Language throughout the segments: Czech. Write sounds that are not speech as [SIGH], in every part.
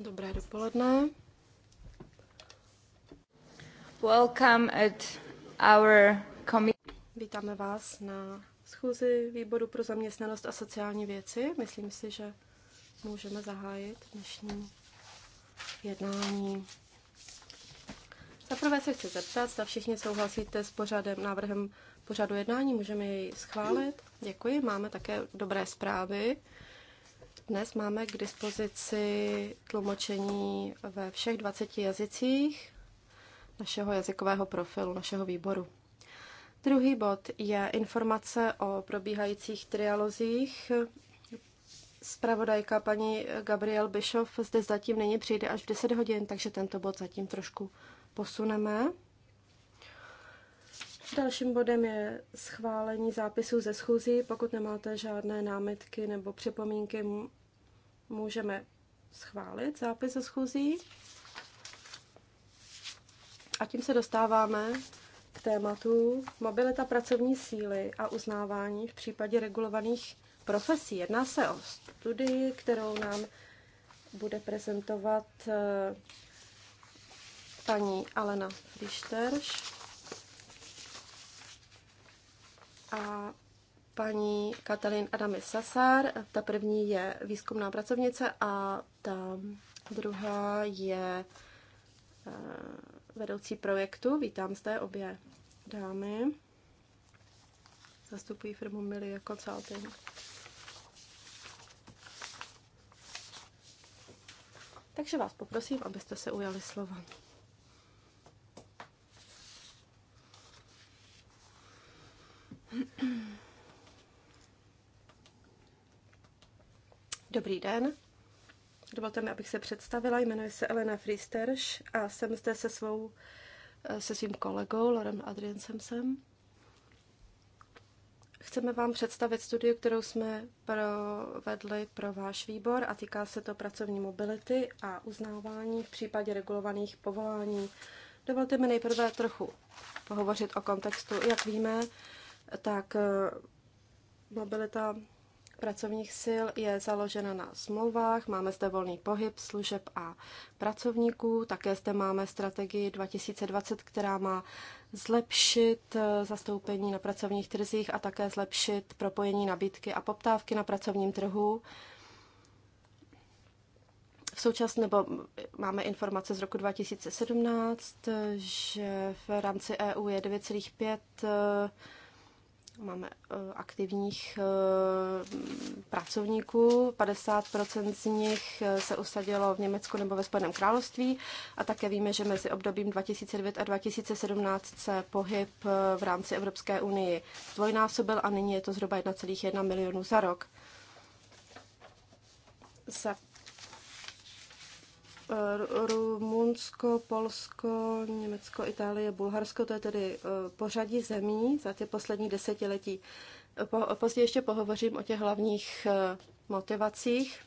Dobré dopoledne. Welcome at our Vítáme vás na schůzi Výboru pro zaměstnanost a sociální věci. Myslím si, že můžeme zahájit dnešní jednání. Zaprvé se chci zeptat, zda všichni souhlasíte s pořadem, návrhem pořadu jednání. Můžeme jej schválit? Děkuji. Máme také dobré zprávy. Dnes máme k dispozici tlumočení ve všech 20 jazycích našeho jazykového profilu, našeho výboru. Druhý bod je informace o probíhajících trialozích. Spravodajka paní Gabriel Bischoff zde zatím není, přijde až v 10 hodin, takže tento bod zatím trošku posuneme. Dalším bodem je schválení zápisů ze schůzí. Pokud nemáte žádné námitky nebo připomínky, můžeme schválit zápis ze schůzí. A tím se dostáváme k tématu mobilita pracovní síly a uznávání v případě regulovaných profesí. Jedná se o studii, kterou nám bude prezentovat eh, paní Alena Frišterš. A paní Katalin Adamy Sasar. Ta první je výzkumná pracovnice a ta druhá je eh, vedoucí projektu. Vítám zde obě dámy. Zastupují firmu Milie Consulting. Takže vás poprosím, abyste se ujali slova. Mm-hmm. [CLEARS THROAT] Dobrý den. Dovolte mi, abych se představila. Jmenuji se Elena Friesterš a jsem zde se, svou, eh, se svým kolegou Lorem Adriensemsem. Chceme vám představit studii, kterou jsme provedli pro váš výbor a týká se to pracovní mobility a uznávání v případě regulovaných povolání. Dovolte mi nejprve trochu pohovořit o kontextu. Jak víme, tak eh, mobilita pracovních sil je založena na smlouvách, máme zde volný pohyb služeb a pracovníků, také zde máme strategii 2020, která má zlepšit eh, zastoupení na pracovních trzích a také zlepšit propojení nabídky a poptávky na pracovním trhu. V současné nebo máme informace z roku 2017, eh, že v rámci EU je 9,5 Máme e, aktivních e, pracovníků, 50% z nich e, se usadilo v Německu nebo ve Spojeném království a také víme, že mezi obdobím 2009 a 2017 se pohyb v rámci Evropské unii zdvojnásobil a nyní je to zhruba 1,1 milionu za rok. Za Eh, Rumunsko, Polsko, Německo, Itálie, Bulharsko, to je tedy eh, pořadí zemí za ty poslední desetiletí. Eh, po, později ještě pohovořím o těch hlavních motivacích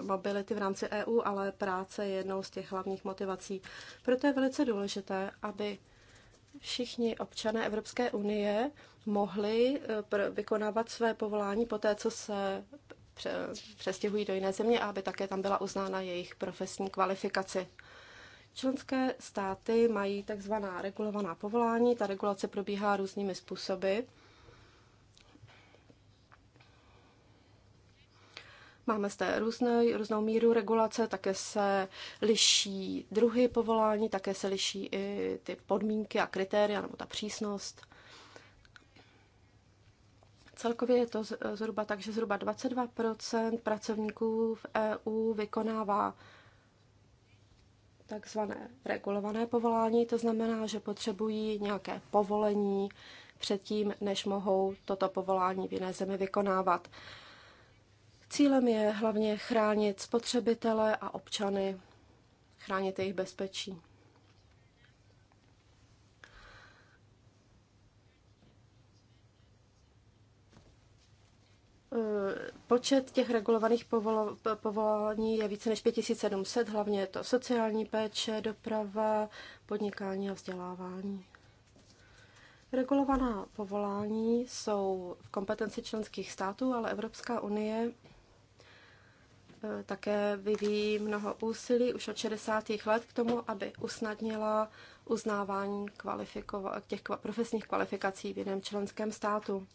mobility v rámci EU, ale práce je jednou z těch hlavních motivací. Proto je velice důležité, aby všichni občané Evropské unie mohli vykonávat své povolání po té, co se přestěhují do jiné země a aby také tam byla uznána jejich profesní kvalifikace. Členské státy mají takzvaná regulovaná povolání. Ta regulace probíhá různými způsoby. Máme zde různé, různou míru regulace, také se liší druhy povolání, také se liší i ty podmínky a kritéria, nebo ta přísnost. Celkově je to zhruba tak, že zhruba 22 pracovníků v EU vykonává takzvané regulované povolání, to znamená, že potřebují nějaké povolení předtím, než mohou toto povolání v jiné zemi vykonávat. Cílem je hlavně chránit spotřebitele a občany, chránit jejich bezpečí. Eh, počet těch regulovaných povolo, povolání je více než 5700, hlavně je to sociální péče, doprava, podnikání a vzdělávání. Regulovaná povolání jsou v kompetenci členských států, ale Evropská unie eh, také vyvíjí mnoho úsilí už od 60. let k tomu, aby usnadnila uznávání těch profesních kvalifikací v jiném členském státu.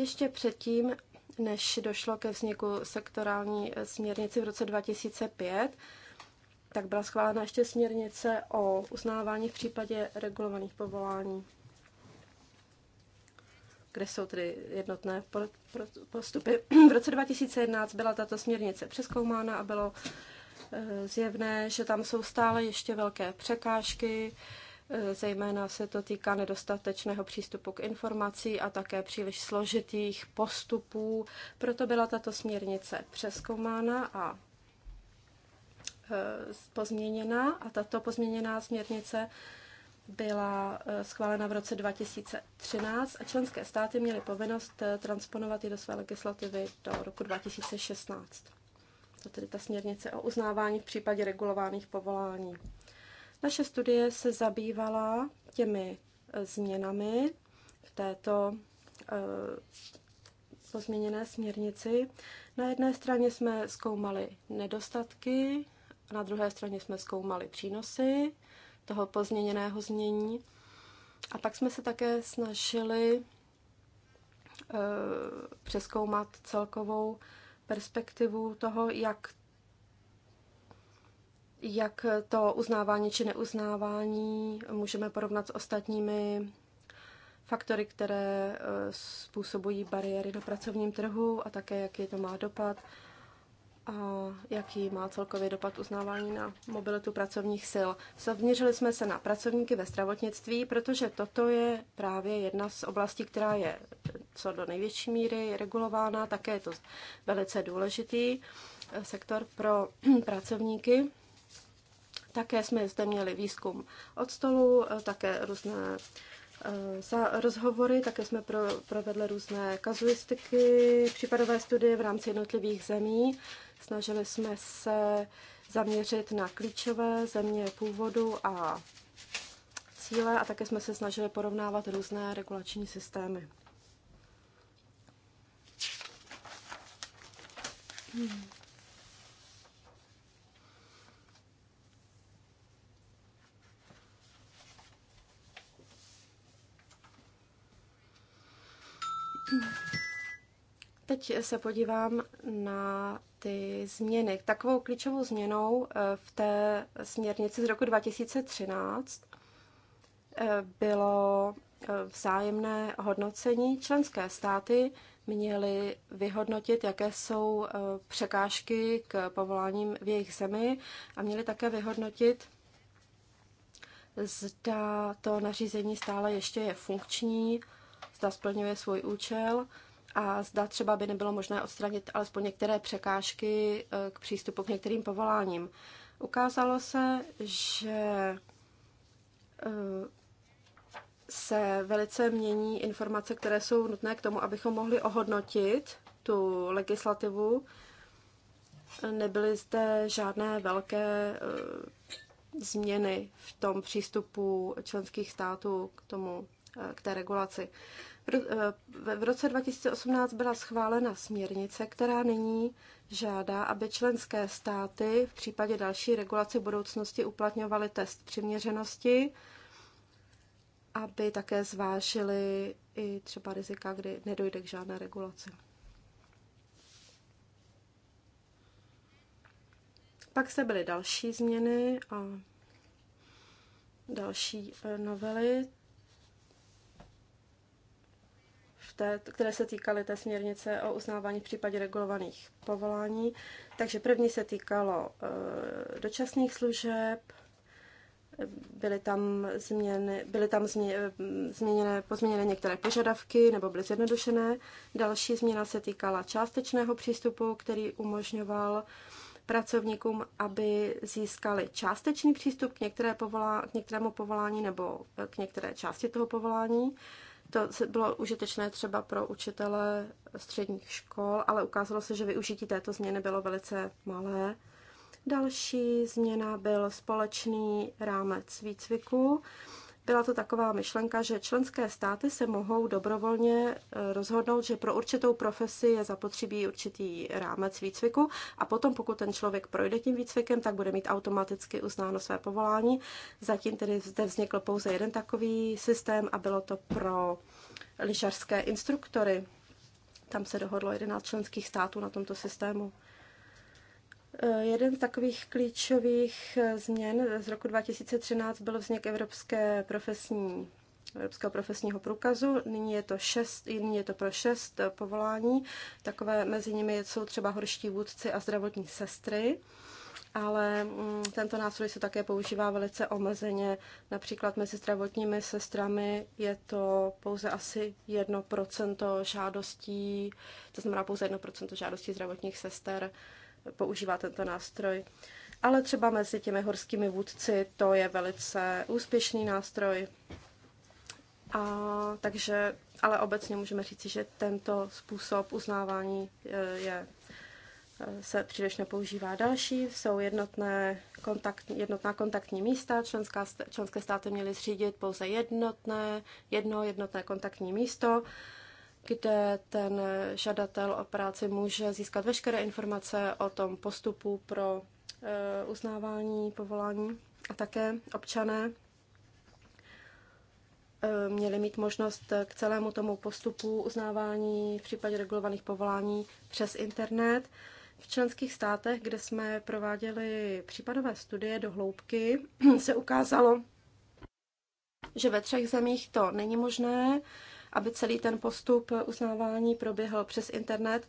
Ještě předtím, než došlo ke vzniku sektorální eh, směrnici v roce 2005, tak byla schválena ještě směrnice o uznávání v případě regulovaných povolání, kde jsou tedy jednotné postupy. [CLEARS THROAT] V roce 2011 byla tato směrnice přeskoumána a bylo eh, zjevné, že tam jsou stále ještě velké překážky, Eh, zejména se to týká nedostatečného přístupu k informací a také příliš složitých postupů. Proto byla tato směrnice přeskoumána a eh, pozměněna a tato pozměněná směrnice byla eh, schválena v roce 2013 a členské státy měly povinnost transponovat ji do své legislativy do roku 2016. To tedy ta směrnice o uznávání v případě regulovaných povolání. Naše studie se zabývala těmi eh, změnami v této eh, pozměněné směrnici. Na jedné straně jsme zkoumali nedostatky, na druhé straně jsme zkoumali přínosy toho pozměněného změní. A pak jsme se také snažili eh, přeskoumat celkovou perspektivu toho, jak jak to uznávání či neuznávání můžeme porovnat s ostatními faktory, které eh, způsobují bariéry na pracovním trhu a také, jaký to má dopad a jaký má celkově dopad uznávání na mobilitu pracovních sil. Zavněřili jsme se na pracovníky ve zdravotnictví, protože toto je právě jedna z oblastí, která je co do největší míry regulována, také je to velice důležitý eh, sektor pro [CLEARS THROAT] pracovníky. Také jsme zde měli výzkum od stolu, eh, také různé eh, za rozhovory, také jsme pro, provedli různé kazuistiky, případové studie v rámci jednotlivých zemí. Snažili jsme se zaměřit na klíčové země původu a cíle a také jsme se snažili porovnávat různé regulační systémy. Hmm. Teď se podívám na ty změny. Takovou klíčovou změnou eh, v té směrnici z roku 2013 eh, bylo eh, vzájemné hodnocení. Členské státy měly vyhodnotit, jaké jsou překážky k povoláním v jejich zemi a měly také vyhodnotit, zda to nařízení stále ještě je funkční zda splňuje svůj účel a zda třeba by nebylo možné odstranit alespoň některé překážky eh, k přístupu k některým povoláním. Ukázalo se, že eh, se velice mění informace, které jsou nutné k tomu, abychom mohli ohodnotit tu legislativu. Nebyly zde žádné velké eh, změny v tom přístupu členských států k tomu Eh, k té regulaci. V eh, roce 2018 byla schválena směrnice, která nyní žádá, aby členské státy v případě další regulace budoucnosti uplatňovaly test přiměřenosti, aby také zvážili i třeba rizika, kdy nedojde k žádné regulaci. Pak se byly další změny a další eh, novely. té, které se týkaly té směrnice o uznávání v případě regulovaných povolání. Takže první se týkalo eh, dočasných služeb, byly tam, změny, byly tam eh, změněné, pozměněné některé požadavky nebo byly zjednodušené. Další změna se týkala částečného přístupu, který umožňoval pracovníkům, aby získali částečný přístup k, některé povolá, k některému povolání nebo k některé části toho povolání. To bylo užitečné třeba pro učitele středních škol, ale ukázalo se, že využití této změny bylo velice malé. Další změna byl společný rámec výcviku. Byla to taková myšlenka, že členské státy se mohou dobrovolně eh, rozhodnout, že pro určitou profesi je zapotřebí určitý rámec výcviku a potom, pokud ten člověk projde tím výcvikem, tak bude mít automaticky uznáno své povolání. Zatím tedy zde vznikl pouze jeden takový systém a bylo to pro lyžařské instruktory. Tam se dohodlo 11 členských států na tomto systému. Eh, jeden z takových klíčových eh, změn z roku 2013 byl vznik Evropské profesní, Evropského profesního průkazu. Nyní je, to šest, nyní je to pro šest eh, povolání. Takové mezi nimi jsou třeba horští vůdci a zdravotní sestry ale mm, tento nástroj se také používá velice omezeně. Například mezi zdravotními sestrami je to pouze asi 1% žádostí, to znamená pouze 1% žádostí zdravotních sester používá tento nástroj. Ale třeba mezi těmi horskými vůdci to je velice úspěšný nástroj. A, takže, ale obecně můžeme říci, že tento způsob uznávání e, je e, se příliš nepoužívá. Další jsou jednotné kontakt, jednotná kontaktní místa. Členská, členské státy měly zřídit pouze jednotné, jedno jednotné kontaktní místo kde ten žadatel o práci může získat veškeré informace o tom postupu pro eh, uznávání povolání a také občané eh, měli mít možnost k celému tomu postupu uznávání v případě regulovaných povolání přes internet. V členských státech, kde jsme prováděli případové studie do hloubky, [CLEARS THROAT] se ukázalo, že ve třech zemích to není možné, aby celý ten postup uznávání proběhl přes internet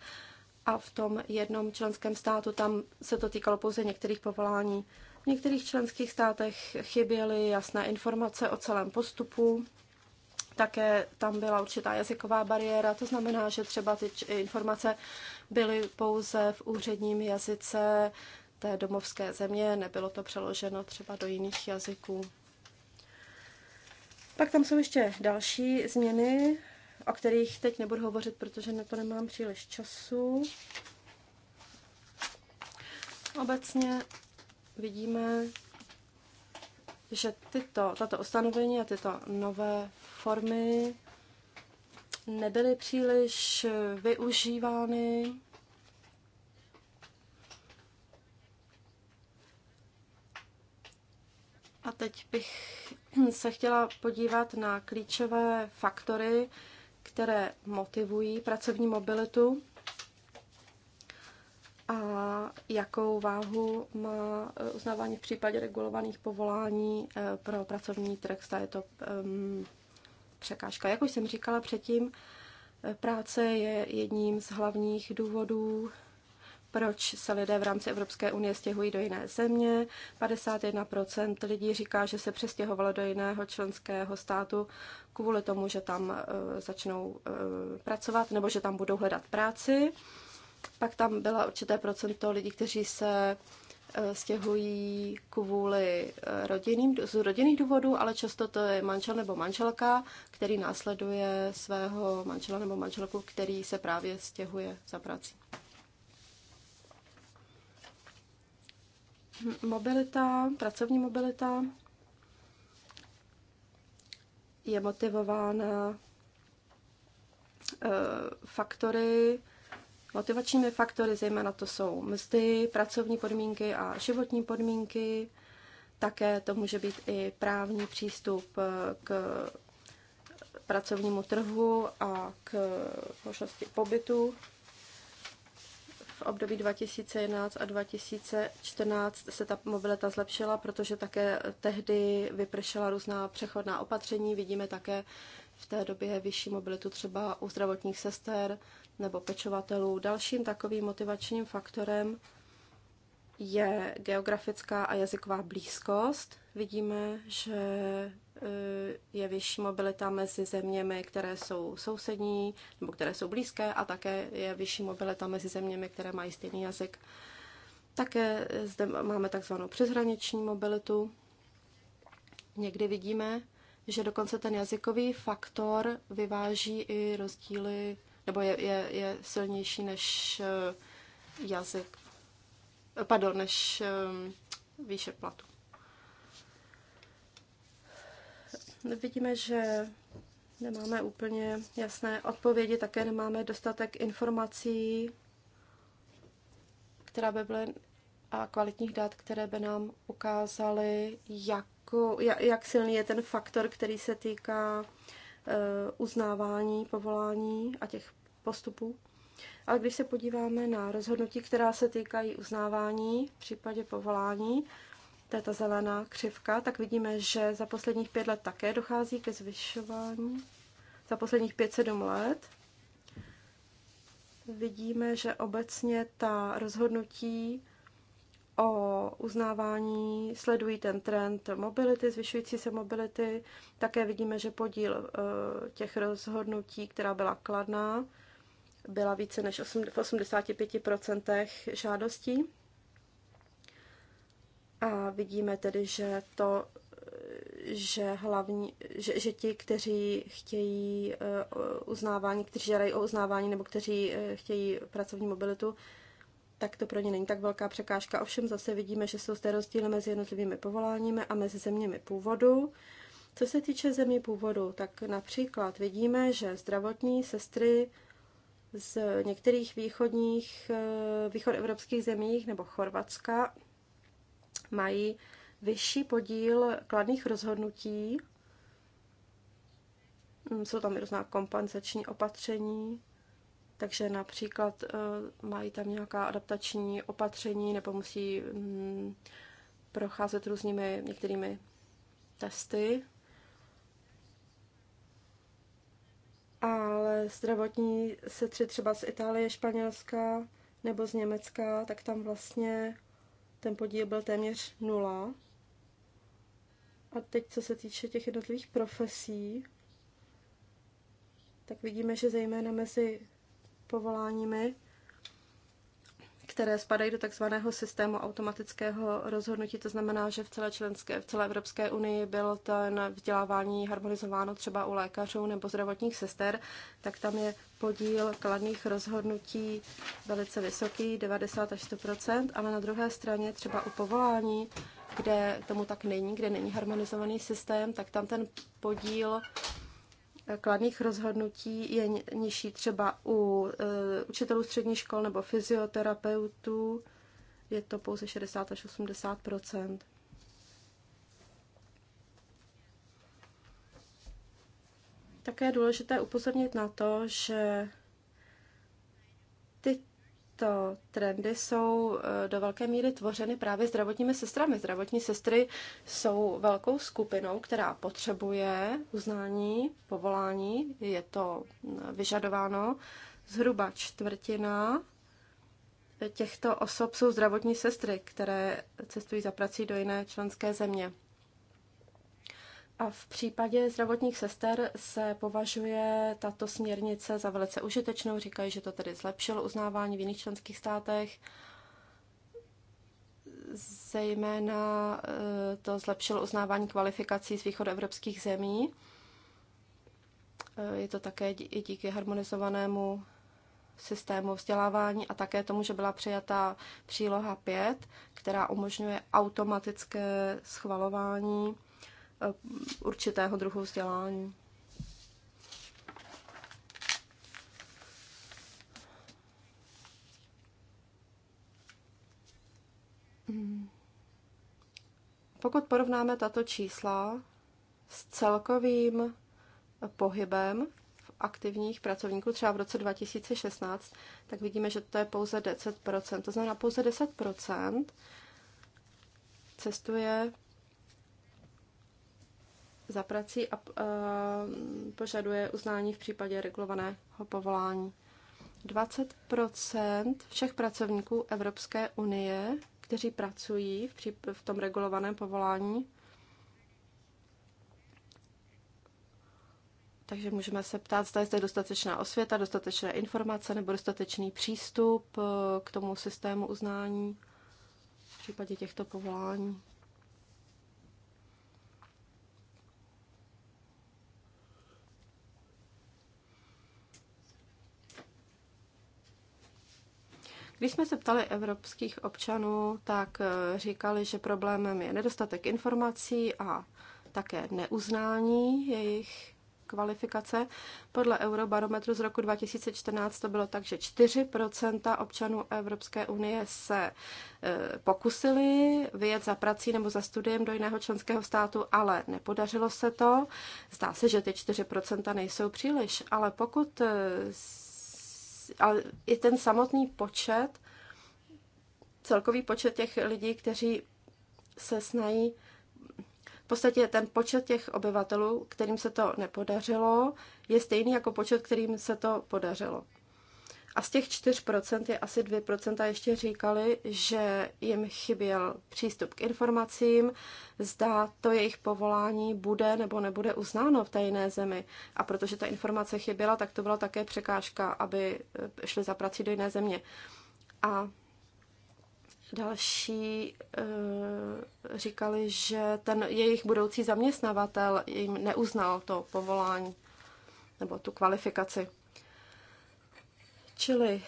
a v tom jednom členském státu tam se to týkalo pouze některých povolání. V některých členských státech chyběly jasné informace o celém postupu, také tam byla určitá jazyková bariéra, to znamená, že třeba ty informace byly pouze v úředním jazyce té domovské země, nebylo to přeloženo třeba do jiných jazyků. Pak tam jsou ještě další změny, o kterých teď nebudu hovořit, protože na to nemám příliš času. Obecně vidíme, že tyto, tato ustanovení a tyto nové formy nebyly příliš využívány. A teď bych [CLEARS THROAT] se chtěla podívat na klíčové faktory, které motivují pracovní mobilitu a jakou váhu má uznávání v případě regulovaných povolání eh, pro pracovní trh, je to um, překážka. Jak už jsem říkala předtím, eh, práce je jedním z hlavních důvodů proč se lidé v rámci Evropské unie stěhují do jiné země. 51% lidí říká, že se přestěhovalo do jiného členského státu kvůli tomu, že tam eh, začnou eh, pracovat nebo že tam budou hledat práci. Pak tam byla určité procento lidí, kteří se eh, stěhují kvůli rodinným, z rodinných důvodů, ale často to je manžel nebo manželka, který následuje svého manžela nebo manželku, který se právě stěhuje za prací. Mobilita, pracovní mobilita je motivována eh, faktory, motivačními faktory, zejména to jsou mzdy, pracovní podmínky a životní podmínky. Také to může být i právní přístup eh, k pracovnímu trhu a k možnosti pobytu v období 2011 a 2014 se ta mobilita zlepšila, protože také tehdy vypršela různá přechodná opatření. Vidíme také v té době vyšší mobilitu třeba u zdravotních sester nebo pečovatelů. Dalším takovým motivačním faktorem je geografická a jazyková blízkost. Vidíme, že Eh, je vyšší mobilita mezi zeměmi, které jsou sousední nebo které jsou blízké a také je vyšší mobilita mezi zeměmi, které mají stejný jazyk. Také eh, zde máme takzvanou přeshraniční mobilitu. Někdy vidíme, že dokonce ten jazykový faktor vyváží i rozdíly, nebo je, je, je silnější než eh, jazyk, pardon, než výše platu. vidíme, že nemáme úplně jasné odpovědi, také nemáme dostatek informací, která by byly a kvalitních dat, které by nám ukázaly, jako, jak silný je ten faktor, který se týká eh, uznávání, povolání a těch postupů. Ale když se podíváme na rozhodnutí, která se týkají uznávání v případě povolání, to je ta zelená křivka, tak vidíme, že za posledních pět let také dochází ke zvyšování. Za posledních pět sedm let vidíme, že obecně ta rozhodnutí o uznávání sledují ten trend mobility, zvyšující se mobility. Také vidíme, že podíl eh, těch rozhodnutí, která byla kladná, byla více než v 85% žádostí. A vidíme tedy, že to, že hlavní, že, že ti, kteří chtějí eh, uznávání, kteří žádají o uznávání nebo kteří eh, chtějí pracovní mobilitu, tak to pro ně není tak velká překážka. Ovšem zase vidíme, že jsou zde rozdíly mezi jednotlivými povoláními a mezi zeměmi původu. Co se týče zemí původu, tak například vidíme, že zdravotní sestry z některých východních, eh, evropských zemích nebo Chorvatska mají vyšší podíl kladných rozhodnutí. Mm, jsou tam různá kompenzační opatření, takže například eh, mají tam nějaká adaptační opatření nebo musí mm, procházet různými některými testy. Ale zdravotní sestry třeba z Itálie, Španělska nebo z Německa, tak tam vlastně ten podíl byl téměř nula. A teď, co se týče těch jednotlivých profesí, tak vidíme, že zejména mezi povoláními které spadají do takzvaného systému automatického rozhodnutí. To znamená, že v celé, členské, v celé Evropské unii bylo to na vzdělávání harmonizováno třeba u lékařů nebo zdravotních sester, tak tam je podíl kladných rozhodnutí velice vysoký, 90 až 100 ale na druhé straně třeba u povolání, kde tomu tak není, kde není harmonizovaný systém, tak tam ten podíl kladných rozhodnutí je nižší třeba u eh, učitelů střední škol nebo fyzioterapeutů. Je to pouze 60 až 80 Také je důležité upozornit na to, že tyto trendy jsou eh, do velké míry tvořeny právě zdravotními sestrami. Zdravotní sestry jsou velkou skupinou, která potřebuje uznání, povolání, je to mm, vyžadováno. Zhruba čtvrtina těchto osob jsou zdravotní sestry, které cestují za prací do jiné členské země. A v případě zdravotních sester se považuje tato směrnice za velice užitečnou. Říkají, že to tedy zlepšilo uznávání v jiných členských státech. Zejména eh, to zlepšilo uznávání kvalifikací z východoevropských zemí. Eh, je to také i díky harmonizovanému systému vzdělávání a také tomu, že byla přijata příloha 5, která umožňuje automatické schvalování Eh, určitého druhu vzdělání. Pokud porovnáme tato čísla s celkovým pohybem v aktivních pracovníků třeba v roce 2016, tak vidíme, že to je pouze 10%. To znamená, pouze 10% cestuje za prací a eh, požaduje uznání v případě regulovaného povolání. 20 všech pracovníků Evropské unie, kteří pracují v, v tom regulovaném povolání, Takže můžeme se ptát, zda je zde dostatečná osvěta, dostatečné informace nebo dostatečný přístup eh, k tomu systému uznání v případě těchto povolání. Když jsme se ptali evropských občanů, tak eh, říkali, že problémem je nedostatek informací a také neuznání jejich kvalifikace. Podle Eurobarometru z roku 2014 to bylo tak, že 4 občanů Evropské unie se eh, pokusili vyjet za prací nebo za studiem do jiného členského státu, ale nepodařilo se to. Zdá se, že ty 4 nejsou příliš, ale pokud eh, ale i ten samotný počet, celkový počet těch lidí, kteří se snají, v podstatě ten počet těch obyvatelů, kterým se to nepodařilo, je stejný jako počet, kterým se to podařilo. A z těch 4% je asi 2% ještě říkali, že jim chyběl přístup k informacím, zda to jejich povolání bude nebo nebude uznáno v té jiné zemi. A protože ta informace chyběla, tak to byla také překážka, aby eh, šli za prací do jiné země. A Další eh, říkali, že ten jejich budoucí zaměstnavatel jim neuznal to povolání nebo tu kvalifikaci. Čili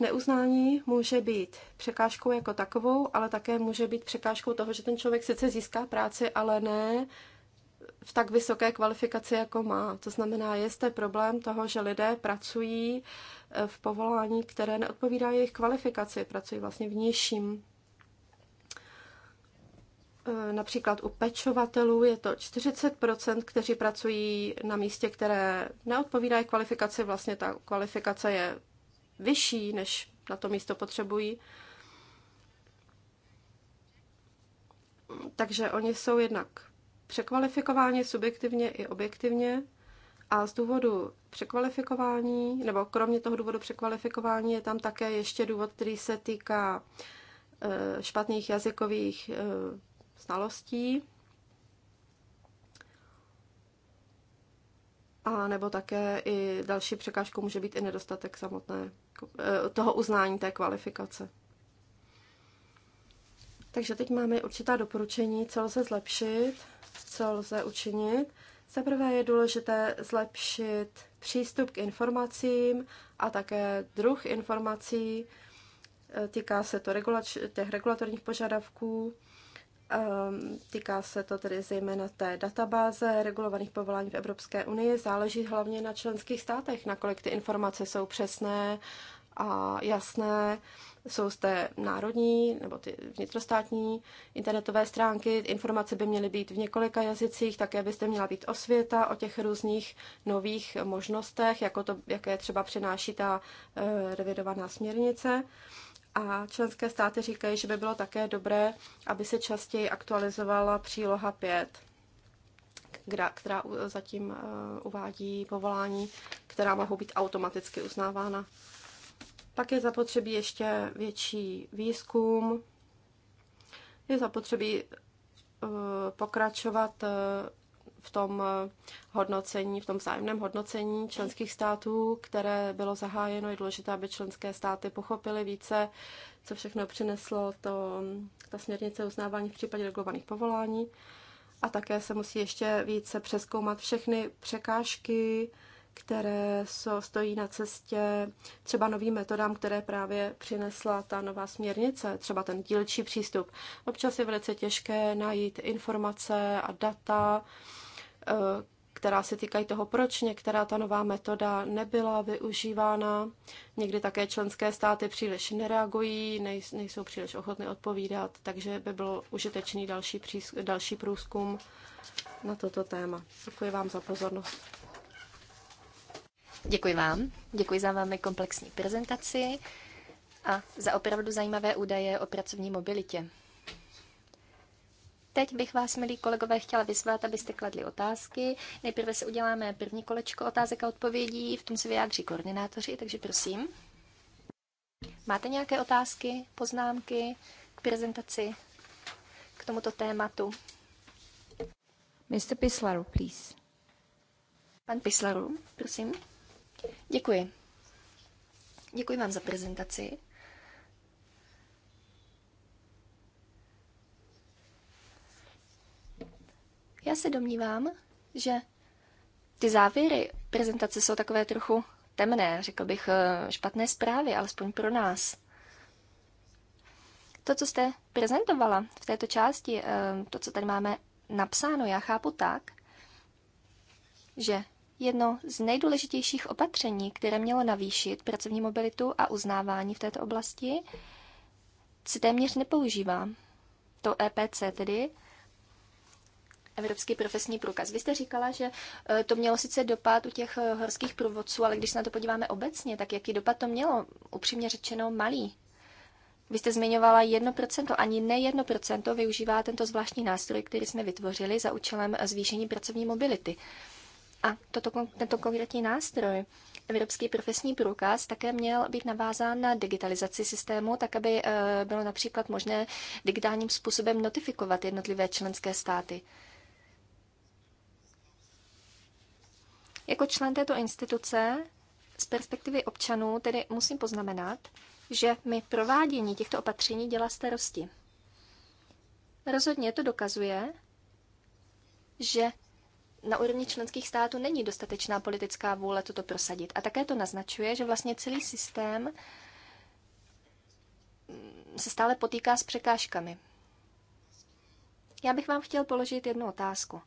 neuznání může být překážkou jako takovou, ale také může být překážkou toho, že ten člověk sice získá práci, ale ne v tak vysoké kvalifikaci, jako má. To znamená, je zde problém toho, že lidé pracují eh, v povolání, které neodpovídá jejich kvalifikaci, pracují vlastně v nižším. Eh, například u pečovatelů je to 40%, kteří pracují na místě, které neodpovídá jejich kvalifikaci. Vlastně ta kvalifikace je vyšší, než na to místo potřebují. Takže oni jsou jednak překvalifikováni subjektivně i objektivně a z důvodu překvalifikování, nebo kromě toho důvodu překvalifikování je tam také ještě důvod, který se týká eh, špatných jazykových eh, znalostí. a nebo také i další překážkou může být i nedostatek samotné eh, toho uznání té kvalifikace. Takže teď máme určitá doporučení, co lze zlepšit, co lze učinit. Za prvé je důležité zlepšit přístup k informacím a také druh informací. Eh, týká se to regulač- těch regulatorních požadavků. Ehm, týká se to tedy zejména té databáze regulovaných povolání v Evropské unii. Záleží hlavně na členských státech, nakolik ty informace jsou přesné a jasné. Jsou té národní nebo ty vnitrostátní internetové stránky. Informace by měly být v několika jazycích, také byste měla být osvěta o těch různých nových možnostech, jako to, jaké třeba přináší ta eh, revidovaná směrnice. A členské státy říkají, že by bylo také dobré, aby se častěji aktualizovala příloha 5, která zatím eh, uvádí povolání, která mohou být automaticky uznávána. Pak je zapotřebí ještě větší výzkum, je zapotřebí eh, pokračovat eh, v tom eh, hodnocení, v tom vzájemném hodnocení členských států, které bylo zahájeno, je důležité, aby členské státy pochopily více, co všechno přineslo to, ta směrnice uznávání v případě regulovaných povolání. A také se musí ještě více přeskoumat všechny překážky, které so, stojí na cestě třeba novým metodám, které právě přinesla ta nová směrnice, třeba ten dílčí přístup. Občas je velice těžké najít informace a data, která se týkají toho, proč některá ta nová metoda nebyla využívána. Někdy také členské státy příliš nereagují, nejsou příliš ochotny odpovídat, takže by bylo užitečný další, přízk, další průzkum na toto téma. Děkuji vám za pozornost. Děkuji vám. Děkuji za velmi komplexní prezentaci a za opravdu zajímavé údaje o pracovní mobilitě. Teď bych vás, milí kolegové, chtěla vyzvat, abyste kladli otázky. Nejprve se uděláme první kolečko otázek a odpovědí, v tom se vyjádří koordinátoři, takže prosím. Máte nějaké otázky, poznámky k prezentaci, k tomuto tématu? Mr. Pislaru, please. Pan Pislaru, prosím. Děkuji. Děkuji vám za prezentaci. Já se domnívám, že ty závěry prezentace jsou takové trochu temné, řekl bych eh, špatné zprávy, alespoň pro nás. To, co jste prezentovala v této části, eh, to, co tady máme napsáno, já chápu tak, že jedno z nejdůležitějších opatření, které mělo navýšit pracovní mobilitu a uznávání v této oblasti, se téměř nepoužívá. To EPC tedy Evropský profesní průkaz. Vy jste říkala, že e, to mělo sice dopad u těch e, horských průvodců, ale když se na to podíváme obecně, tak jaký dopad to mělo? Upřímně řečeno malý. Vy jste zmiňovala 1%, ani ne 1% využívá tento zvláštní nástroj, který jsme vytvořili za účelem e, zvýšení pracovní mobility. A toto, tento konkrétní nástroj, Evropský profesní průkaz, také měl být navázán na digitalizaci systému, tak aby bylo například možné digitálním způsobem notifikovat jednotlivé členské státy. Jako člen této instituce z perspektivy občanů tedy musím poznamenat, že mi provádění těchto opatření dělá starosti. Rozhodně to dokazuje, že na úrovni členských států není dostatečná politická vůle toto prosadit. A také to naznačuje, že vlastně celý systém se stále potýká s překážkami. Já bych vám chtěl položit jednu otázku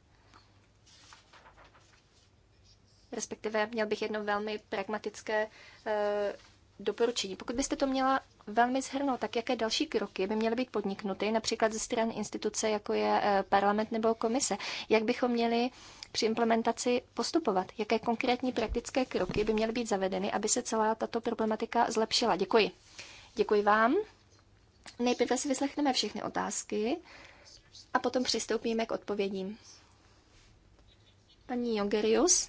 respektive měl bych jedno velmi pragmatické e, doporučení. Pokud byste to měla velmi zhrnout, tak jaké další kroky by měly být podniknuty, například ze strany instituce, jako je e, parlament nebo komise? Jak bychom měli při implementaci postupovat? Jaké konkrétní praktické kroky by měly být zavedeny, aby se celá tato problematika zlepšila? Děkuji. Děkuji vám. Nejprve si vyslechneme všechny otázky a potom přistoupíme k odpovědím. Paní Jongerius,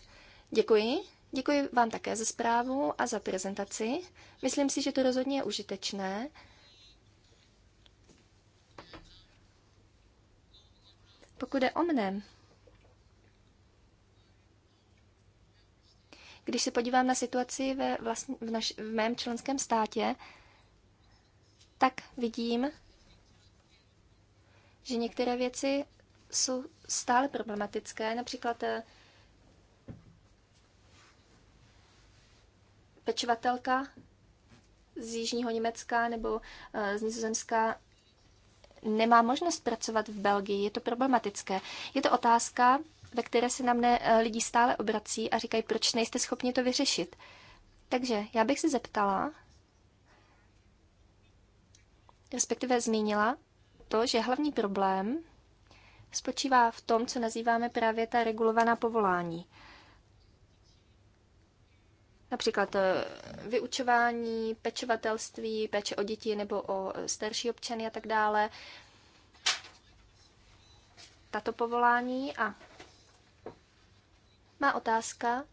Děkuji. Děkuji vám také za zprávu a za prezentaci. Myslím si, že to rozhodně je užitečné. Pokud je o mne, když se podívám na situaci ve vlastní, v, naš, v mém členském státě, tak vidím, že některé věci jsou stále problematické. Například eh, pečovatelka z Jižního Německa nebo eh, z Nizozemska nemá možnost pracovat v Belgii. Je to problematické. Je to otázka, ve které se na mne eh, lidi stále obrací a říkají, proč nejste schopni to vyřešit. Takže já bych se zeptala, respektive zmínila to, že hlavní problém spočívá v tom, co nazýváme právě ta regulovaná povolání. Například eh, vyučování, pečovatelství, péče o děti nebo o eh, starší občany a tak dále. Tato povolání a má otázka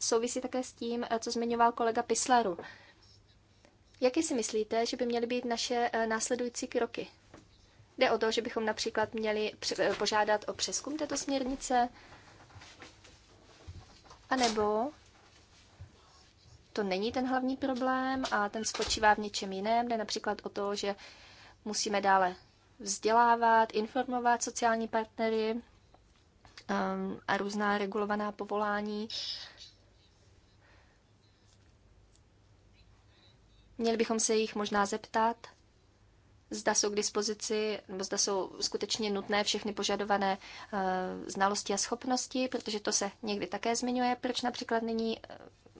souvisí také s tím, eh, co zmiňoval kolega Pislaru. Jaké si myslíte, že by měly být naše následující kroky? Jde o to, že bychom například měli požádat o přeskum této směrnice, anebo to není ten hlavní problém a ten spočívá v něčem jiném. Jde například o to, že musíme dále vzdělávat, informovat sociální partnery um, a různá regulovaná povolání. Měli bychom se jich možná zeptat, zda jsou k dispozici, nebo zda jsou skutečně nutné všechny požadované uh, znalosti a schopnosti, protože to se někdy také zmiňuje, proč například není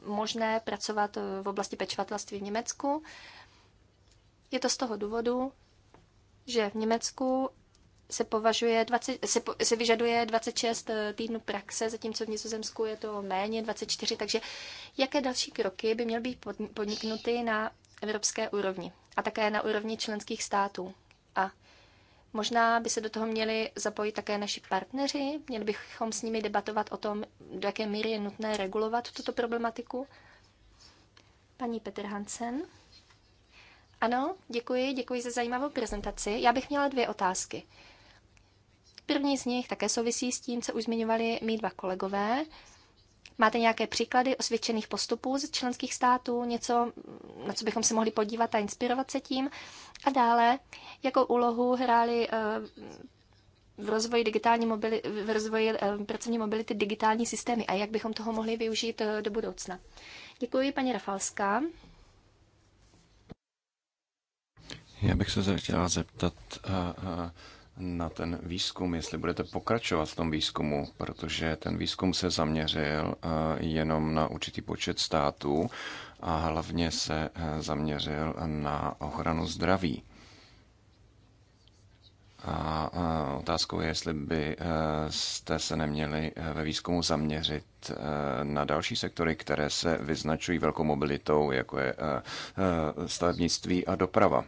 možné pracovat eh, v oblasti pečovatelství v Německu. Je to z toho důvodu, že v Německu se, považuje 20, se, se vyžaduje 26 eh, týdnů praxe, zatímco v Nizozemsku je to méně 24, takže jaké další kroky by měly být podniknuty na evropské úrovni a také na úrovni členských států? A Možná by se do toho měli zapojit také naši partneři, měli bychom s nimi debatovat o tom, do jaké míry je nutné regulovat tuto problematiku. Paní Petr Hansen. Ano, děkuji, děkuji za zajímavou prezentaci. Já bych měla dvě otázky. První z nich také souvisí s tím, co už zmiňovali mý dva kolegové. Máte nějaké příklady osvědčených postupů ze členských států, něco, na co bychom se mohli podívat a inspirovat se tím? A dále, jakou úlohu hráli eh, v rozvoji, digitální mobili, v rozvoji eh, pracovní mobility digitální systémy a jak bychom toho mohli využít eh, do budoucna? Děkuji, paní Rafalská. Já bych se chtěla zeptat, a, a, na ten výzkum, jestli budete pokračovat v tom výzkumu, protože ten výzkum se zaměřil eh, jenom na určitý počet států a hlavně se eh, zaměřil na ochranu zdraví. A otázkou je, jestli by eh, jste se neměli ve výzkumu zaměřit na další sektory, které se vyznačují velkou mobilitou, jako je stavebnictví a doprava.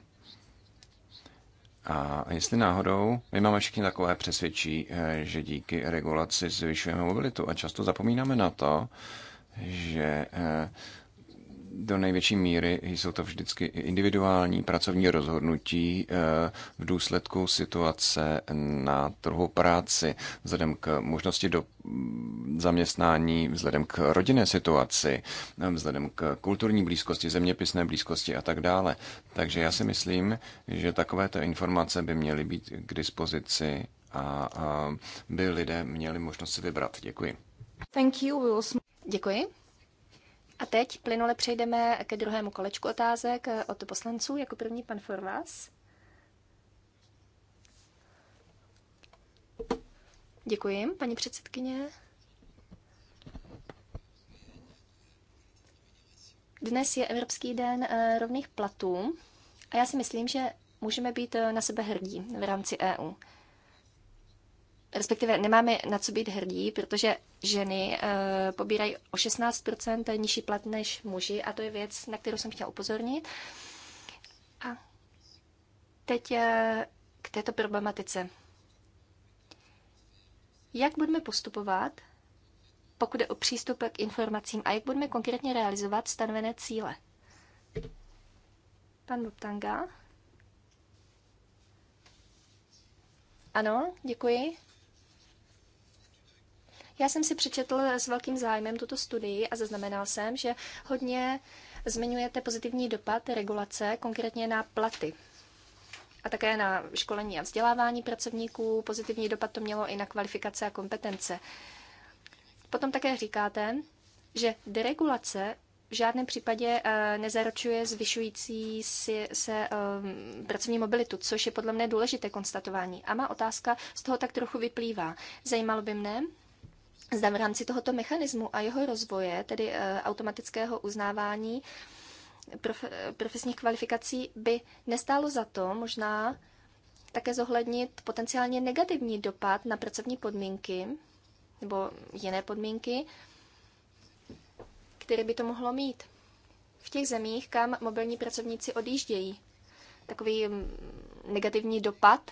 A jestli náhodou, my máme všichni takové přesvědčí, eh, že díky regulaci zvyšujeme mobilitu a často zapomínáme na to, že eh, do největší míry jsou to vždycky individuální pracovní rozhodnutí eh, v důsledku situace na trhu práci, vzhledem k možnosti do mm, zaměstnání, vzhledem k rodinné situaci, eh, vzhledem k kulturní blízkosti, zeměpisné blízkosti a tak dále. Takže já si myslím, že takovéto informace by měly být k dispozici a by lidé měli možnost si vybrat. Děkuji. Thank you. Děkuji. A teď plynule přejdeme ke druhému kolečku otázek eh, od poslanců. Jako první pan Forvas. Děkuji, paní předsedkyně. Dnes je Evropský den eh, rovných platů a já si myslím, že můžeme být eh, na sebe hrdí v rámci EU respektive nemáme na co být hrdí, protože ženy uh, pobírají o 16% nižší plat než muži a to je věc, na kterou jsem chtěla upozornit. A teď uh, k této problematice. Jak budeme postupovat, pokud je o přístup k informacím a jak budeme konkrétně realizovat stanovené cíle? Pan Bobtanga. Ano, děkuji. Já jsem si přečetl s velkým zájmem tuto studii a zaznamenal jsem, že hodně zmiňujete pozitivní dopad regulace, konkrétně na platy a také na školení a vzdělávání pracovníků. Pozitivní dopad to mělo i na kvalifikace a kompetence. Potom také říkáte, že deregulace v žádném případě eh, nezaručuje zvyšující si, se eh, pracovní mobilitu, což je podle mne důležité konstatování. A má otázka z toho tak trochu vyplývá. Zajímalo by mne, Zda v rámci tohoto mechanismu a jeho rozvoje, tedy eh, automatického uznávání prof, profesních kvalifikací, by nestálo za to možná také zohlednit potenciálně negativní dopad na pracovní podmínky nebo jiné podmínky, které by to mohlo mít v těch zemích, kam mobilní pracovníci odjíždějí. Takový mm, negativní dopad,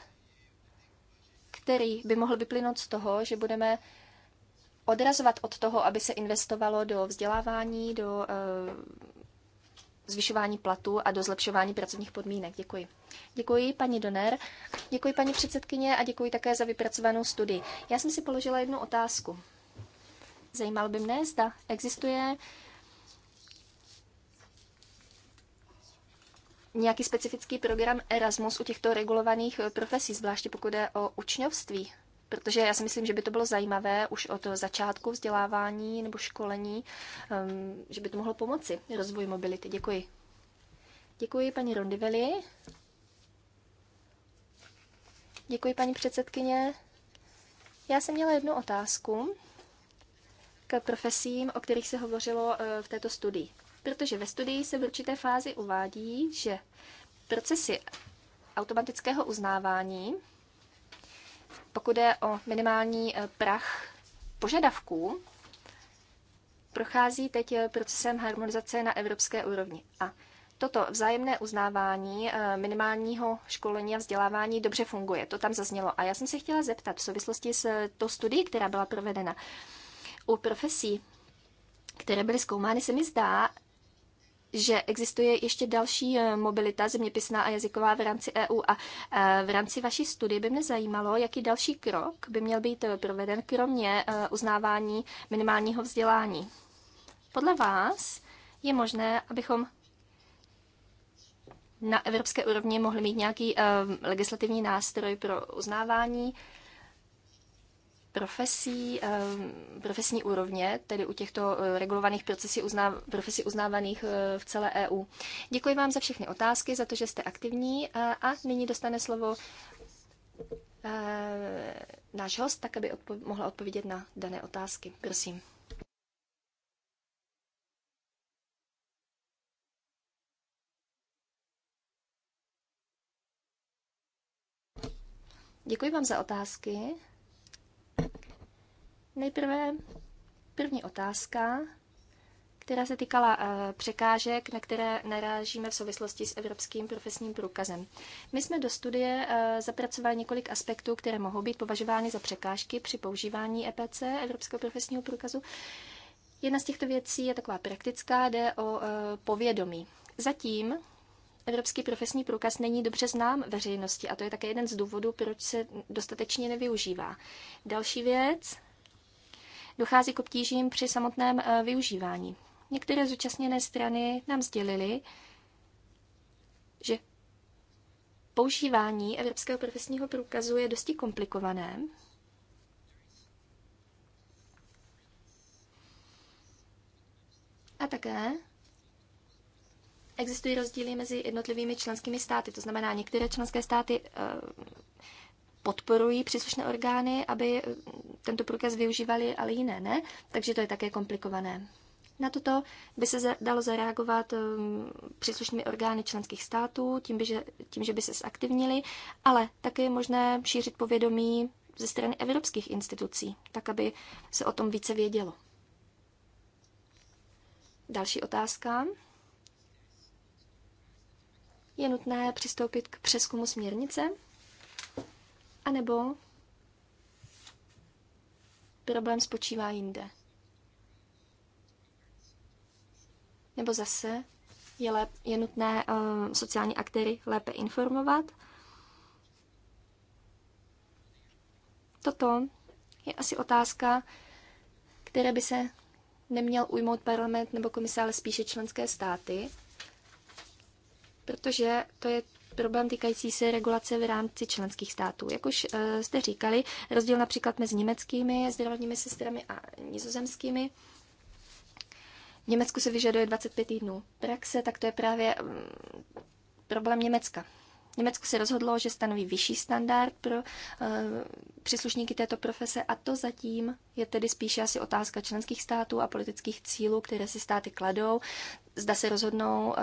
který by mohl vyplynout z toho, že budeme odrazovat od toho, aby se investovalo do vzdělávání, do eh, zvyšování platů a do zlepšování pracovních podmínek. Děkuji. Děkuji, paní Doner. Děkuji, paní předsedkyně, a děkuji také za vypracovanou studii. Já jsem si položila jednu otázku. Zajímalo by mne, zda existuje nějaký specifický program Erasmus u těchto regulovaných profesí, zvláště pokud je o učňovství protože já si myslím, že by to bylo zajímavé už od začátku vzdělávání nebo školení, ehm, že by to mohlo pomoci rozvoji mobility. Děkuji. Děkuji paní Rondiveli. Děkuji paní předsedkyně. Já jsem měla jednu otázku k profesím, o kterých se hovořilo eh, v této studii. Protože ve studii se v určité fázi uvádí, že procesy automatického uznávání pokud je o minimální eh, prach požadavků, prochází teď eh, procesem harmonizace na evropské úrovni. A toto vzájemné uznávání eh, minimálního školení a vzdělávání dobře funguje. To tam zaznělo. A já jsem se chtěla zeptat v souvislosti s tou studií, která byla provedena. U profesí, které byly zkoumány, se mi zdá, že existuje ještě další eh, mobilita zeměpisná a jazyková v rámci EU a eh, v rámci vaší studie by mě zajímalo, jaký další krok by měl být eh, proveden, kromě uznávání minimálního vzdělání. Podle vás je možné, abychom na evropské úrovni mohli mít nějaký legislativní nástroj pro uznávání profesí, eh, profesní úrovně, tedy u těchto eh, regulovaných procesí uznáv, profesí uznávaných eh, v celé EU. Děkuji vám za všechny otázky, za to, že jste aktivní a nyní dostane slovo náš host, tak aby odpov, mohla odpovědět na dané otázky. Prosím. Děkuji vám za otázky. Nejprve první otázka, která se týkala eh, překážek, na které narážíme v souvislosti s evropským profesním průkazem. My jsme do studie eh, zapracovali několik aspektů, které mohou být považovány za překážky při používání EPC, Evropského profesního průkazu. Jedna z těchto věcí je taková praktická, jde o eh, povědomí. Zatím Evropský profesní průkaz není dobře znám veřejnosti a to je také jeden z důvodů, proč se dostatečně nevyužívá. Další věc, dochází k obtížím při samotném eh, využívání. Některé zúčastněné strany nám sdělily, že používání Evropského profesního průkazu je dosti komplikované. A také existují rozdíly mezi jednotlivými členskými státy. To znamená, některé členské státy eh, podporují příslušné orgány, aby eh, tento průkaz využívali, ale jiné ne, takže to je také komplikované. Na toto by se dalo zareagovat eh, příslušnými orgány členských států, tím, by, že, tím, že by se zaktivnili, ale také je možné šířit povědomí ze strany evropských institucí, tak aby se o tom více vědělo. Další otázka. Je nutné přistoupit k přeskumu směrnice? anebo problém spočívá jinde. Nebo zase je, lép, je nutné um, sociální aktéry lépe informovat. Toto je asi otázka, které by se neměl ujmout parlament nebo komise, ale spíše členské státy, protože to je problém týkající se regulace v rámci členských států. Jak už eh, jste říkali, rozdíl například mezi německými zdravotními sestrami a nizozemskými. V Německu se vyžaduje 25 týdnů praxe, tak to je právě mm, problém Německa. Německo se rozhodlo, že stanoví vyšší standard pro uh, příslušníky této profese a to zatím je tedy spíše asi otázka členských států a politických cílů, které si státy kladou. Zda se rozhodnou, uh,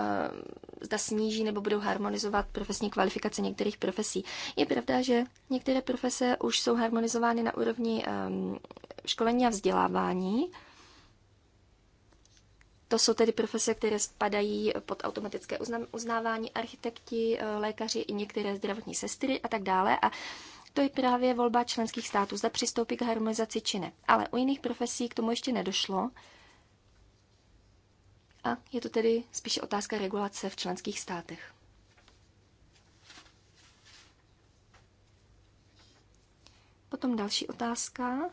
zda sníží nebo budou harmonizovat profesní kvalifikace některých profesí. Je pravda, že některé profese už jsou harmonizovány na úrovni um, školení a vzdělávání, to jsou tedy profese, které spadají pod automatické uznávání architekti, eh, lékaři i některé zdravotní sestry a tak dále. A to je právě volba členských států, zda přistoupí k harmonizaci či ne. Ale u jiných profesí k tomu ještě nedošlo. A je to tedy spíše otázka regulace v členských státech. Potom další otázka.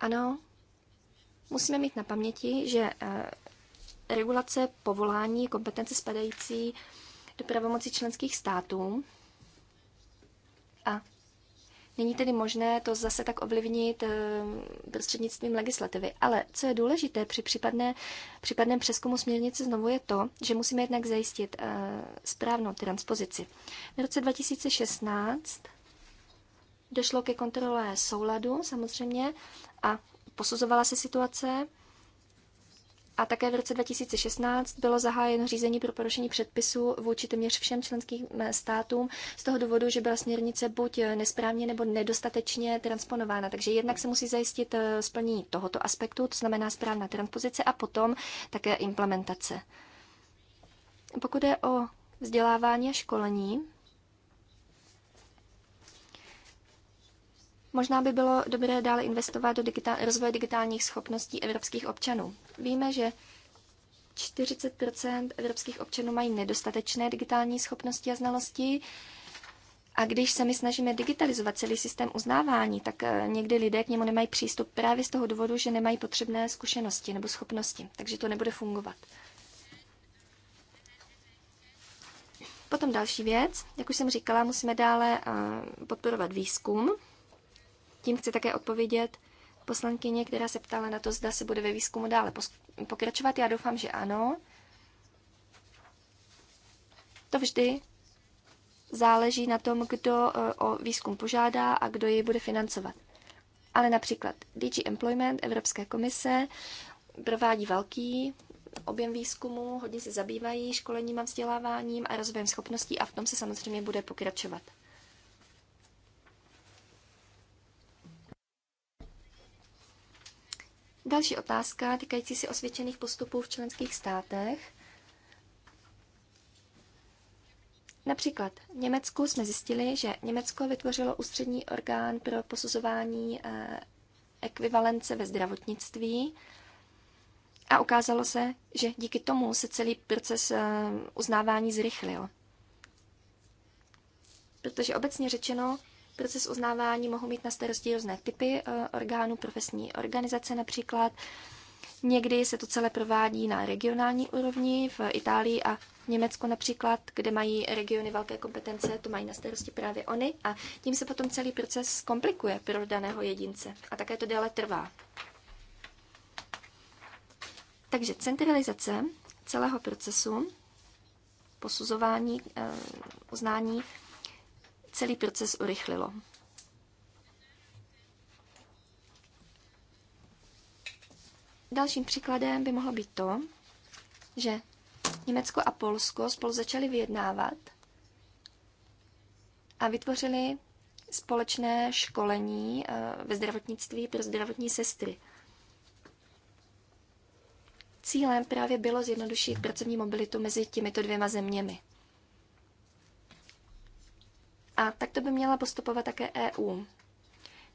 Ano, musíme mít na paměti, že eh, regulace povolání kompetence spadající do pravomoci členských států a Není tedy možné to zase tak ovlivnit eh, prostřednictvím legislativy. Ale co je důležité při případné, případném přeskumu směrnice znovu je to, že musíme jednak zajistit eh, správnou transpozici. V roce 2016 došlo ke kontrole souladu samozřejmě a posuzovala se situace. A také v roce 2016 bylo zahájeno řízení pro porušení předpisů vůči téměř všem členským eh, státům z toho důvodu, že byla směrnice buď eh, nesprávně nebo nedostatečně transponována. Takže jednak se musí zajistit eh, splnění tohoto aspektu, to znamená správná transpozice a potom také implementace. Pokud je o vzdělávání a školení, Možná by bylo dobré dále investovat do digitál, rozvoje digitálních schopností evropských občanů. Víme, že 40 evropských občanů mají nedostatečné digitální schopnosti a znalosti. A když se my snažíme digitalizovat celý systém uznávání, tak eh, někdy lidé k němu nemají přístup právě z toho důvodu, že nemají potřebné zkušenosti nebo schopnosti, takže to nebude fungovat. Potom další věc, jak už jsem říkala, musíme dále eh, podporovat výzkum tím chci také odpovědět poslankyně, která se ptala na to, zda se bude ve výzkumu dále pokračovat. Já doufám, že ano. To vždy záleží na tom, kdo eh, o výzkum požádá a kdo jej bude financovat. Ale například DG Employment Evropské komise provádí velký objem výzkumu, hodně se zabývají školením a vzděláváním a rozvojem schopností a v tom se samozřejmě bude pokračovat. Další otázka týkající se osvědčených postupů v členských státech. Například v Německu jsme zjistili, že Německo vytvořilo ústřední orgán pro posuzování eh, ekvivalence ve zdravotnictví a ukázalo se, že díky tomu se celý proces eh, uznávání zrychlil. Protože obecně řečeno, Proces uznávání mohou mít na starosti různé typy eh, orgánů, profesní organizace například. Někdy se to celé provádí na regionální úrovni, v Itálii a Německo Německu například, kde mají regiony velké kompetence, to mají na starosti právě oni a tím se potom celý proces komplikuje pro daného jedince a také to déle trvá. Takže centralizace celého procesu posuzování, eh, uznání celý proces urychlilo. Dalším příkladem by mohlo být to, že Německo a Polsko spolu začaly vyjednávat a vytvořili společné školení eh, ve zdravotnictví pro zdravotní sestry. Cílem právě bylo zjednodušit pracovní mobilitu mezi těmito dvěma zeměmi. A takto by měla postupovat také EU.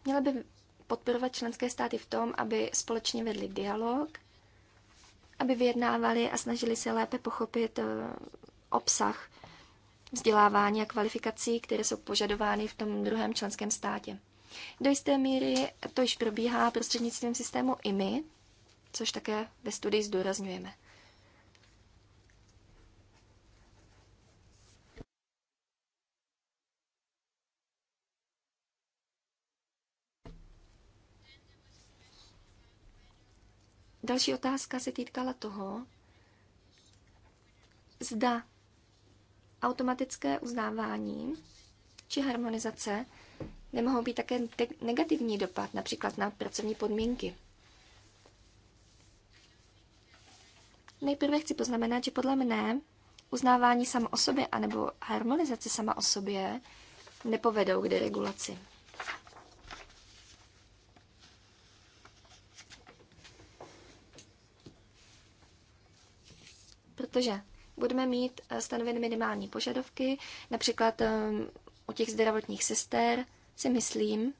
Měla by podporovat členské státy v tom, aby společně vedli dialog, aby vyjednávali a snažili se lépe pochopit eh, obsah vzdělávání a kvalifikací, které jsou požadovány v tom druhém členském státě. Do jisté míry to již probíhá prostřednictvím systému IMI, což také ve studii zdůrazňujeme. Další otázka se týkala toho, zda automatické uznávání či harmonizace nemohou být také negativní dopad, například na pracovní podmínky. Nejprve chci poznamenat, že podle mne uznávání samo o sobě anebo harmonizace sama o sobě nepovedou k deregulaci. protože budeme mít eh, stanoveny minimální požadavky, například ehm, u těch zdravotních sester si myslím,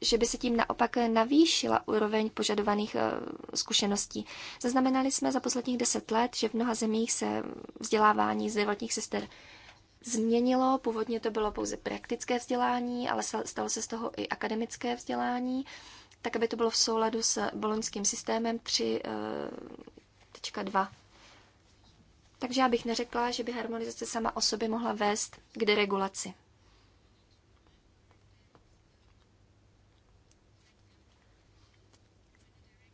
že by se tím naopak navýšila úroveň požadovaných eh, zkušeností. Zaznamenali jsme za posledních deset let, že v mnoha zemích se vzdělávání zdravotních sester změnilo. Původně to bylo pouze praktické vzdělání, ale stalo se z toho i akademické vzdělání, tak aby to bylo v souladu s boloňským systémem 3.2. Takže já bych neřekla, že by harmonizace sama o sobě mohla vést k deregulaci.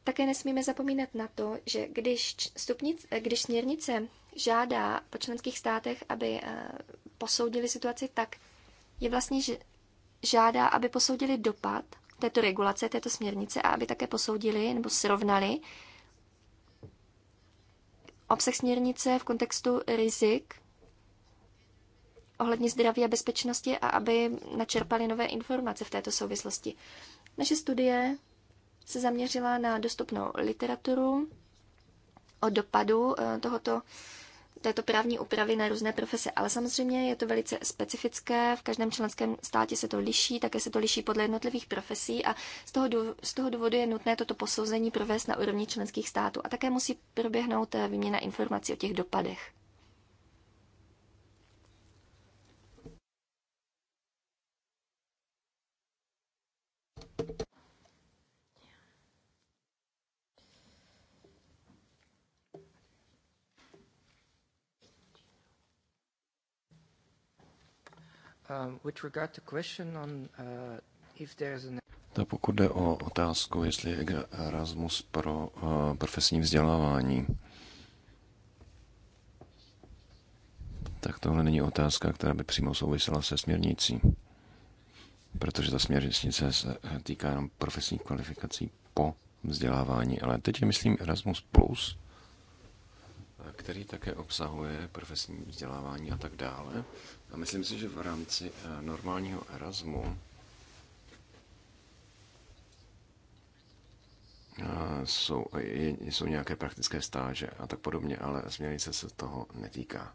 Také nesmíme zapomínat na to, že když, stupnic, když směrnice žádá po členských státech, aby eh, posoudili situaci, tak je vlastně žádá, aby posoudili dopad této regulace, této směrnice a aby také posoudili nebo srovnali obsah směrnice v kontextu rizik ohledně zdraví a bezpečnosti a aby načerpali nové informace v této souvislosti. Naše studie se zaměřila na dostupnou literaturu o dopadu eh, tohoto této právní úpravy na různé profese, ale samozřejmě je to velice specifické, v každém členském státě se to liší, také se to liší podle jednotlivých profesí a z toho, důvodu, z toho důvodu je nutné toto posouzení provést na úrovni členských států a také musí proběhnout eh, výměna informací o těch dopadech. Um, ta uh, Tak pokud jde o otázku, jestli je Erasmus pro uh, profesní vzdělávání, tak tohle není otázka, která by přímo souvisela se směrnicí. Protože ta směrnice se eh, týká jenom profesních kvalifikací po vzdělávání. Ale teď je, myslím, Erasmus+, Plus, eh, který také obsahuje profesní vzdělávání a tak dále. A myslím si, že v rámci eh, normálního Erasmu eh, jsou, jsou nějaké praktické stáže a tak podobně, ale směrnice se toho netýká.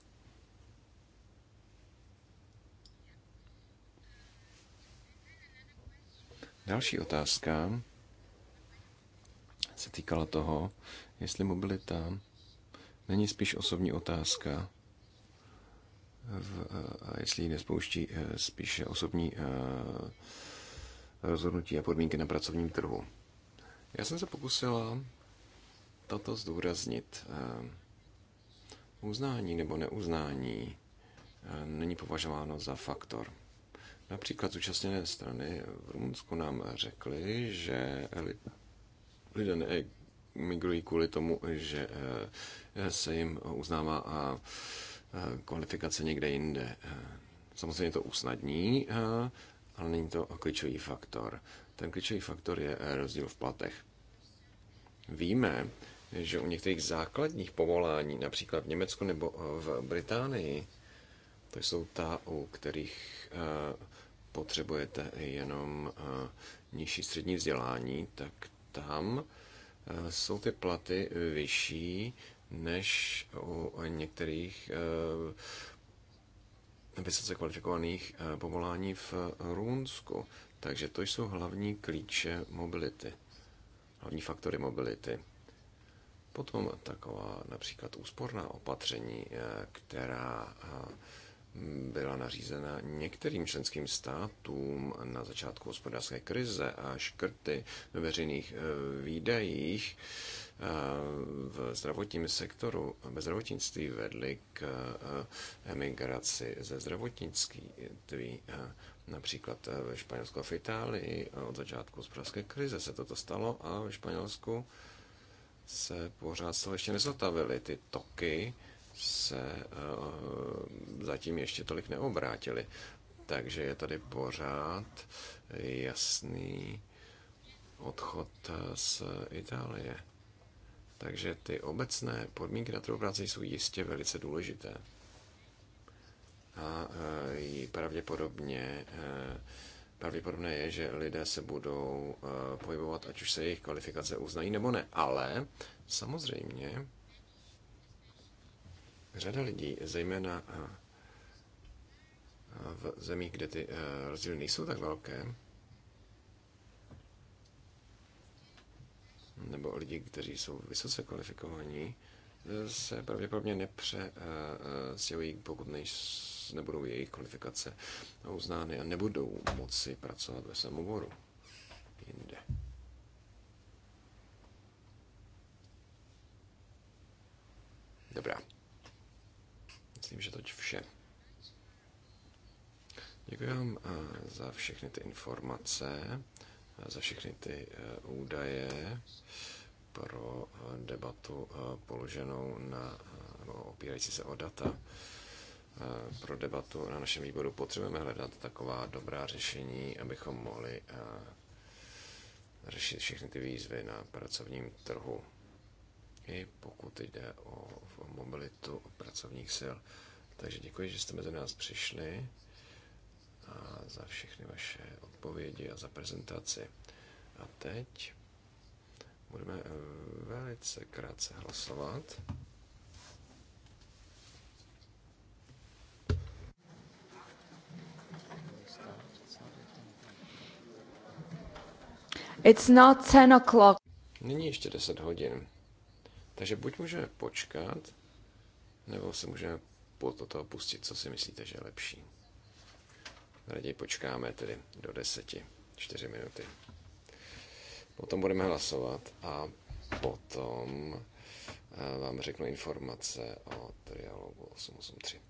Další otázka se týkala toho, jestli mobilita není spíš osobní otázka v, eh, jestli ji nespouští eh, spíše osobní eh, rozhodnutí a podmínky na pracovním trhu. Já jsem se pokusila toto zdůraznit. Uznání nebo neuznání není považováno za faktor. Například zúčastněné strany v Rumunsku nám řekly, že lidé migrují kvůli tomu, že se jim uznává a Eh, kvalifikace někde jinde. Eh, samozřejmě to usnadní, eh, ale není to klíčový faktor. Ten klíčový faktor je rozdíl v platech. Víme, že u některých základních povolání, například v Německu nebo v Británii, to jsou ta, u kterých potřebujete jenom nižší střední vzdělání, tak tam jsou ty platy vyšší než u některých eh, vysoce kvalifikovaných eh, povolání v Rumunsku. Takže to jsou hlavní klíče mobility, hlavní faktory mobility. Potom taková například úsporná opatření, eh, která byla nařízena některým členským státům na začátku hospodářské krize a škrty ve veřejných eh, výdajích eh, v zdravotním sektoru, ve zdravotnictví vedly k eh, emigraci ze zdravotnictví. Například ve Španělsku a v Itálii od začátku hospodářské krize se toto stalo a ve Španělsku se pořád se ještě nezotavily ty toky, se eh, zatím ještě tolik neobrátili. Takže je tady pořád jasný odchod z Itálie. Takže ty obecné podmínky na trhu práce jsou jistě velice důležité. A eh, pravděpodobně, eh, pravděpodobné je, že lidé se budou pohybovat, ať už se jejich kvalifikace uznají nebo ne. Ale samozřejmě Řada lidí, zejména eh, v zemích, kde ty eh, rozdíly nejsou tak velké, nebo lidi, kteří jsou vysoce kvalifikovaní, eh, se pravděpodobně nepřesilují, pokud nebudou jejich kvalifikace uznány a nebudou moci pracovat ve svém oboru jinde. Dobrá myslím, že toť vše. Děkuji vám eh, za všechny ty informace, eh, za všechny ty eh, údaje pro debatu položenou na, no, opírající se o data. Pro debatu na našem výboru potřebujeme hledat taková dobrá řešení, abychom mohli řešit všechny ty výzvy na pracovním trhu i pokud jde o mobilitu o pracovních sil. Takže děkuji, že jste mezi nás přišli a za všechny vaše odpovědi a za prezentaci. A teď budeme eh, velice krátce hlasovat. It's not 10 o'clock. Není ještě 10 hodin. Takže buď můžeme počkat, nebo se můžeme po toho pustit, co si myslíte, že je lepší. Raději počkáme tedy do deseti, čtyři minuty. Potom budeme hlasovat a potom eh, vám řeknu informace o trialogu 883.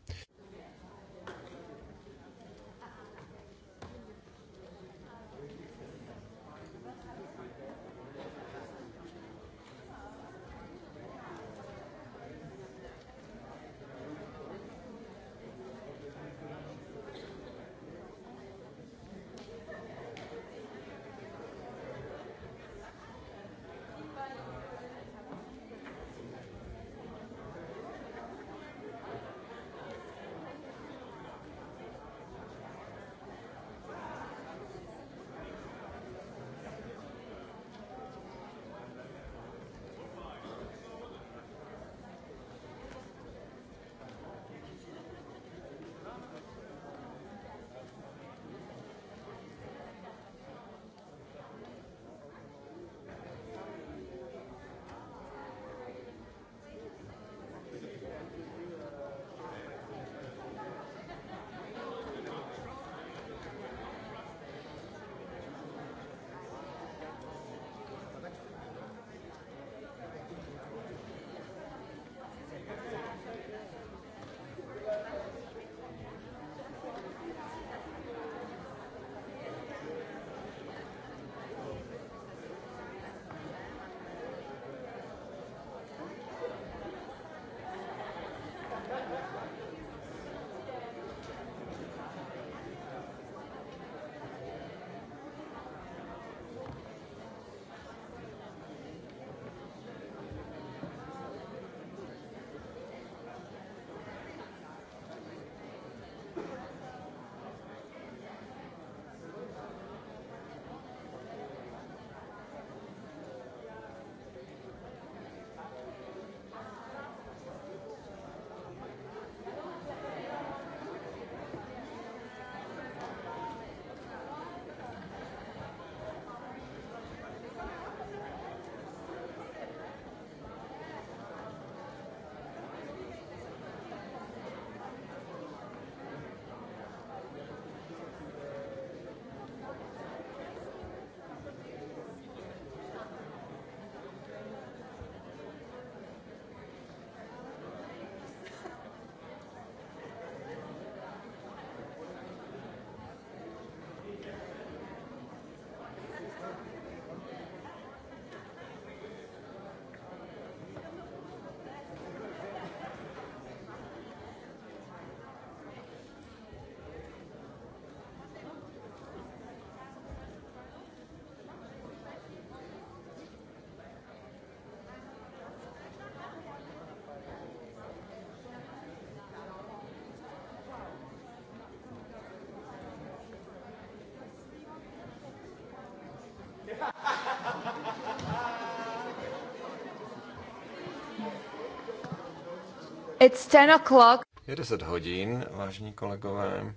It's 10 o'clock. Je 10 hodin, vážní kolegové.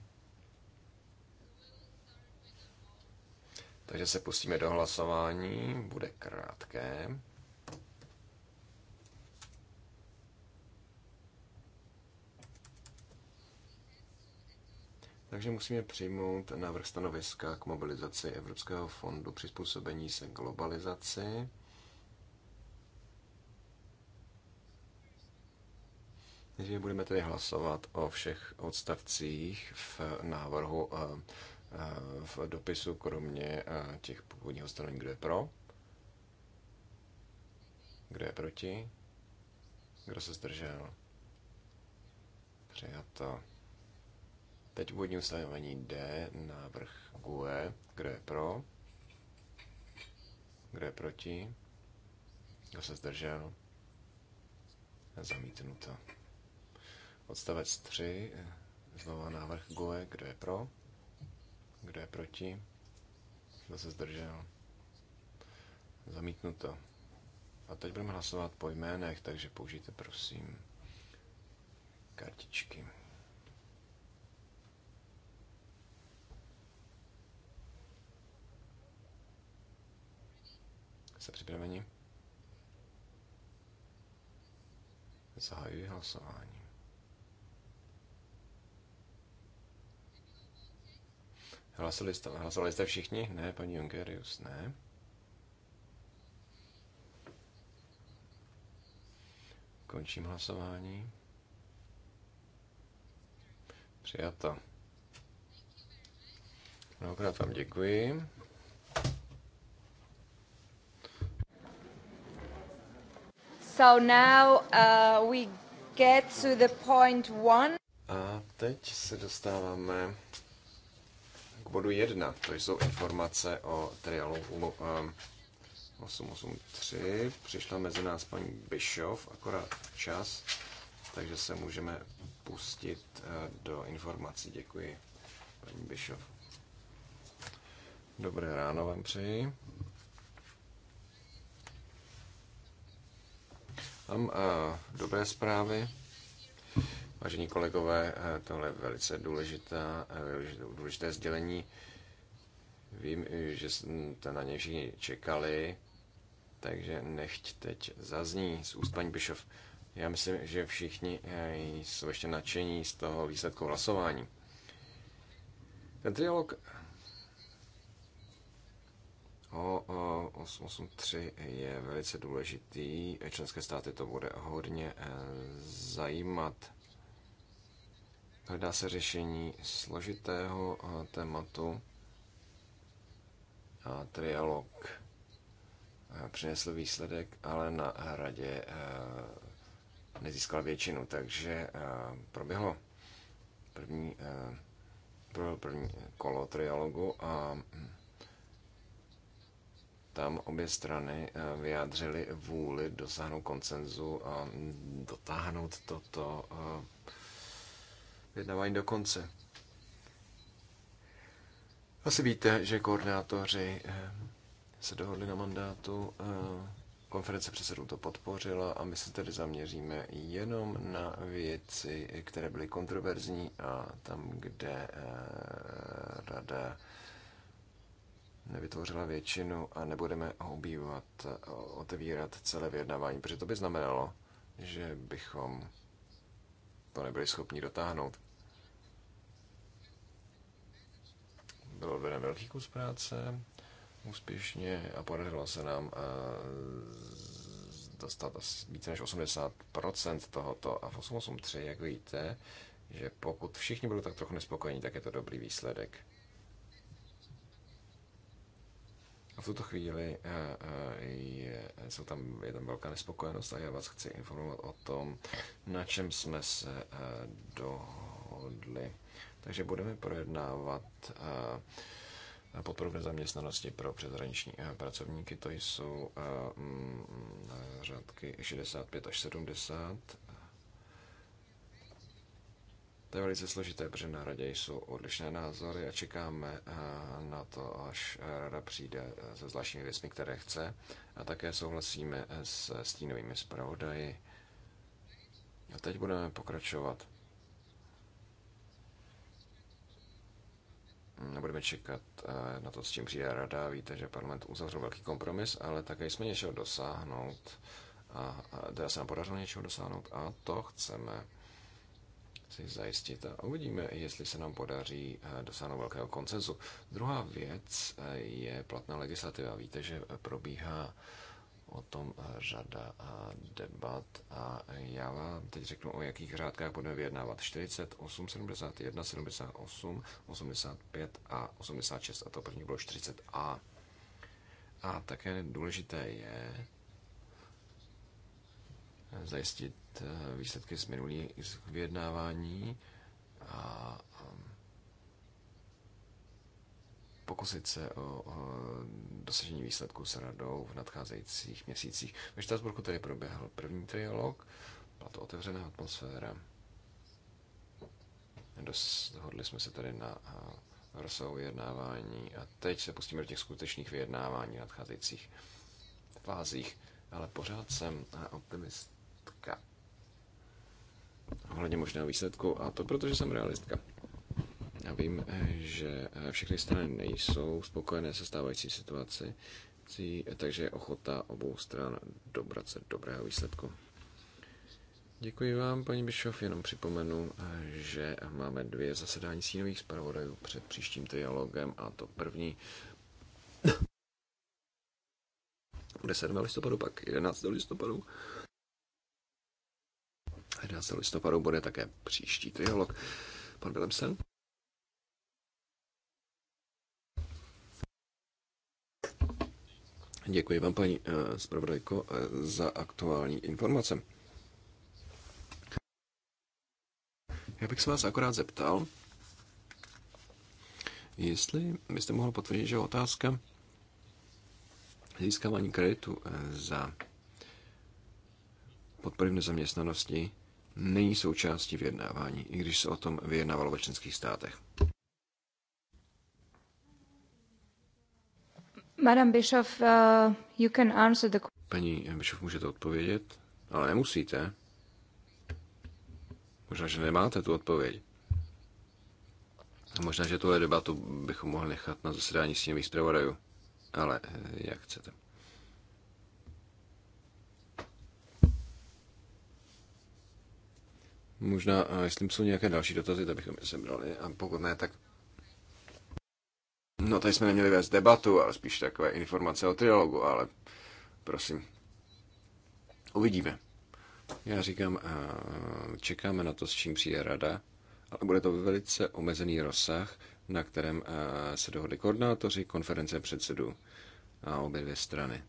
Takže se pustíme do hlasování, bude krátké. Takže musíme přijmout návrh stanoviska k mobilizaci Evropského fondu přizpůsobení se globalizaci. Takže budeme tedy hlasovat o všech odstavcích v návrhu eh, eh, v dopisu, kromě eh, těch původních ustanovení, kdo je pro, kdo je proti, kdo se zdržel. Přijato. Teď úvodní ustanovení D, návrh GUE, kdo je pro, kdo je proti, kdo se zdržel. Zamítnuto. Odstavec 3, znova návrh GUE, kdo je pro, kdo je proti, kdo se zdržel. Zamítnuto. A teď budeme hlasovat po jménech, takže použijte prosím kartičky. Jste připraveni? Zahajuji hlasování. Hlasili jste, hlasovali jste všichni? Ne, paní Jungerius, ne. Končím hlasování. Přijato. Mnohokrát vám děkuji. So now uh, we get to the point one. A teď se dostáváme k bodu 1, to jsou informace o trialu 883. Eh, Přišla mezi nás paní Bischoff, akorát čas, takže se můžeme pustit eh, do informací. Děkuji, paní Bischoff. Dobré ráno vám přeji. Mám eh, dobré zprávy. Vážení kolegové, eh, tohle je velice důležitá, eh, důležité sdělení. Vím, eh, že jste na něj všichni čekali, takže nechť teď zazní z úst paní Bišov. Já myslím, že všichni jsou ještě nadšení z toho výsledku hlasování. Ten trialog o 883 je velice důležitý. Členské státy to bude hodně zajímat. Hledá se řešení složitého eh, tématu a trialog eh, přinesl výsledek, ale na hradě eh, nezískal většinu, takže proběhlo první, proběhlo první kolo trialogu a hm, tam obě strany vyjádřily vůli dosáhnout koncenzu a dotáhnout toto vyjednávání do konce. Asi víte, že koordinátoři eh, se dohodli na mandátu, eh, konference předsedů to podpořila a my se tedy zaměříme jenom na věci, které byly kontroverzní a tam, kde eh, rada nevytvořila většinu a nebudeme obývat, otevírat celé vyjednávání, protože to by znamenalo, že bychom to nebyli schopni dotáhnout. byl odveden velký kus práce, úspěšně a podařilo se nám eh, dostat více než 80% tohoto a v 883, jak víte, že pokud všichni budou tak trochu nespokojení, tak je to dobrý výsledek. A v tuto chvíli eh, eh, je, jsou tam, je tam velká nespokojenost a já vás chci informovat o tom, na čem jsme se dohodli. Takže budeme projednávat eh, podporu v nezaměstnanosti pro přeshraniční eh, pracovníky. To jsou eh, mm, řádky 65 až 70. To je velice složité, protože na radě jsou odlišné názory a čekáme na to, až rada přijde se zvláštními věcmi, které chce. A také souhlasíme s stínovými zpravodaji. A teď budeme pokračovat. budeme čekat eh, na to, s čím přijde rada. Víte, že parlament uzavřel velký kompromis, ale také jsme něčeho dosáhnout. A, a teda se nám podařilo něčeho dosáhnout a to chceme si zajistit a uvidíme, jestli se nám podaří eh, dosáhnout velkého koncenzu. Druhá věc eh, je platná legislativa. Víte, že probíhá o tom eh, řada eh, debat a já vám teď řeknu, o jakých řádkách budeme vyjednávat. 48, 71, 78, 85 a 86 a to první bylo 40a. A také důležité je eh, zajistit výsledky z minulých vyjednávání a, pokusit se o, dosažení výsledku s radou v nadcházejících měsících. Ve Štrasburku tedy proběhl první trialog, byla to otevřená atmosféra. Dohodli jsme se tady na rozsahu vyjednávání a teď se pustíme do těch skutečných vyjednávání v nadcházejících fázích, ale pořád jsem optimistka ohledně možného výsledku a to protože jsem realistka. Já vím, že eh, všechny strany nejsou spokojené se stávající situaci, takže je ochota obou stran dobrat se dobrého výsledku. Děkuji vám, paní Bischoff. Jenom připomenu, eh, že máme dvě zasedání sínových zpravodajů před příštím dialogem a to první [COUGHS] bude 7. listopadu, pak 11. listopadu. 11. listopadu bude také příští dialog. Pan Willemsen? Děkuji vám, paní eh, zpravodajko, eh, za aktuální informace. Já bych se vás akorát zeptal, jestli byste mohl potvrdit, že otázka získávání kreditu eh, za podpory v nezaměstnanosti není součástí vyjednávání, i když se o tom vyjednávalo ve členských státech. Madam Bischoff, uh, you can answer the... Paní Bischoff, můžete odpovědět, ale nemusíte. Možná, že nemáte tu odpověď. Možná, že tuhle debatu bychom mohli nechat na zasedání sněmových zpravodajů. Ale eh, jak chcete. Možná, jestli jsou nějaké další dotazy, tak bychom je sebrali. A pokud ne, tak No, tady jsme neměli vést debatu, ale spíš takové informace o trialogu, ale prosím, uvidíme. Já říkám, eh, čekáme na to, s čím přijde rada, ale bude to velice omezený rozsah, na kterém eh, se dohodli koordinátoři, konference předsedů a obě dvě strany.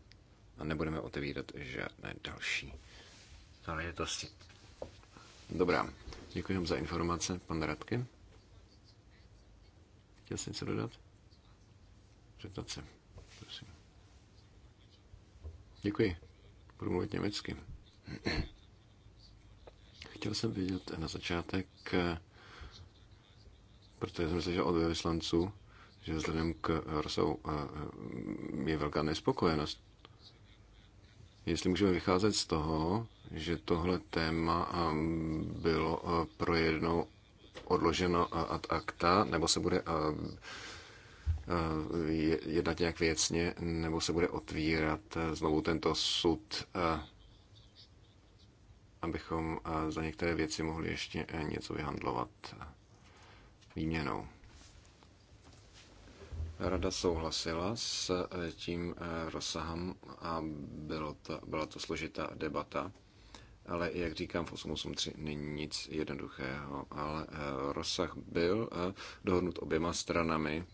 A nebudeme otevírat žádné další záležitosti. Dobrá, děkuji vám za informace, pan Radky. Chtěl jsi něco dodat? Zeptat se. Prosím. Děkuji. Budu mluvit německy. [CLEARS THROAT] Chtěl jsem vědět na začátek, protože jsem slyšel od vyslanců, že vzhledem k rozsahu eh, je velká nespokojenost. Jestli můžeme vycházet z toho, že tohle téma ehm, bylo eh, pro jednou odloženo eh, ad acta, nebo se bude ehm, Eh, jednat nějak věcně, nebo se bude otvírat eh, znovu tento sud, eh, abychom za některé věci mohli ještě něco vyhandlovat výměnou. Rada souhlasila s tím rozsahem a bylo to, byla to složitá debata. Ale jak říkám, v 883 není nic jednoduchého, ale rozsah byl dohodnut oběma stranami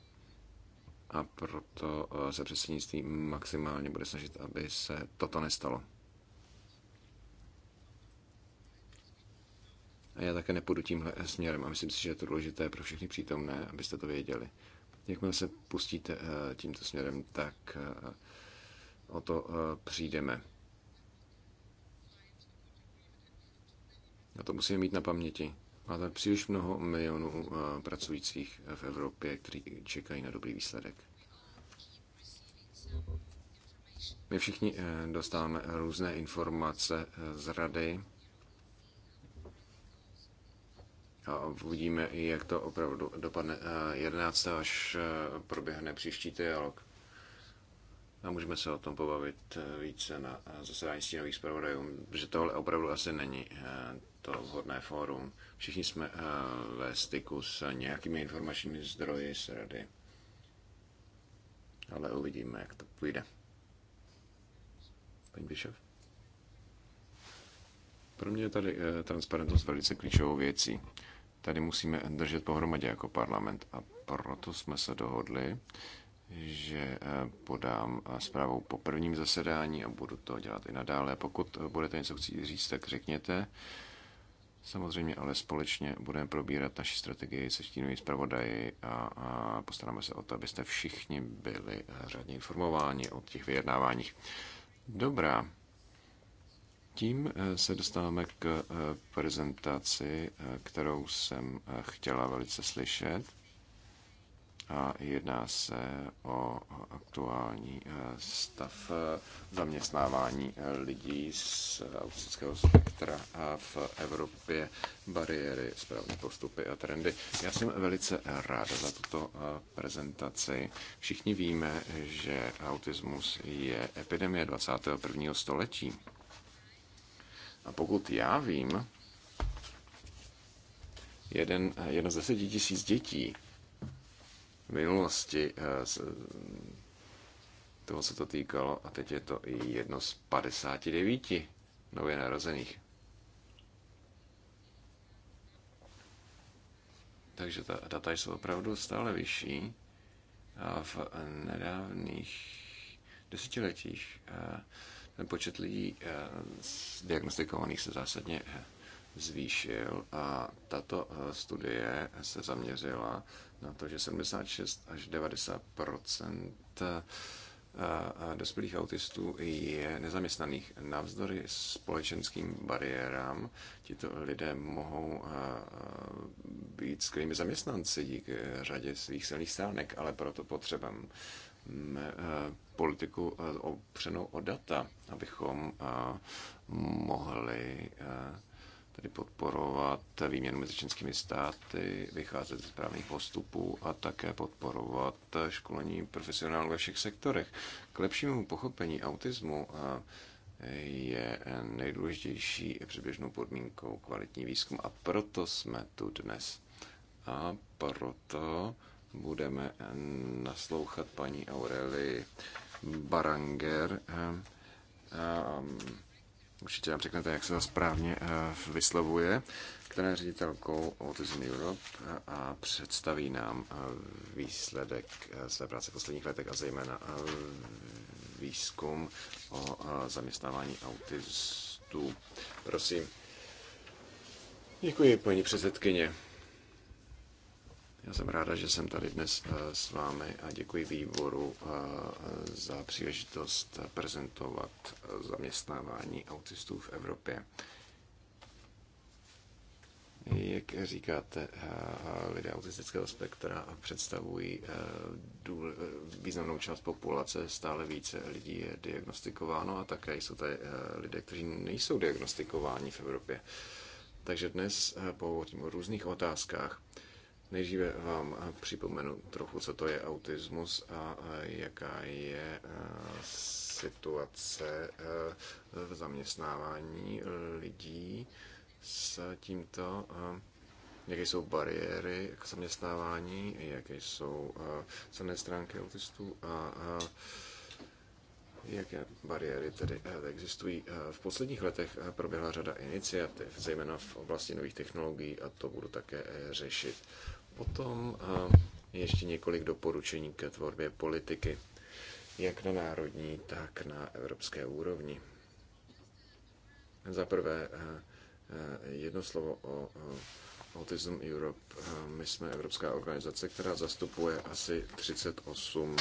a proto eh, se předsednictví maximálně bude snažit, aby se toto nestalo. A já také nepůjdu tímhle směrem a myslím si, že je to důležité pro všechny přítomné, abyste to věděli. Jakmile se pustíte eh, tímto směrem, tak eh, o to přijdeme. A to musíme mít na paměti. Máme příliš mnoho milionů eh, pracujících v Evropě, kteří čekají na dobrý výsledek. My všichni eh, dostáváme různé informace eh, z rady a uvidíme, jak to opravdu dopadne 11. až proběhne příští dialog a můžeme se o tom pobavit eh, více na eh, zasedání stínových zpravodajů, že tohle opravdu asi není eh, to vhodné fórum. Všichni jsme ve styku s nějakými informačními zdroji z rady, ale uvidíme, jak to půjde. Paní Bišov? Pro mě je tady transparentnost velice klíčovou věcí. Tady musíme držet pohromadě jako parlament a proto jsme se dohodli, že eh, podám eh, zprávu po prvním zasedání a budu to dělat i nadále. Pokud eh, budete něco chtít říct, tak řekněte. Samozřejmě ale společně budeme probírat naši strategii se štínovými zpravodaji a, a postaráme se o to, abyste všichni byli řádně informováni o těch vyjednáváních. Dobrá. Tím se dostáváme k prezentaci, kterou jsem chtěla velice slyšet a jedná se o aktuální eh, stav eh, zaměstnávání eh, lidí z autistického spektra v Evropě, bariéry, správné postupy a trendy. Já jsem velice ráda za tuto prezentaci. Všichni víme, že autismus je epidemie 21. století. A pokud já vím, jeden, jedno z deseti tisíc dětí minulosti eh, toho se to týkalo a teď je to i jedno z 59 nově narozených. Takže ta data jsou opravdu stále vyšší a v nedávných desetiletích eh, ten počet lidí eh, diagnostikovaných se zásadně zvýšil a tato studie se zaměřila na to, že 76 až 90 eh, eh, dospělých autistů je nezaměstnaných. Navzdory společenským bariérám tito lidé mohou eh, být skvělými zaměstnanci díky řadě svých silných stránek, ale proto potřebujeme politiku opřenou o data, abychom mohli tedy podporovat výměnu mezi členskými státy, vycházet ze správných postupů a také podporovat školení profesionálů ve všech sektorech. K lepšímu pochopení autismu je nejdůležitější předběžnou podmínkou kvalitní výzkum a proto jsme tu dnes. A proto budeme naslouchat paní Aureli Baranger, Určitě nám řeknete, jak se to správně eh, vyslovuje, která je ředitelkou Autism Europe eh, a představí nám eh, výsledek své práce v posledních letech a zejména výzkum o zaměstnávání autistů. Prosím. Děkuji, paní předsedkyně. Já jsem ráda, že jsem tady dnes eh, s vámi a děkuji výboru eh, za příležitost prezentovat eh, zaměstnávání autistů v Evropě. Jak říkáte, lidé autistického spektra představují významnou část populace, stále více lidí je diagnostikováno a také jsou tady lidé, kteří nejsou diagnostikováni v Evropě. Takže dnes pohovořím o různých otázkách. Nejdříve vám eh, připomenu trochu, co to je autismus a jaká je eh, situace eh, v zaměstnávání lidí s tímto, jaké jsou bariéry k zaměstnávání, jaké jsou silné stránky autistů a jaké bariéry tedy existují. V posledních letech proběhla řada iniciativ, zejména v oblasti nových technologií, a to budu také řešit. Potom eh, ještě několik doporučení ke tvorbě politiky, jak na národní, tak na evropské úrovni. Za prvé, eh, eh, jedno slovo o Autism Europe. My jsme evropská organizace, která zastupuje asi 38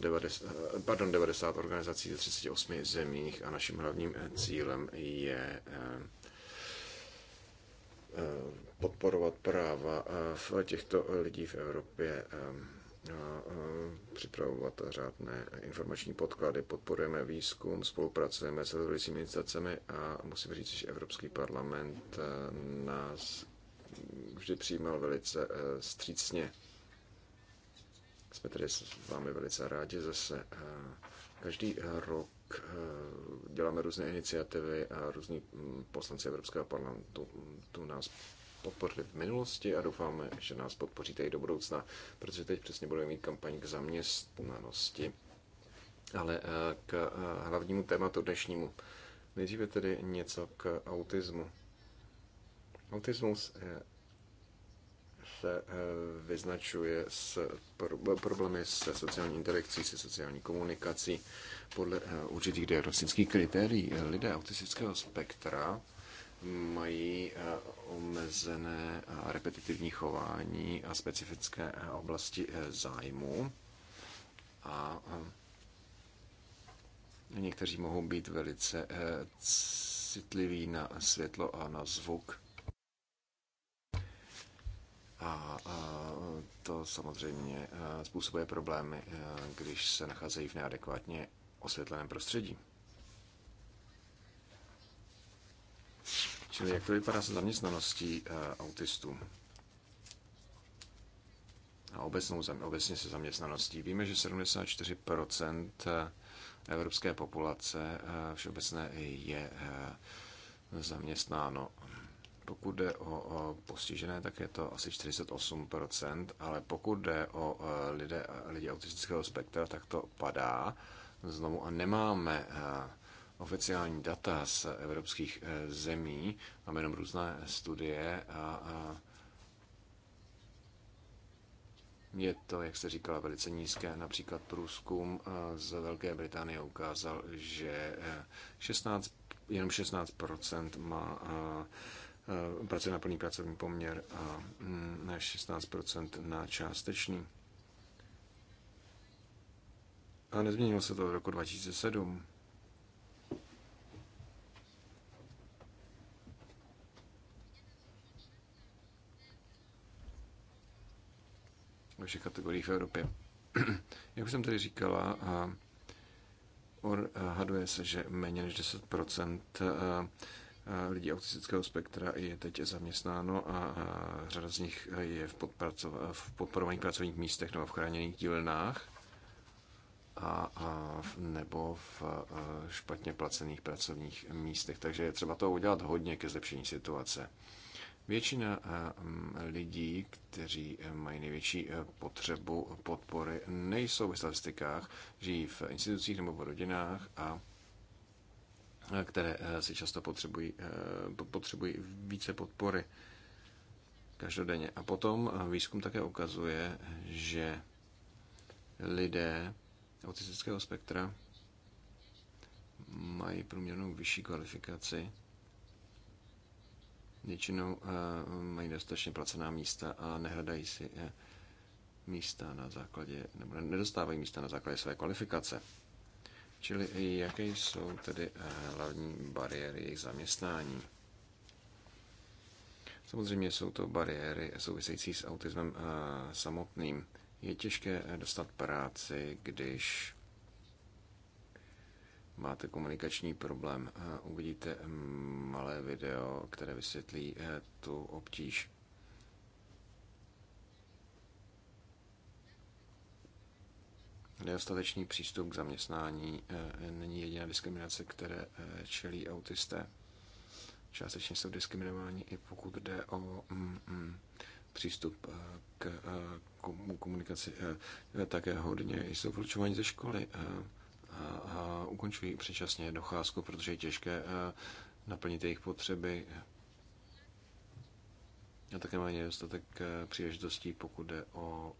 90, pardon, 90 organizací ze 38 zemích a naším hlavním cílem je Eh, podporovat práva eh, těchto lidí v Evropě eh, a připravovat řádné informační podklady. Podporujeme výzkum, spolupracujeme s rozhodujícími instancemi a musím říct, že Evropský parlament nás vždy přijímal velice střícně. Jsme tedy s vámi velice rádi zase. Každý rok Eh, děláme různé iniciativy a různí mm, poslanci Evropského parlamentu tu nás podpořili v minulosti a doufáme, že nás podpoříte i do budoucna, protože teď přesně budeme mít kampaň k zaměstnanosti. Ale eh, k eh, hlavnímu tématu dnešnímu. Nejdříve tedy něco k autismu. Autismus se eh, vyznačuje s problémy se sociální interakcí, se sociální komunikací. Podle eh, určitých diagnostických kritérií lidé autistického spektra mají eh, omezené repetitivní chování a specifické oblasti zájmu. A někteří mohou být velice citliví na světlo a na zvuk a to samozřejmě způsobuje problémy, když se nacházejí v neadekvátně osvětleném prostředí. Čili jak to vypadá se zaměstnaností autistů? A obecnou, obecně se zaměstnaností. Víme, že 74% evropské populace všeobecné je zaměstnáno pokud jde o postižené, tak je to asi 48%, ale pokud jde o lidé, lidi autistického spektra, tak to padá znovu a nemáme eh, oficiální data z evropských eh, zemí, máme jenom různé studie a je to, jak se říkala, velice nízké. Například průzkum eh, z Velké Británie ukázal, že 16, jenom 16% má Eh, pracuje na plný pracovní poměr a mm, na 16% na částečný. A nezměnilo se to od roku 2007. Ve všech kategoriích v Evropě. [CLEARS THROAT] Jak už jsem tady říkala, eh, haduje se, že méně než 10 Eh, lidí autistického spektra je teď zaměstnáno a řada z nich je v, v podporovaných pracovních místech nebo v chráněných dílnách a, a nebo v eh, špatně placených pracovních místech. Takže je třeba to udělat hodně ke zlepšení situace. Většina eh, lidí, kteří mají největší potřebu podpory, nejsou ve statistikách, žijí v institucích nebo v rodinách a které eh, si často potřebují, eh, potřebují více podpory každodenně. A potom eh, výzkum také ukazuje, že lidé autistického spektra mají průměrnou vyšší kvalifikaci, většinou mají dostatečně placená místa a nehledají si místa na základě, nebo nedostávají místa na základě své kvalifikace. Čili jaké jsou tedy eh, hlavní bariéry jejich zaměstnání? Samozřejmě jsou to bariéry související s autismem eh, samotným. Je těžké eh, dostat práci, když máte komunikační problém. Uvidíte mm, malé video, které vysvětlí tu obtíž. Nedostatečný přístup k zaměstnání eh, není jediná diskriminace, které eh, čelí autisté. Částečně jsou diskriminováni i pokud jde o mm, mm, přístup eh, k komunikaci. Také hodně jsou vylučováni ze školy a ukončují předčasně docházku, protože je těžké naplnit jejich potřeby. A také mají nedostatek příležitostí, pokud jde o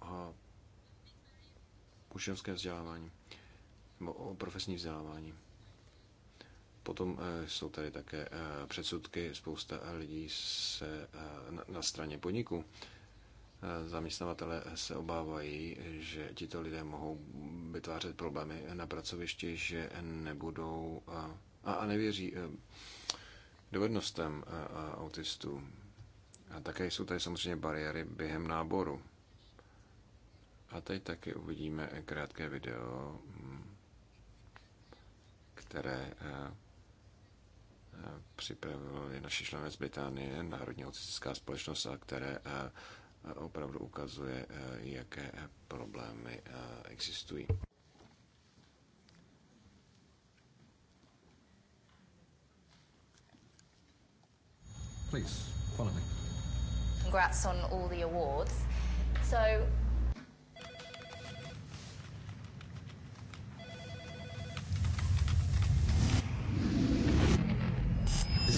učňovské vzdělávání nebo profesní vzdělávání. Potom eh, jsou tady také eh, předsudky, spousta lidí se eh, na straně podniku. Zaměstnavatele se obávají, že tito lidé mohou vytvářet problémy na pracovišti, že nebudou a nevěří dovednostem autistů. A také jsou tady samozřejmě bariéry během náboru. A tady taky uvidíme krátké video, které eh, eh, připravili naši členové z Británie, Národní autistická společnost, a které eh, opravdu ukazuje, jaké problémy existují. Please, follow me. Congrats on all the awards. So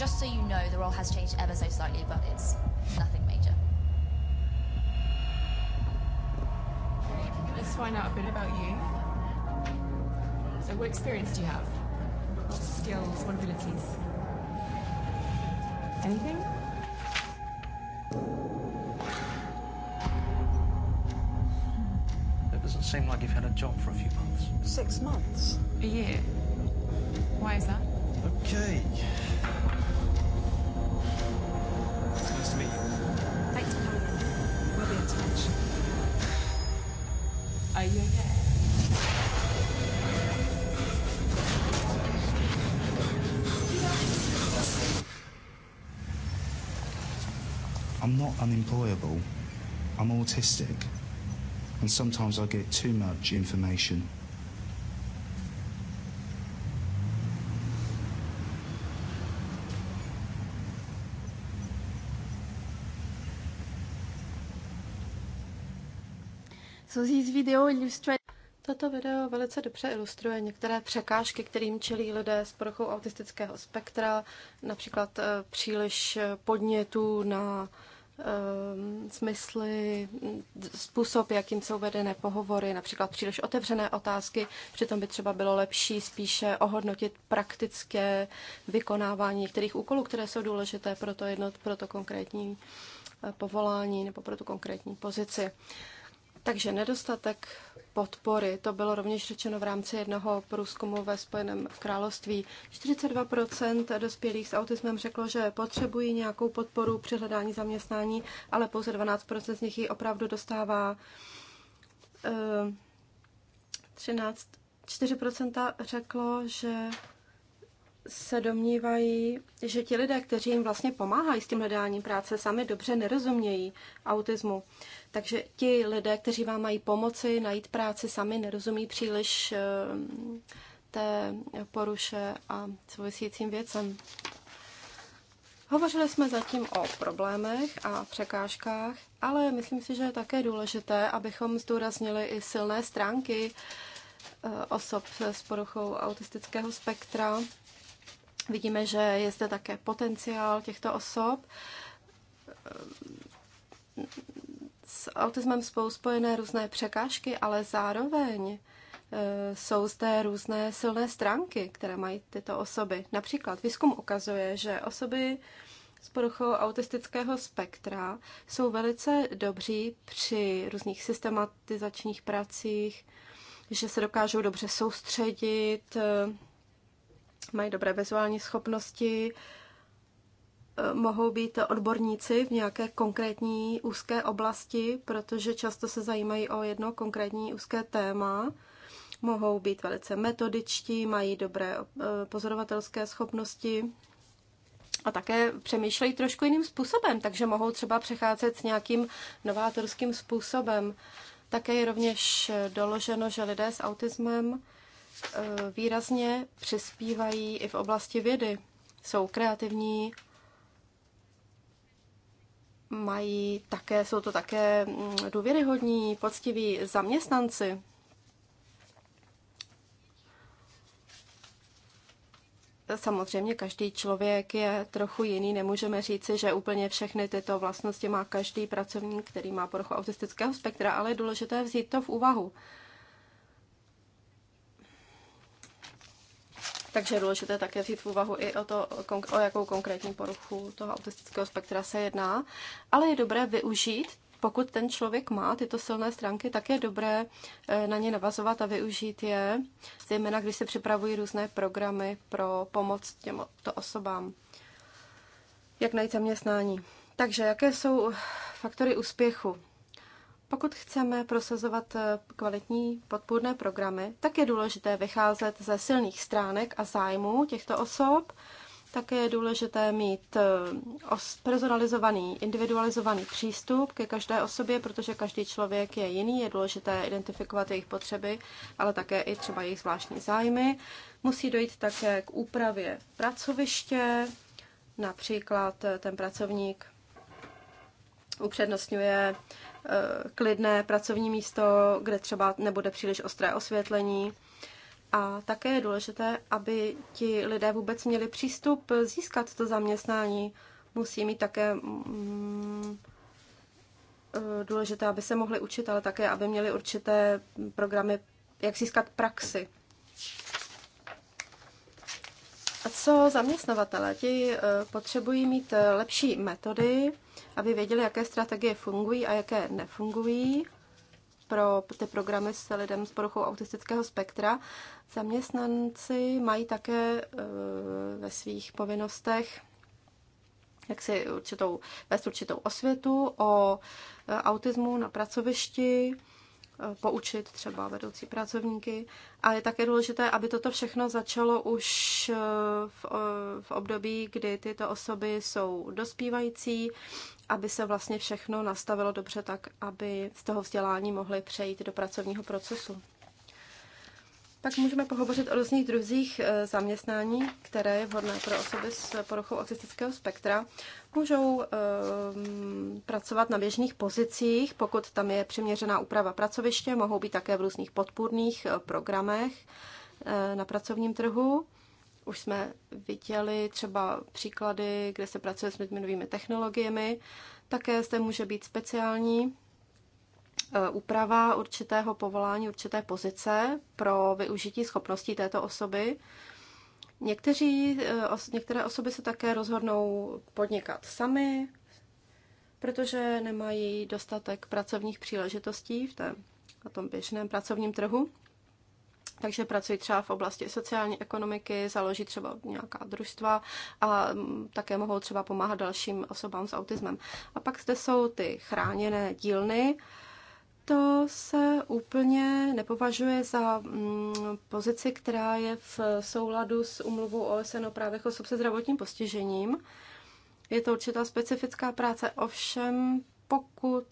Just so you know, the role has changed ever so slightly, but it's nothing major. Let's find out a bit about you. So what experience do you have? What skills, what abilities? Anything? Hmm. It doesn't seem like you've had a job for a few months. Six months? A year. Why is that? Okay. unemployable. I'm autistic, and sometimes I get too much information. So this video illustrates Toto video velice dobře ilustruje některé překážky, kterým čelí lidé s poruchou autistického spektra, například eh, příliš eh, podnětů na Ehm, smysly, způsob, jakým jsou vedené pohovory, například příliš otevřené otázky, přitom by třeba bylo lepší spíše ohodnotit praktické vykonávání některých úkolů, které jsou důležité pro to, jednot, pro to konkrétní eh, povolání nebo pro tu konkrétní pozici. Uh, takže nedostatek podpory, to bylo rovněž řečeno v rámci jednoho průzkumu ve Spojeném království. 42% dospělých s autismem řeklo, že potřebují nějakou podporu při hledání zaměstnání, ale pouze 12% z nich ji opravdu dostává. 13, eh, 4% řeklo, že se domnívají, že ti lidé, kteří jim vlastně pomáhají s tím hledáním práce, sami dobře nerozumějí autismu. Takže ti lidé, kteří vám mají pomoci najít práci, sami nerozumí příliš eh, té poruše a souvisícím věcem. Hovořili jsme zatím o problémech a překážkách, ale myslím si, že je také důležité, abychom zdůraznili i silné stránky eh, osob s poruchou autistického spektra, Vidíme, že je zde také potenciál těchto osob. S autismem jsou spojené různé překážky, ale zároveň e, jsou zde různé silné stránky, které mají tyto osoby. Například výzkum ukazuje, že osoby s poruchou autistického spektra jsou velice dobří při různých systematizačních pracích, že se dokážou dobře soustředit, e, mají dobré vizuální schopnosti, eh, mohou být odborníci v nějaké konkrétní úzké oblasti, protože často se zajímají o jedno konkrétní úzké téma. Mohou být velice metodičtí, mají dobré eh, pozorovatelské schopnosti a také přemýšlejí trošku jiným způsobem, takže mohou třeba přecházet s nějakým novátorským způsobem. Také je rovněž eh, doloženo, že lidé s autismem Eh, výrazně přispívají i v oblasti vědy. Jsou kreativní, mají také, jsou to také mm, důvěryhodní, poctiví zaměstnanci. Samozřejmě každý člověk je trochu jiný, nemůžeme říci, že úplně všechny tyto vlastnosti má každý pracovník, který má poruchu autistického spektra, ale je důležité vzít to v úvahu. Takže je důležité také vzít v úvahu i o, to, o jakou konkrétní poruchu toho autistického spektra se jedná. Ale je dobré využít, pokud ten člověk má tyto silné stránky, tak je dobré eh, na ně navazovat a využít je, zejména když se připravují různé programy pro pomoc těmto osobám. Jak najít zaměstnání? Takže jaké jsou faktory úspěchu? Pokud chceme prosazovat eh, kvalitní podpůrné programy, tak je důležité vycházet ze silných stránek a zájmů těchto osob. Také je důležité mít eh, personalizovaný, individualizovaný přístup ke každé osobě, protože každý člověk je jiný. Je důležité identifikovat jejich potřeby, ale také i třeba jejich zvláštní zájmy. Musí dojít také k úpravě pracoviště. Například eh, ten pracovník upřednostňuje Eh, klidné pracovní místo, kde třeba nebude příliš ostré osvětlení. A také je důležité, aby ti lidé vůbec měli přístup získat to zaměstnání. Musí mít také mm, eh, důležité, aby se mohli učit, ale také, aby měli určité programy, jak získat praxi. A co zaměstnavatele? Ti eh, potřebují mít lepší metody, aby věděli, jaké strategie fungují a jaké nefungují pro ty programy s lidem s poruchou autistického spektra. Zaměstnanci mají také eh, ve svých povinnostech jak si určitou, vést určitou osvětu o eh, autismu na pracovišti, eh, poučit třeba vedoucí pracovníky. A je také důležité, aby toto všechno začalo už v, v období, kdy tyto osoby jsou dospívající, aby se vlastně všechno nastavilo dobře tak, aby z toho vzdělání mohli přejít do pracovního procesu. Pak můžeme pohovořit o různých druzích eh, zaměstnání, které je vhodné pro osoby s poruchou autistického spektra. Můžou um, pracovat na běžných pozicích, pokud tam je přiměřená úprava pracoviště, mohou být také v různých podpůrných eh, programech eh, na pracovním trhu. Už jsme viděli třeba příklady, kde se pracuje s novými technologiemi. Také zde může být speciální eh, úprava určitého povolání, určité pozice pro využití schopností této osoby. Někteří, eh, některé osoby se také rozhodnou podnikat sami, protože nemají dostatek pracovních příležitostí v té, na tom běžném pracovním trhu takže pracují třeba v oblasti sociální ekonomiky, založí třeba nějaká družstva a mm, také mohou třeba pomáhat dalším osobám s autismem. A pak zde jsou ty chráněné dílny. To se úplně nepovažuje za mm, pozici, která je v souladu s umluvou OSN o právech osob se zdravotním postižením. Je to určitá specifická práce, ovšem pokud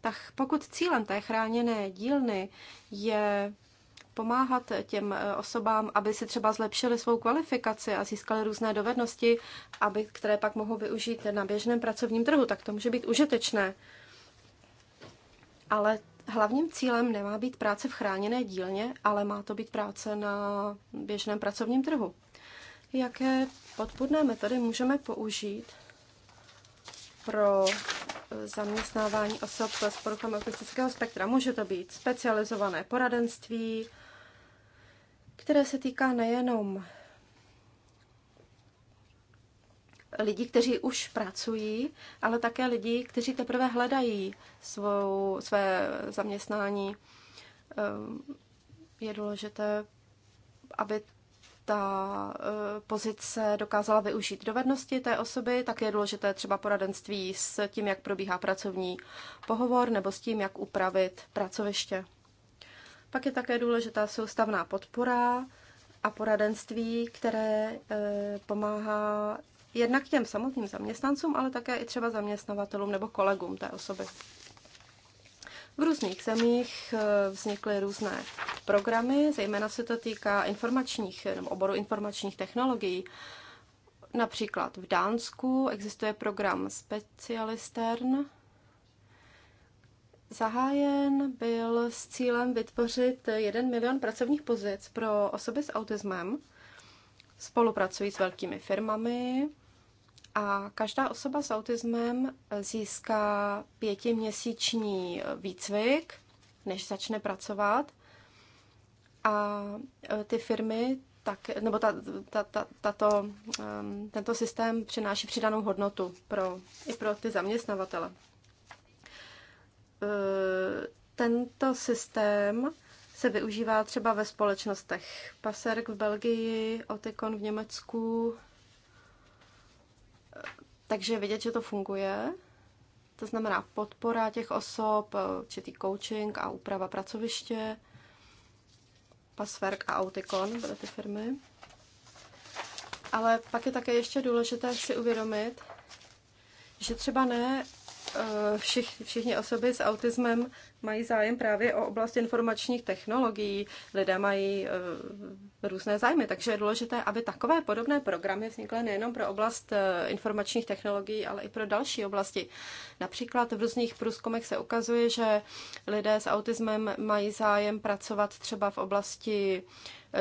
tak pokud cílem té chráněné dílny je pomáhat těm eh, osobám, aby si třeba zlepšili svou kvalifikaci a získali různé dovednosti, aby, které pak mohou využít na běžném pracovním trhu, tak to může být užitečné. Ale hlavním cílem nemá být práce v chráněné dílně, ale má to být práce na běžném pracovním trhu. Jaké podpůrné metody můžeme použít pro eh, zaměstnávání osob s poruchami autistického spektra? Může to být specializované poradenství, které se týká nejenom lidí, kteří už pracují, ale také lidí, kteří teprve hledají svou, své zaměstnání. Ehm, je důležité, aby ta e, pozice dokázala využít dovednosti té osoby, tak je důležité třeba poradenství s tím, jak probíhá pracovní pohovor nebo s tím, jak upravit pracoviště. Pak je také důležitá soustavná podpora a poradenství, které e, pomáhá jednak těm samotným zaměstnancům, ale také i třeba zaměstnavatelům nebo kolegům té osoby. V různých zemích e, vznikly různé programy, zejména se to týká informačních nebo oboru informačních technologií. Například v Dánsku existuje program Specialistern, zahájen byl s cílem vytvořit 1 milion pracovních pozic pro osoby s autismem. Spolupracují s velkými firmami a každá osoba s autismem získá pětiměsíční výcvik, než začne pracovat. A e, ty firmy tak, nebo ta, ta, ta, tato, e, tento systém přináší přidanou hodnotu pro, i pro ty zaměstnavatele. E, tento systém se využívá třeba ve společnostech. Paserk v Belgii, Otikon v Německu. E, takže vidět, že to funguje. To znamená podpora těch osob, e, určitý coaching a úprava pracoviště. Passwerk a Autikon byly ty firmy. Ale pak je také ještě důležité si uvědomit, že třeba ne Eh, všich, všichni osoby s autismem mají zájem právě o oblast informačních technologií, lidé mají eh, různé zájmy, takže je důležité, aby takové podobné programy vznikly nejenom pro oblast eh, informačních technologií, ale i pro další oblasti. Například v různých průzkumech se ukazuje, že lidé s autismem mají zájem pracovat třeba v oblasti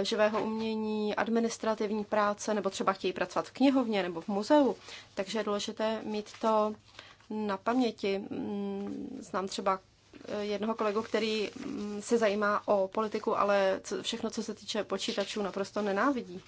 živého umění, administrativní práce, nebo třeba chtějí pracovat v knihovně nebo v muzeu. Takže je důležité mít to na paměti. Mm, Znám třeba eh, jednoho kolegu, který mm, se zajímá o politiku, ale všechno, co se týče počítačů, naprosto nenávidí.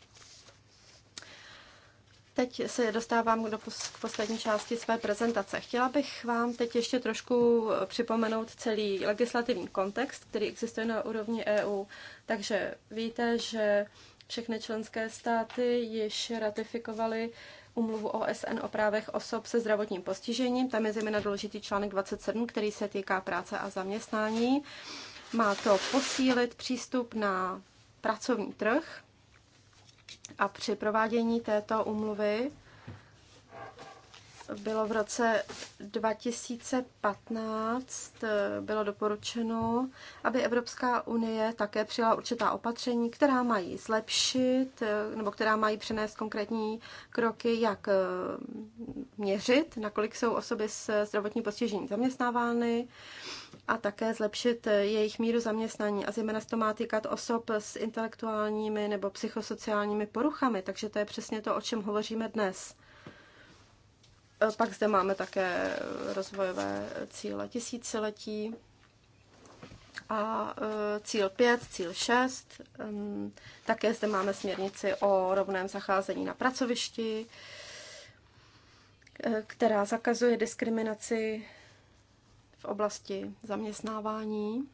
Teď se dostávám do k poslední části své prezentace. Chtěla bych vám teď ještě trošku eh, připomenout celý legislativní kontext, který existuje na úrovni EU. Takže víte, že všechny členské státy již ratifikovaly umluvu OSN o právech osob se zdravotním postižením. Tam je zejména důležitý článek 27, který se týká práce a zaměstnání. Má to posílit přístup na pracovní trh a při provádění této umluvy bylo v roce 2015 eh, bylo doporučeno, aby Evropská unie také přijala určitá opatření, která mají zlepšit eh, nebo která mají přinést konkrétní kroky, jak eh, měřit, nakolik jsou osoby s zdravotním postižením zaměstnávány a také zlepšit jejich míru zaměstnání. A zejména se to má týkat osob s intelektuálními nebo psychosociálními poruchami, takže to je přesně to, o čem hovoříme dnes. Eh, pak zde máme také eh, rozvojové cíle tisíciletí a eh, cíl 5, cíl 6. Také zde máme směrnici o rovném zacházení na pracovišti, která zakazuje diskriminaci v oblasti zaměstnávání.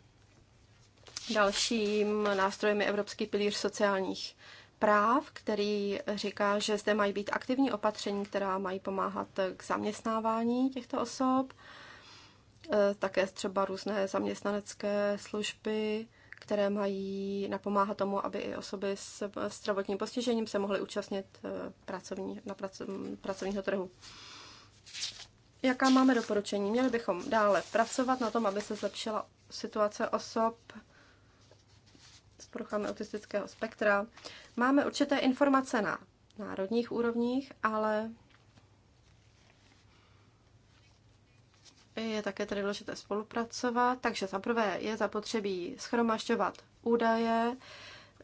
Dalším nástrojem je Evropský pilíř sociálních práv, který říká, že zde mají být aktivní opatření, která mají pomáhat k zaměstnávání těchto osob, e, také třeba různé zaměstnanecké služby, které mají napomáhat tomu, aby i osoby s zdravotním postižením se mohly účastnit e, pracovní, na pracovního trhu. Jaká máme doporučení? Měli bychom dále pracovat na tom, aby se zlepšila situace osob poruchami autistického spektra. Máme určité informace na národních úrovních, ale je také tedy důležité spolupracovat. Takže zaprvé je zapotřebí schromažďovat údaje,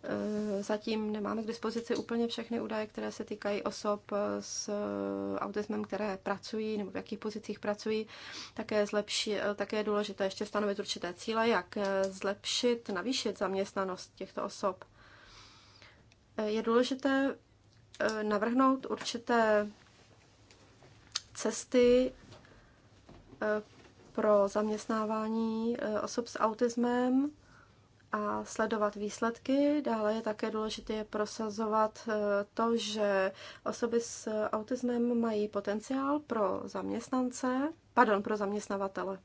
Eh, zatím nemáme k dispozici úplně všechny údaje, které se týkají osob eh, s eh, autismem, které pracují nebo v jakých pozicích pracují. Také, zlepši, také je důležité ještě stanovit určité cíle, jak zlepšit, navýšit zaměstnanost těchto osob. Je důležité navrhnout určité cesty pro zaměstnávání osob s autismem a sledovat výsledky. Dále je také důležité prosazovat eh, to, že osoby s autismem mají potenciál pro zaměstnance, pardon, pro zaměstnavatele.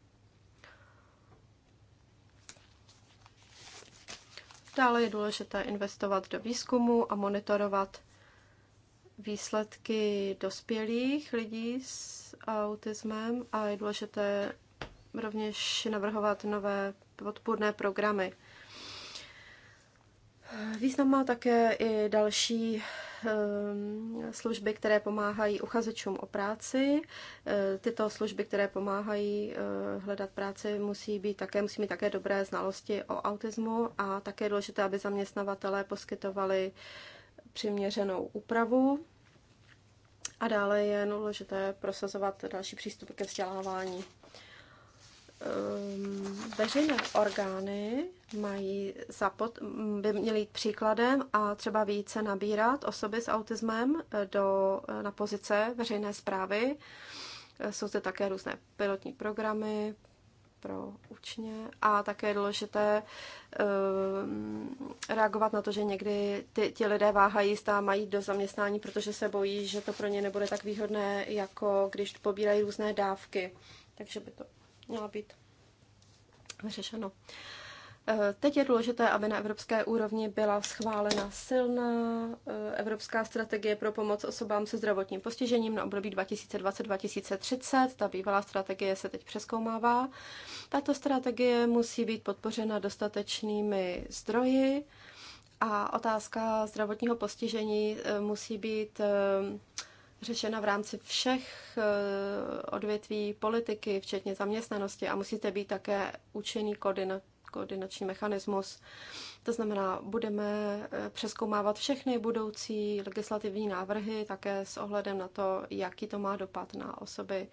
Dále je důležité investovat do výzkumu a monitorovat výsledky dospělých lidí s autismem a je důležité rovněž navrhovat nové podpůrné programy. Význam má také i další ehm, služby, které pomáhají uchazečům o práci. Eh, tyto služby, které pomáhají eh, hledat práci, musí, být také, musí mít také dobré znalosti o autismu a také je důležité, aby zaměstnavatelé poskytovali přiměřenou úpravu. A dále je důležité prosazovat další přístup ke vzdělávání. Ehm, veřejné orgány mají zapot, by měly jít příkladem a třeba více nabírat osoby s autismem eh, do, eh, na pozice veřejné zprávy. Eh, jsou zde také různé pilotní programy pro učně a také je důležité um, reagovat na to, že někdy ty, ti lidé váhají, zda mají do zaměstnání, protože se bojí, že to pro ně nebude tak výhodné, jako když pobírají různé dávky. Takže by to měla být vyřešeno. Eh, teď je důležité, aby na evropské úrovni byla schválena silná eh, evropská strategie pro pomoc osobám se zdravotním postižením na období 2020-2030. Ta bývalá strategie se teď přeskoumává. Tato strategie musí být podpořena dostatečnými zdroji a otázka zdravotního postižení eh, musí být řešena v rámci všech eh, odvětví politiky, včetně zaměstnanosti a musíte být také účinný koordina, koordinační mechanismus. To znamená, budeme eh, přeskoumávat všechny budoucí legislativní návrhy, také s ohledem na to, jaký to má dopad na osoby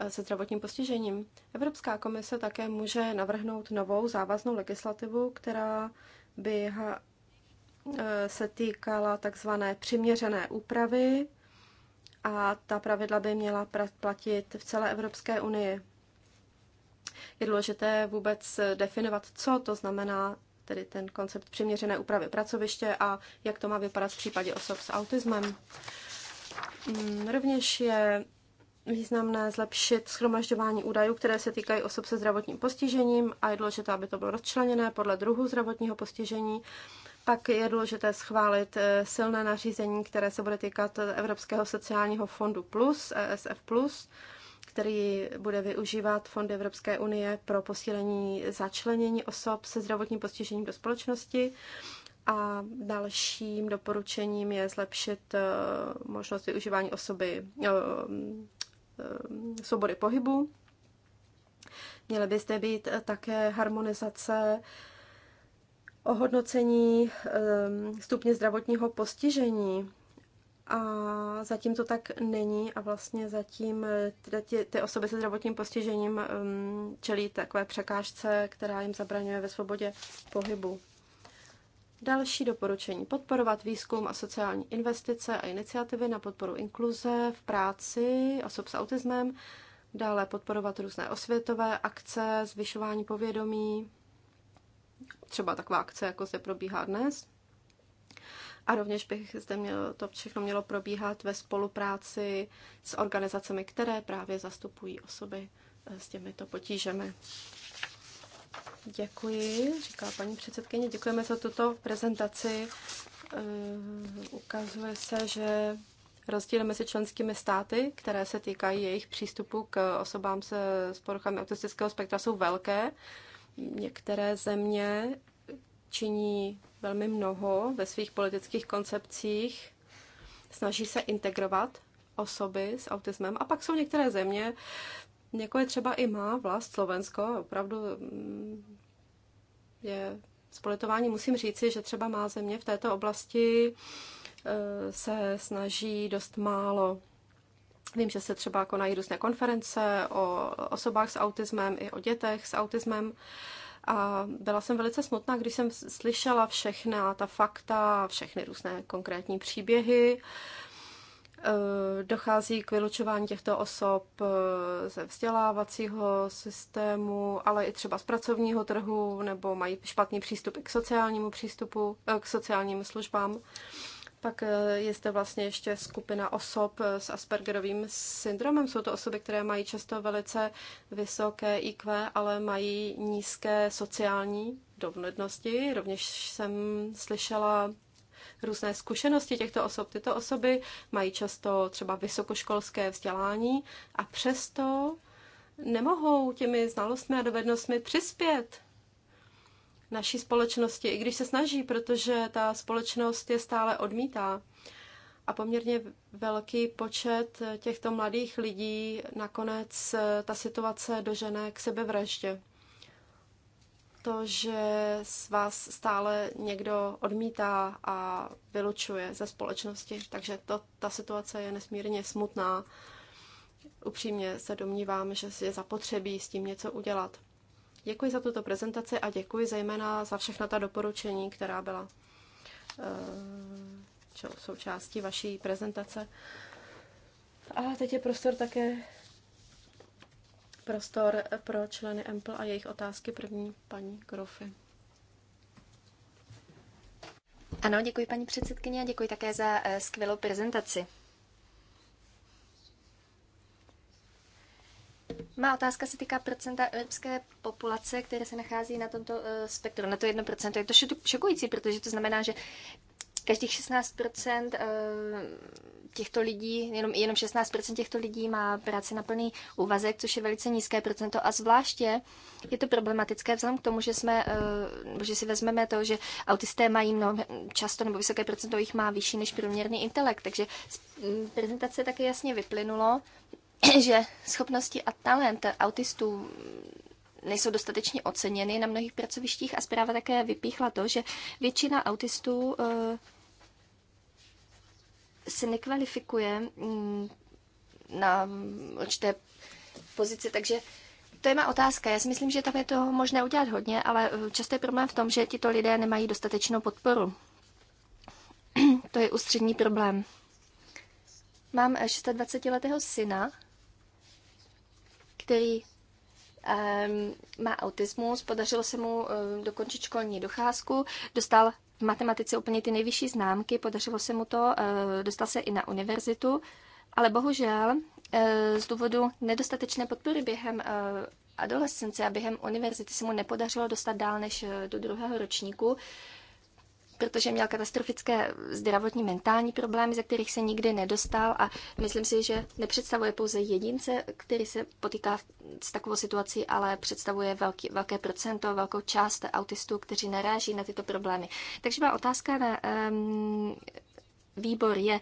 eh, se zdravotním postižením. Evropská komise také může navrhnout novou závaznou legislativu, která by se týkala takzvané přiměřené úpravy a ta pravidla by měla platit v celé Evropské unii. Je důležité vůbec definovat, co to znamená tedy ten koncept přiměřené úpravy pracoviště a jak to má vypadat v případě osob s autismem. Mm, rovněž je významné zlepšit schromažďování údajů, které se týkají osob se zdravotním postižením a je důležité, aby to bylo rozčleněné podle druhu zdravotního postižení. Pak je důležité schválit eh, silné nařízení, které se bude týkat Evropského sociálního fondu Plus, ESF Plus, který bude využívat Fond Evropské unie pro posílení začlenění osob se zdravotním postižením do společnosti. A dalším doporučením je zlepšit eh, možnost využívání osoby eh, svobody pohybu. Měly by zde být také harmonizace ohodnocení ehm, stupně zdravotního postižení. A zatím to tak není a vlastně zatím eh, ty, ty osoby se zdravotním postižením ehm, čelí takové překážce, která jim zabraňuje ve svobodě pohybu. Další doporučení. Podporovat výzkum a sociální investice a iniciativy na podporu inkluze v práci osob s autismem. Dále podporovat různé osvětové akce, zvyšování povědomí, třeba taková akce, jako se probíhá dnes. A rovněž bych zde měl, to všechno mělo probíhat ve spolupráci s organizacemi, které právě zastupují osoby eh, s těmito potížemi. Děkuji, říká paní předsedkyně. Děkujeme za tuto prezentaci. Eh, ukazuje se, že rozdíly mezi členskými státy, které se týkají jejich přístupu k osobám se, s poruchami autistického spektra, jsou velké. Některé země činí velmi mnoho ve svých politických koncepcích, snaží se integrovat osoby s autismem. A pak jsou některé země, jako je třeba i má vlast Slovensko, opravdu mm, je s musím říci, že třeba má země v této oblasti eh, se snaží dost málo. Vím, že se třeba konají různé konference o osobách s autismem i o dětech s autismem. A byla jsem velice smutná, když jsem slyšela všechna ta fakta, všechny různé konkrétní příběhy. E, dochází k vylučování těchto osob e, ze vzdělávacího systému, ale i třeba z pracovního trhu, nebo mají špatný přístup k sociálnímu přístupu, e, k sociálním službám. Pak eh, je zde vlastně ještě skupina osob eh, s Aspergerovým syndromem. Jsou to osoby, které mají často velice vysoké IQ, ale mají nízké sociální dovednosti. Rovněž jsem slyšela různé zkušenosti těchto osob. Tyto osoby mají často třeba vysokoškolské vzdělání a přesto nemohou těmi znalostmi a dovednostmi přispět naší společnosti, i když se snaží, protože ta společnost je stále odmítá. A poměrně velký počet těchto mladých lidí nakonec eh, ta situace dožene k sebevraždě. To, že z vás stále někdo odmítá a vylučuje ze společnosti. Takže to, ta situace je nesmírně smutná. Upřímně se domnívám, že je zapotřebí s tím něco udělat. Děkuji za tuto prezentaci a děkuji zejména za všechna ta doporučení, která byla eh, součástí vaší prezentace. A teď je prostor také prostor pro členy EMPL a jejich otázky. První paní Grofy. Ano, děkuji paní předsedkyně a děkuji také za eh, skvělou prezentaci. Má otázka se týká procenta evropské populace, které se nachází na tomto uh, spektru, na to 1%. Je to šokující, protože to znamená, že každých 16% eh, těchto lidí, jenom, jenom 16% těchto lidí má práci na plný úvazek, což je velice nízké procento a zvláště je to problematické vzhledem k tomu, že, jsme, eh, že si vezmeme to, že autisté mají mnohem, často nebo vysoké procento jich má vyšší než průměrný intelekt, takže z prezentace také jasně vyplynulo, [CLEARS THROAT] že schopnosti a talent autistů nejsou dostatečně oceněny na mnohých pracovištích a zpráva také vypíchla to, že většina autistů eh, se nekvalifikuje mm, na určité pozici, takže to je má otázka. Já si myslím, že tam je toho možné udělat hodně, ale eh, často je problém v tom, že tito lidé nemají dostatečnou podporu. [CLEARS THROAT] to je ústřední problém. Mám 26-letého eh, syna, který má autismus, podařilo se mu eh, dokončit školní docházku, dostal v matematice úplně ty nejvyšší známky, podařilo se mu to, eh, dostal se i na univerzitu, ale bohužel eh, z důvodu nedostatečné podpory během adolescence a během univerzity se mu nepodařilo dostat dál než do druhého ročníku, protože měl katastrofické zdravotní mentální problémy, ze kterých se nikdy nedostal a myslím si, že nepředstavuje pouze jedince, který se potýká s takovou situací, ale představuje velký, velké procento, velkou část autistů, kteří naráží na tyto problémy. Takže má otázka na um, výbor je,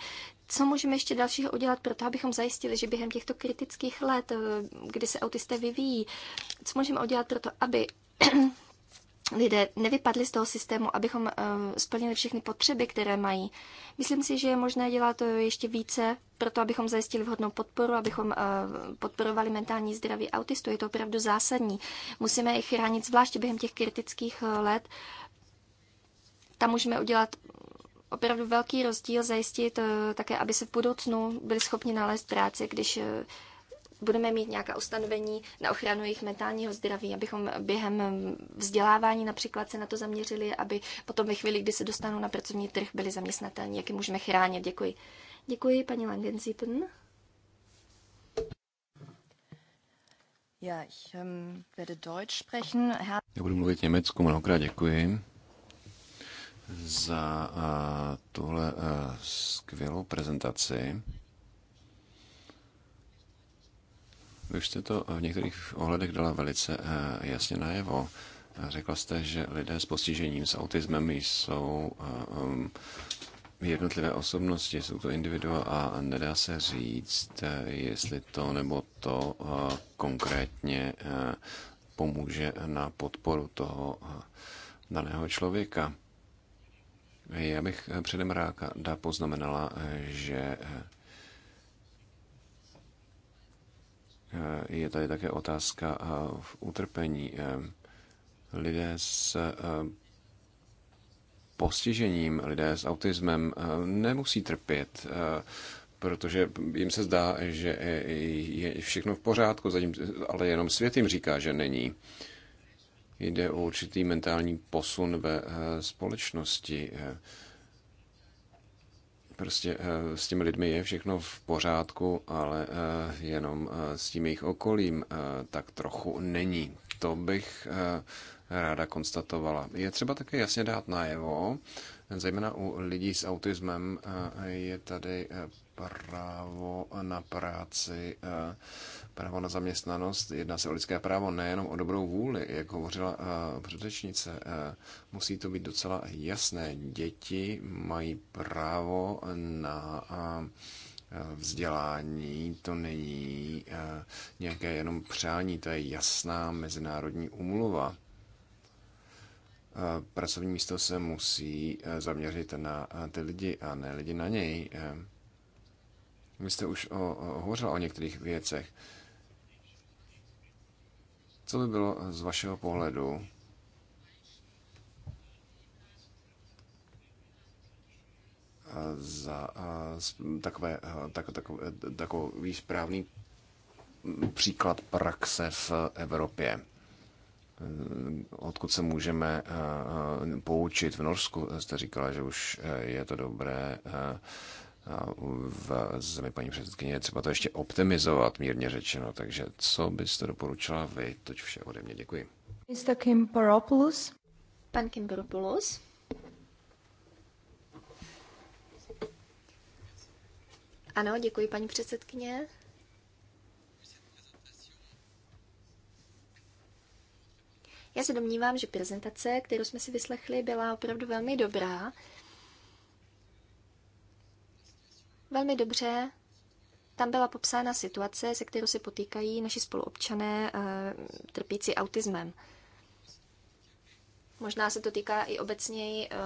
co můžeme ještě dalšího udělat pro to, abychom zajistili, že během těchto kritických let, eh, kdy se autisté vyvíjí, co můžeme udělat pro to, aby lidé nevypadli z toho systému, abychom eh, splnili všechny potřeby, které mají. Myslím si, že je možné dělat ještě více, proto abychom zajistili vhodnou podporu, abychom eh, podporovali mentální zdraví autistů. Je to opravdu zásadní. Musíme je chránit zvláště během těch kritických eh, let. Tam můžeme udělat opravdu velký rozdíl, zajistit také, aby se v budoucnu byli schopni nalézt práci, když budeme mít nějaká ustanovení na ochranu jejich mentálního zdraví, abychom během vzdělávání například se na to zaměřili, aby potom ve chvíli, kdy se dostanou na pracovní trh, byli zaměstnatelní, jak je můžeme chránit. Děkuji. Děkuji, paní Langensiepen. Já, ähm, Já budu mluvit německu, mnohokrát děkuji za uh, tuhle uh, skvělou prezentaci. Vy už jste to v některých ohledech dala velice eh, jasně najevo. Řekla jste, že lidé s postižením, s autismem jsou eh, jednotlivé osobnosti, jsou to individua a nedá se říct, eh, jestli to nebo to konkrétně pomůže na podporu toho daného člověka. Já bych předem ráda poznamenala, že Eh, je tady také otázka eh, v utrpení. Eh, lidé s postižením, lidé s autismem nemusí trpět, protože jim se zdá, že je všechno v pořádku, ale jenom svět jim říká, že není. Jde o určitý mentální posun ve společnosti. Prostě eh, s těmi lidmi je všechno v pořádku, ale eh, jenom eh, s tím jejich okolím tak trochu není. To bych ráda konstatovala. Je třeba také jasně dát najevo, Zejména u lidí s autismem eh, je tady eh, právo na práci, eh, právo na zaměstnanost. Jedná se o lidské právo, nejenom o dobrou vůli, jak hovořila předřečnice. Musí to být docela jasné. Děti mají právo na vzdělání, to není nějaké jenom přání, to je jasná mezinárodní umluva. Eh, pracovní místo se musí eh, zaměřit na eh, ty lidi a ne lidi na něj. Vy jste už o, o, hovořil o některých věcech. Co by bylo z vašeho pohledu za takové, tak, takové, takový správný mm, příklad praxe v Evropě? Eh, odkud se můžeme eh, poučit. V Norsku jste říkala, že už eh, je to dobré v zemi paní předsedkyně, třeba to ještě optimizovat, mírně řečeno. Takže co byste doporučila vy? Toť vše ode mě. Děkuji. Mr. Kimperopoulos. Pan Kimperopoulos. Ano, děkuji paní předsedkyně. Já se domnívám, že prezentace, kterou jsme si vyslechli, byla opravdu velmi dobrá. Velmi dobře tam byla popsána situace, se kterou se potýkají naši spoluobčané eh, trpící autismem. Možná se to týká i obecněji eh,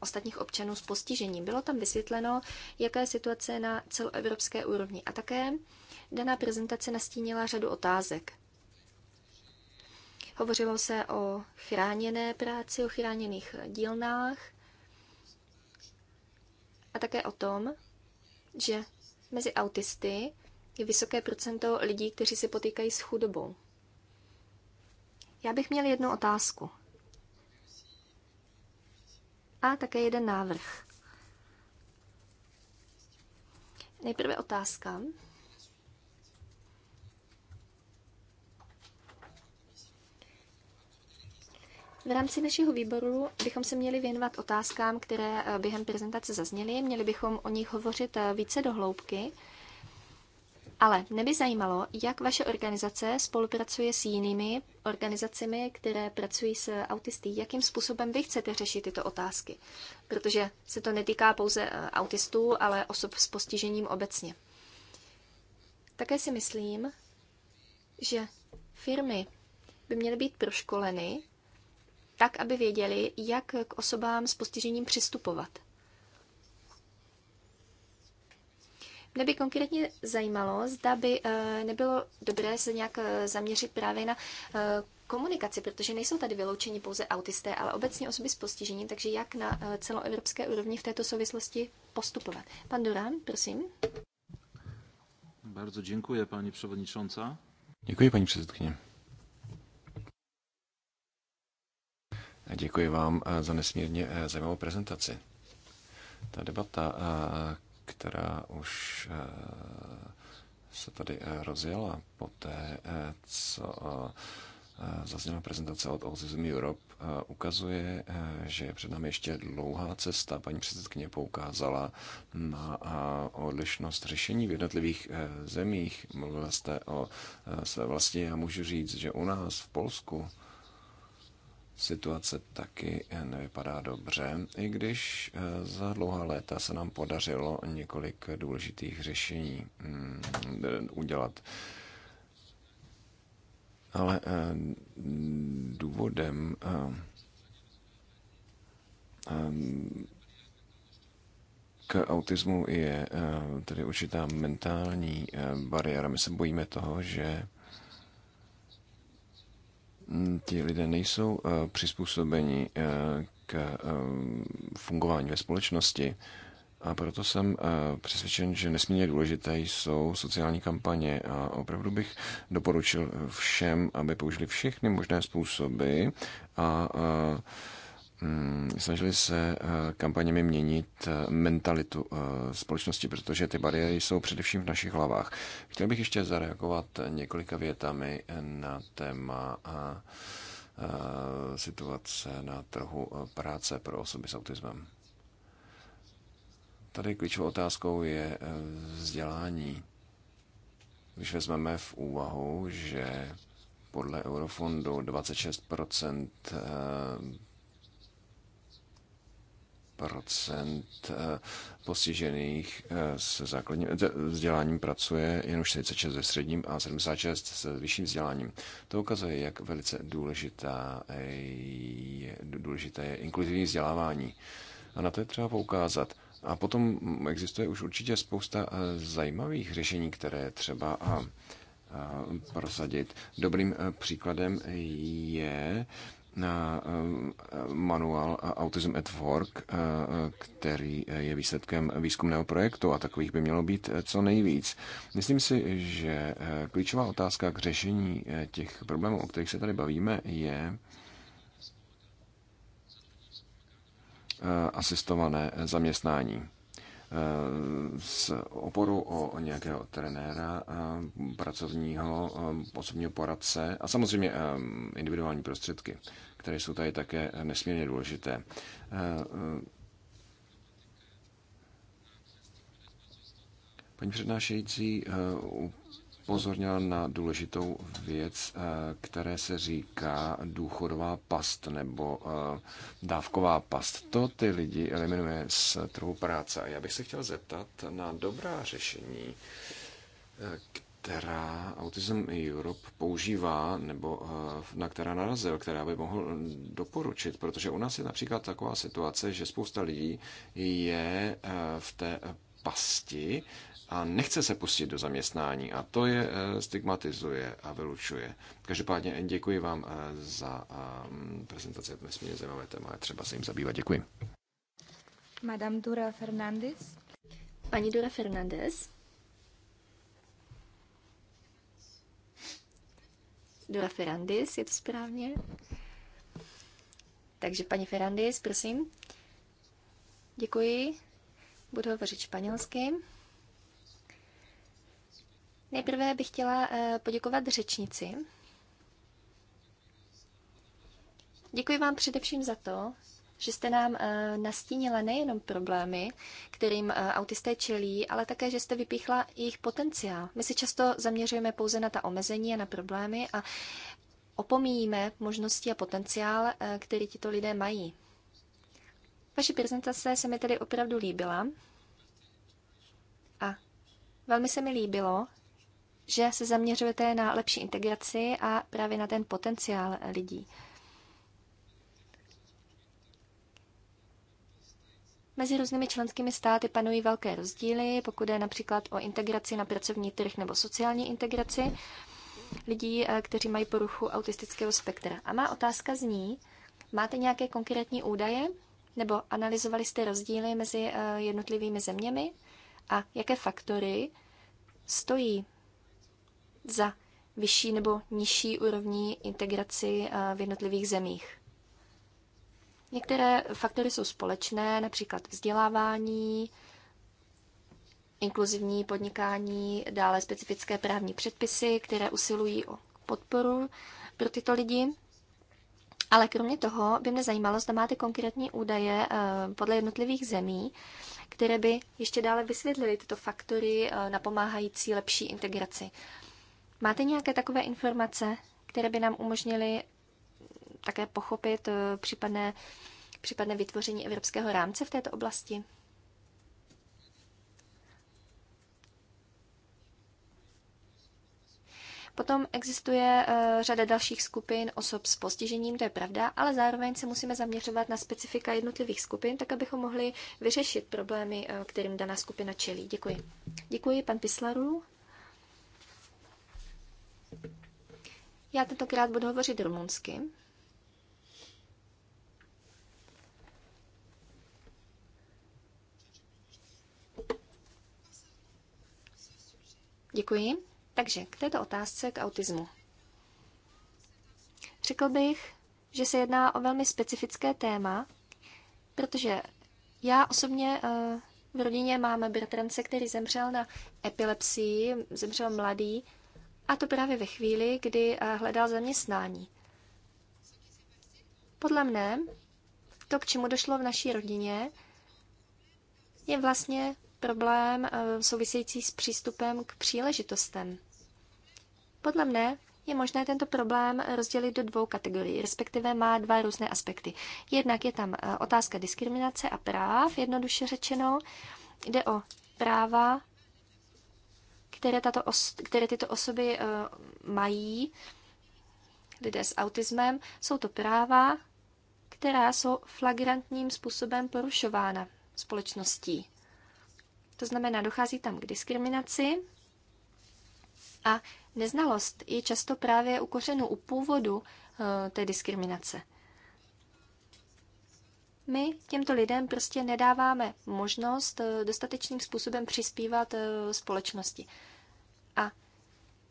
ostatních občanů s postižením. Bylo tam vysvětleno, jaká je situace na celoevropské úrovni. A také daná prezentace nastínila řadu otázek. Hovořilo se o chráněné práci, o chráněných dílnách a také o tom, že mezi autisty je vysoké procento lidí, kteří se potýkají s chudobou. Já bych měl jednu otázku. A také jeden návrh. Nejprve otázka. V rámci našeho výboru bychom se měli věnovat otázkám, které eh, během prezentace zazněly. Měli bychom o nich hovořit eh, více dohloubky. Ale mě by zajímalo, jak vaše organizace spolupracuje s jinými organizacemi, které pracují s autisty. Jakým způsobem vy chcete řešit tyto otázky? Protože se to netýká pouze eh, autistů, ale osob s postižením obecně. Také si myslím, že firmy by měly být proškoleny tak aby věděli, jak k osobám s postižením přistupovat. Mne by konkrétně zajímalo, zda by eh, nebylo dobré se nějak eh, zaměřit právě na eh, komunikaci, protože nejsou tady vyloučeni pouze autisté, ale obecně osoby s postižením, takže jak na celoevropské úrovni v této souvislosti postupovat. Pan Durán, prosím. Bardzo dziękuję, pani przewodnicząca. Děkuji, paní předsedkyně. Děkuji vám eh, za nesmírně eh, zajímavou prezentaci. Ta debata, eh, která už se tady rozjela po té, co zazněla prezentace od Autism Europe, ukazuje, že je před námi ještě dlouhá cesta. Paní předsedkyně poukázala na odlišnost řešení v jednotlivých zemích. Mluvila jste o své vlasti. Já můžu říct, že u nás v Polsku situace taky nevypadá dobře, i když eh, za dlouhá léta se nám podařilo několik důležitých řešení mm, udělat. Ale eh, důvodem eh, k autismu je tedy určitá mentální bariéra. My se bojíme toho, že Mm, ti lidé nejsou eh, přizpůsobeni eh, k eh, fungování ve společnosti. A proto jsem přesvědčen, že nesmírně důležité jsou sociální kampaně a opravdu bych doporučil všem, aby použili všechny možné způsoby a, a Mm, snažili se eh, kampaněmi měnit eh, mentalitu eh, společnosti, protože ty bariéry jsou především v našich hlavách. Chtěl bych ještě zareagovat několika větami na téma situace na trhu práce pro osoby s autismem. Tady klíčovou otázkou je vzdělání. Když vezmeme v úvahu, že podle Eurofondu 26 Eh, postižených eh, se základním eh, vzděláním pracuje, jenom 46 se středním a 76 se vyšším vzděláním. To ukazuje, jak velice důležitá je, důležité je inkluzivní vzdělávání. A na to je třeba poukázat. A potom existuje už určitě spousta zajímavých řešení, které třeba a prosadit. Dobrým příkladem je Eh, manuál Autism at Work, eh, eh, který je výsledkem výzkumného projektu a takových by mělo být co nejvíc. Myslím si, že klíčová otázka k řešení těch problémů, o kterých se tady bavíme, je asistované zaměstnání s oporu o nějakého trenéra, pracovního, osobního poradce a samozřejmě individuální prostředky, které jsou tady také nesmírně důležité. Paní přednášející upozornil na důležitou věc, eh, které se říká důchodová past nebo eh, dávková past. To ty lidi eliminuje z trhu práce. A já bych se chtěl zeptat na dobrá řešení, eh, která Autism Europe používá, nebo na která narazil, která by mohl doporučit, protože u nás je například taková situace, že spousta lidí je v té pasti a nechce se pustit do zaměstnání a to je eh, stigmatizuje a vylučuje. Každopádně děkuji vám eh, za eh, prezentaci nesmírně zajímavé téma, je třeba se jim zabývat. Děkuji. Madame Dura Fernandez. Paní Dura Fernandez. Dura Ferrandis, je to správně? Takže paní Ferrandis, prosím. Děkuji. Budu hovořit španělsky. Nejprve bych chtěla eh, poděkovat řečnici. Děkuji vám především za to, že jste nám eh, nastínila nejenom problémy, kterým eh, autisté čelí, ale také, že jste vypíchla jejich potenciál. My se často zaměřujeme pouze na ta omezení a na problémy a opomíjíme možnosti a potenciál, který tito lidé mají. Vaše prezentace se mi tedy opravdu líbila a velmi se mi líbilo, že se zaměřujete na lepší integraci a právě na ten potenciál lidí. Mezi různými členskými státy panují velké rozdíly, pokud je například o integraci na pracovní trh nebo sociální integraci lidí, eh, kteří mají poruchu autistického spektra. A má otázka zní, máte nějaké konkrétní údaje nebo analyzovali jste rozdíly mezi eh, jednotlivými zeměmi a jaké faktory stojí za vyšší nebo nižší úrovní integraci eh, v jednotlivých zemích. Některé faktory jsou společné, například vzdělávání, inkluzivní podnikání, dále specifické právní předpisy, které usilují o podporu pro tyto lidi. Ale kromě toho by mě zajímalo, zda máte konkrétní údaje eh, podle jednotlivých zemí, které by ještě dále vysvětlily tyto faktory eh, napomáhající lepší integraci. Máte nějaké takové informace, které by nám umožnily také pochopit eh, případné, případné vytvoření evropského rámce v této oblasti? Potom existuje eh, řada dalších skupin osob s postižením, to je pravda, ale zároveň se musíme zaměřovat na specifika jednotlivých skupin, tak abychom mohli vyřešit problémy, eh, kterým daná skupina čelí. Děkuji. Děkuji, pan Pislaru. Já tentokrát budu hovořit rumunsky. Děkuji. Takže k této otázce, k autismu. Řekl bych, že se jedná o velmi specifické téma, protože já osobně eh, v rodině máme bratrance, který zemřel na epilepsii, zemřel mladý, a to právě ve chvíli, kdy eh, hledal zaměstnání. Podle mne to, k čemu došlo v naší rodině, je vlastně problém eh, související s přístupem k příležitostem. Podle mne je možné tento problém rozdělit do dvou kategorií, respektive má dva různé aspekty. Jednak je tam eh, otázka diskriminace a práv, jednoduše řečeno, jde o práva které, tato os, které tyto osoby eh, mají, lidé s autismem, jsou to práva, která jsou flagrantním způsobem porušována společností. To znamená, dochází tam k diskriminaci a neznalost je často právě u kořenu, u původu eh, té diskriminace. My těmto lidem prostě nedáváme možnost eh, dostatečným způsobem přispívat společnosti.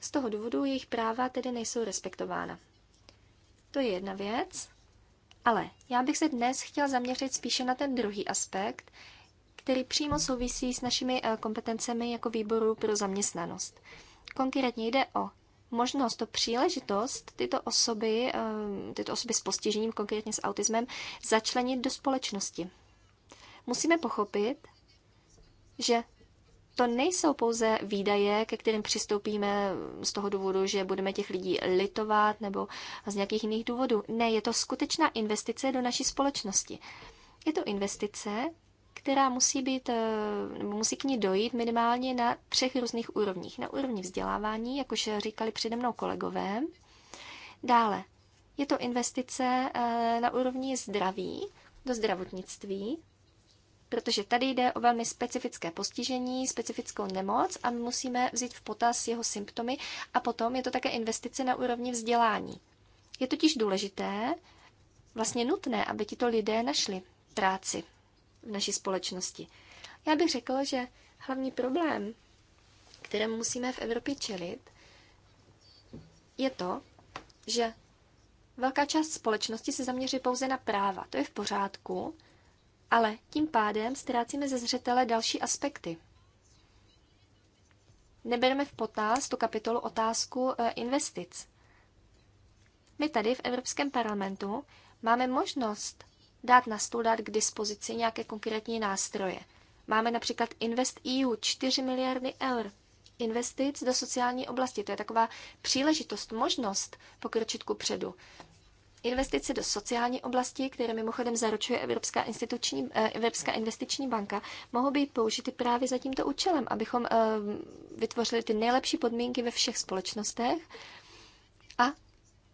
Z toho důvodu jejich práva tedy nejsou respektována. To je jedna věc, ale já bych se dnes chtěl zaměřit spíše na ten druhý aspekt, který přímo souvisí s našimi eh, kompetencemi jako výboru pro zaměstnanost. Konkrétně jde o možnost, to příležitost tyto osoby, eh, tyto osoby s postižením, konkrétně s autismem, začlenit do společnosti. Musíme pochopit, že to nejsou pouze výdaje, ke kterým přistoupíme z toho důvodu, že budeme těch lidí litovat nebo z nějakých jiných důvodů. Ne, je to skutečná investice do naší společnosti. Je to investice, která musí být, eh, nebo musí k ní dojít minimálně na třech různých úrovních. Na úrovni vzdělávání, jak už říkali přede mnou kolegové. Dále, je to investice eh, na úrovni zdraví, do zdravotnictví, protože tady jde o velmi specifické postižení, specifickou nemoc a my musíme vzít v potaz jeho symptomy a potom je to také investice na úrovni vzdělání. Je totiž důležité, vlastně nutné, aby tito lidé našli práci v naší společnosti. Já bych řekla, že hlavní problém, kterému musíme v Evropě čelit, je to, že velká část společnosti se zaměří pouze na práva. To je v pořádku, ale tím pádem ztrácíme ze zřetele další aspekty. Nebereme v potaz tu kapitolu otázku e, investic. My tady v Evropském parlamentu máme možnost dát na stůl, dát k dispozici nějaké konkrétní nástroje. Máme například Invest EU 4 miliardy eur investic do sociální oblasti. To je taková příležitost, možnost pokročit ku předu investice do sociální oblasti, které mimochodem zaručuje Evropská, instituční, eh, Evropská investiční banka, mohou být použity právě za tímto účelem, abychom eh, vytvořili ty nejlepší podmínky ve všech společnostech a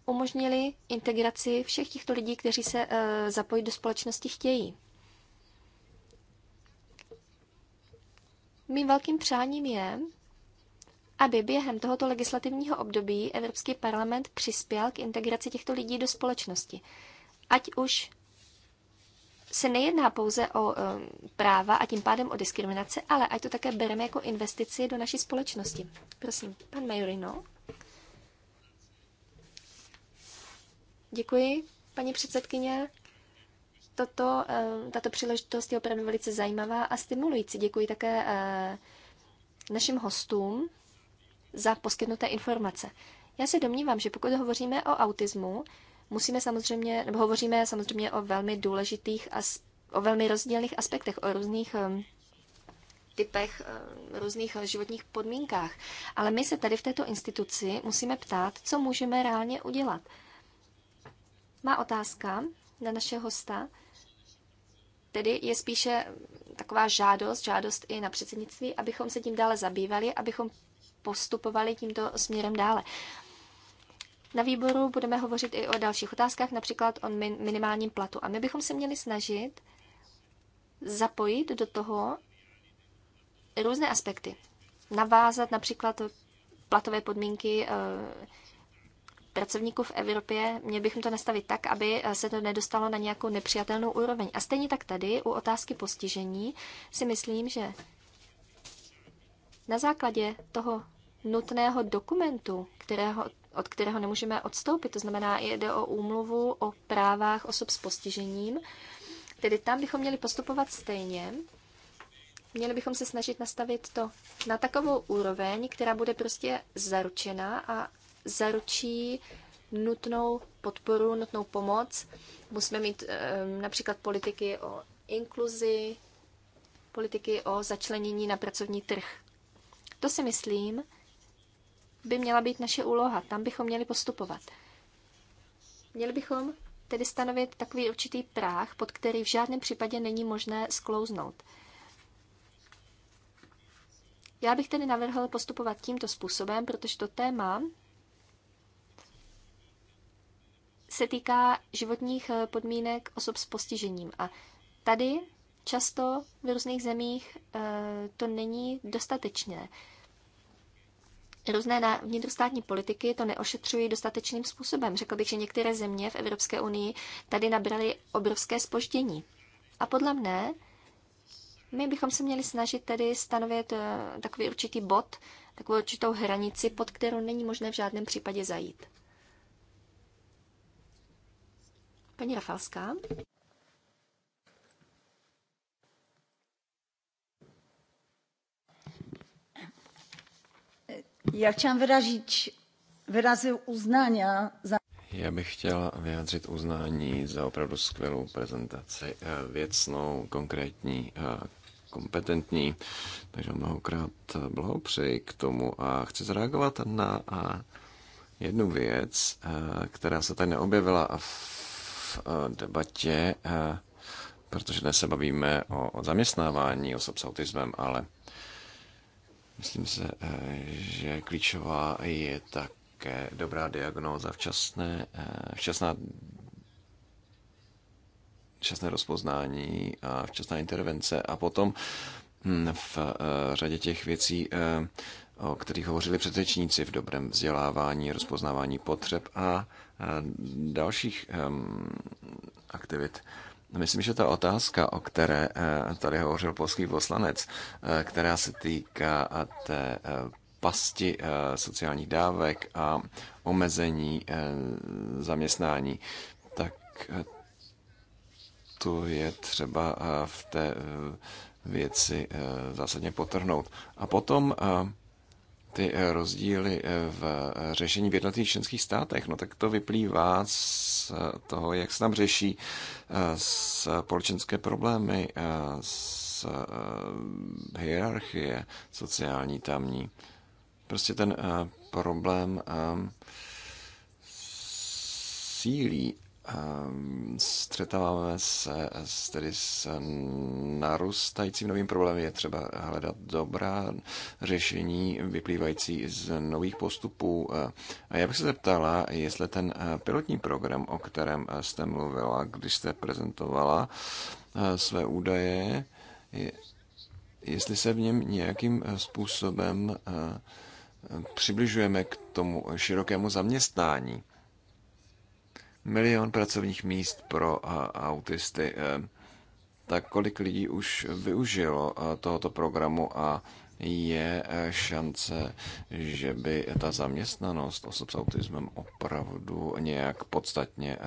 umožnili integraci všech těchto lidí, kteří se eh, zapojit do společnosti chtějí. Mým velkým přáním je, aby během tohoto legislativního období Evropský parlament přispěl k integraci těchto lidí do společnosti. Ať už se nejedná pouze o um, práva a tím pádem o diskriminaci, ale ať to také bereme jako investici do naší společnosti. Prosím, pan Majorino. Děkuji, paní předsedkyně. Toto, um, tato příležitost je opravdu velice zajímavá a stimulující. Děkuji také uh, našim hostům za poskytnuté informace. Já se domnívám, že pokud hovoříme o autismu, musíme samozřejmě, nebo hovoříme samozřejmě o velmi důležitých a o velmi rozdílných aspektech, o různých eh, typech, eh, různých eh, životních podmínkách. Ale my se tady v této instituci musíme ptát, co můžeme reálně udělat. Má otázka na našeho hosta, tedy je spíše taková žádost, žádost i na předsednictví, abychom se tím dále zabývali, abychom postupovali tímto směrem dále. Na výboru budeme hovořit i o dalších otázkách, například o minimálním platu. A my bychom se měli snažit zapojit do toho různé aspekty. Navázat například platové podmínky eh, pracovníků v Evropě, měli bychom to nastavit tak, aby eh, se to nedostalo na nějakou nepřijatelnou úroveň. A stejně tak tady u otázky postižení si myslím, že na základě toho nutného dokumentu, kterého, od kterého nemůžeme odstoupit. To znamená, jde o úmluvu o právách osob s postižením. Tedy tam bychom měli postupovat stejně. Měli bychom se snažit nastavit to na takovou úroveň, která bude prostě zaručena a zaručí nutnou podporu, nutnou pomoc. Musíme mít um, například politiky o inkluzi, politiky o začlenění na pracovní trh. To si myslím, by měla být naše úloha. Tam bychom měli postupovat. Měli bychom tedy stanovit takový určitý práh, pod který v žádném případě není možné sklouznout. Já bych tedy navrhl postupovat tímto způsobem, protože to téma se týká životních eh, podmínek osob s postižením. A tady často v různých zemích eh, to není dostatečné různé vnitrostátní politiky to neošetřují dostatečným způsobem. Řekl bych, že některé země v Evropské unii tady nabraly obrovské spoždění. A podle mne, my bychom se měli snažit tedy stanovit eh, takový určitý bod, takovou určitou hranici, pod kterou není možné v žádném případě zajít. Paní Rafalská. Já chciałam vyrazit? wyrazy uznania za... Já bych chtěla vyjádřit uznání za opravdu skvělou prezentaci, eh, věcnou, konkrétní, eh, kompetentní. Takže mnohokrát eh, blahopřeji k tomu a chci zareagovat na jednu věc, která se tady neobjevila v debatě, protože dnes se bavíme o zaměstnávání osob s autismem, ale Myslím se, eh, že klíčová je také dobrá diagnóza, včasné, eh, včasná, včasné rozpoznání a včasná intervence. A potom hm, v eh, řadě těch věcí, o kterých hovořili předřečníci v dobrém vzdělávání, rozpoznávání potřeb a dalších ehm, aktivit, Myslím, že ta otázka, o které eh, tady hovořil polský poslanec, eh, která se týká eh, té pasti sociálních dávek a omezení zaměstnání, tak tu je třeba v té věci zásadně potrhnout. A potom ty eh, rozdíly eh, v eh, řešení v jednotlivých členských státech, no tak to vyplývá z toho, jak se tam řeší společenské problémy, z hierarchie sociální tamní. Prostě ten problém sílí Ehm, střetáváme se s, tedy s narůstajícím novým problémem. Je třeba hledat dobrá řešení vyplývající z nových postupů. Eh, a já bych se zeptala, jestli ten eh, pilotní program, o kterém eh, jste mluvila, když jste prezentovala své údaje, jestli se v něm nějakým způsobem přibližujeme k tomu širokému zaměstnání milion pracovních míst pro autisty. Eh, tak kolik lidí už využilo eh, tohoto programu a je eh, šance, že by ta zaměstnanost osob s autismem opravdu nějak podstatně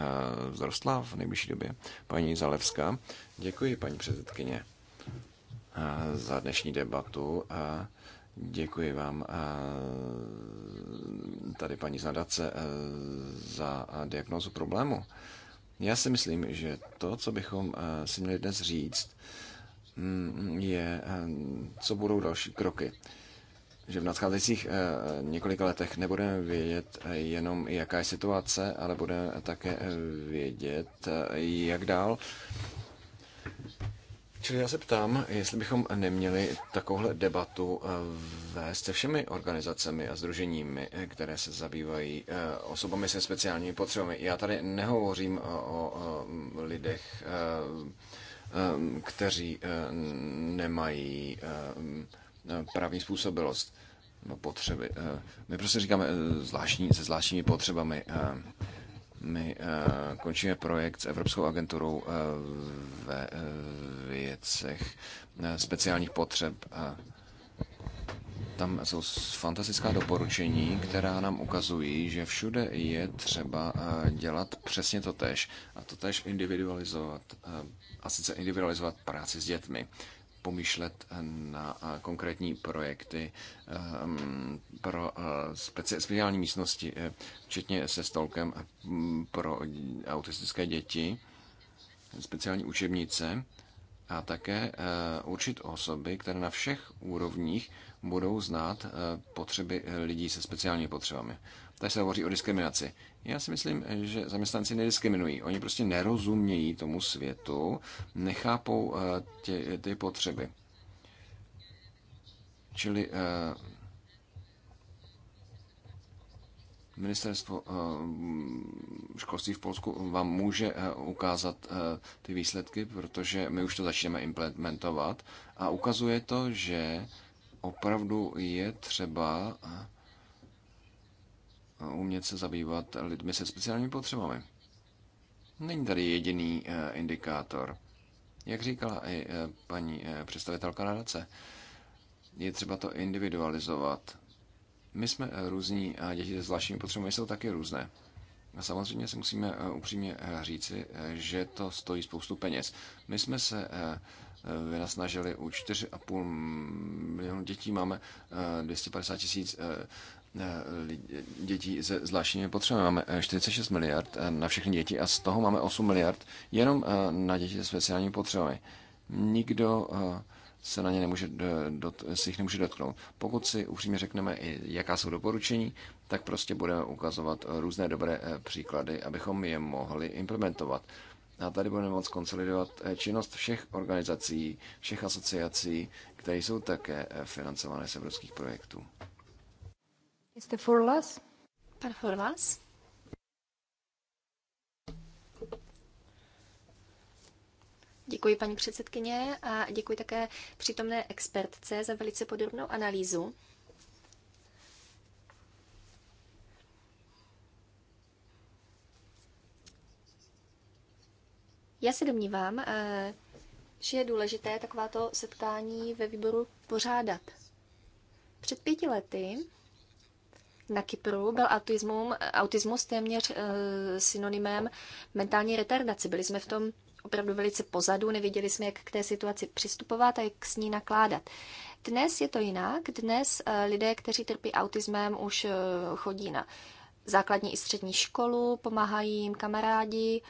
vzrostla v nejbližší době. Paní Zalevská, děkuji paní předsedkyně za dnešní debatu. Děkuji vám eh, tady paní z nadace eh, za diagnózu problému. Já si myslím, že to, co bychom eh, si měli dnes říct, mm, je, co budou další kroky. Že v nadcházejících několika letech nebudeme vědět jenom, jaká je situace, ale budeme také vědět, jak dál. Čili já se ptám, jestli bychom neměli takovouhle debatu eh, vést se všemi organizacemi a združeními, eh, které se zabývají eh, osobami se speciálními potřebami. Já tady nehovořím o mm, lidech, kteří nemají právní způsobilost no, potřeby. My prostě říkáme zvláštní, se zvláštními potřebami my uh, končíme projekt s Evropskou agenturou uh, ve uh, věcech uh, speciálních potřeb. Uh, tam jsou fantastická doporučení, která nám ukazují, že všude je třeba dělat přesně to tež a to tež individualizovat a sice individualizovat práci s dětmi pomýšlet na eh, konkrétní projekty ehm, pro eh, speciální místnosti, eh, včetně se stolkem pro autistické děti, speciální učebnice a také určit osoby, které na všech úrovních budou znát potřeby lidí se speciálními potřebami. Tady se hovoří o diskriminaci. Já si myslím, že zaměstnanci nediskriminují. Oni prostě nerozumějí tomu světu, nechápou eh, tě, ty potřeby. Čili eh, ministerstvo eh, školství v Polsku vám může ukázat ty výsledky, protože my už to začneme implementovat a ukazuje to, že opravdu je třeba umět se zabývat lidmi se speciálními potřebami. Není tady jediný eh, indikátor. Jak říkala i eh, paní eh, představitelka nadace, je třeba to individualizovat. My jsme různí a děti se zvláštními potřebami jsou taky různé. A samozřejmě si musíme upřímně říci, že to stojí spoustu peněz. My jsme se vynasnažili u 4,5 milionů dětí, máme 250 tisíc Eh, dětí se zvláštními potřebami. Máme 46 eh, miliard eh, na všechny děti a z toho máme 8 miliard jenom na děti se speciálními potřebami. Nikdo se na ně nemůže, dot, se jich nemůže dotknout. Pokud si upřímně řekneme, jaká jsou doporučení, tak prostě budeme ukazovat různé dobré příklady, abychom je mohli implementovat. A tady budeme moc konsolidovat činnost všech organizací, všech asociací, které jsou také financované z evropských projektů. Mr. Furlas? Pan Furlas? Děkuji paní předsedkyně a děkuji také přítomné expertce za velice podrobnou analýzu. Já se domnívám, eh, že je důležité takováto setkání ve výboru pořádat. Před pěti lety na Kypru byl autismum, autismus téměř eh, synonymem mentální retardace. Byli jsme v tom opravdu velice pozadu, nevěděli jsme, jak k té situaci přistupovat a jak s ní nakládat. Dnes je to jinak. Dnes eh, lidé, kteří trpí autismem, už eh, chodí na základní i střední školu, pomáhají jim kamarádi,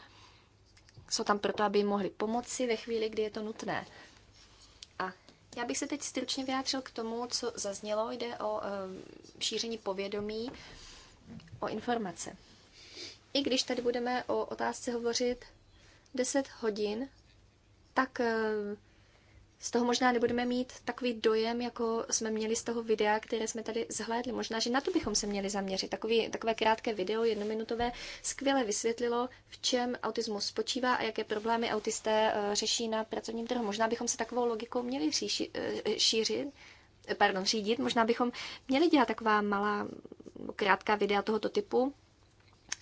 jsou tam proto, aby jim mohli pomoci ve chvíli, kdy je to nutné. Já bych se teď stručně vyjádřil k tomu, co zaznělo. Jde o eh, šíření povědomí o informace. I když tady budeme o otázce hovořit 10 hodin, tak eh, z toho možná nebudeme mít takový dojem, jako jsme měli z toho videa, které jsme tady zhlédli. Možná, že na to bychom se měli zaměřit. Takový, takové krátké video, jednominutové, skvěle vysvětlilo, v čem autismus spočívá a jaké problémy autisté eh, řeší na pracovním trhu. Možná bychom se takovou logikou měli říši, eh, šířit, pardon, řídit. Možná bychom měli dělat taková malá, krátká videa tohoto typu,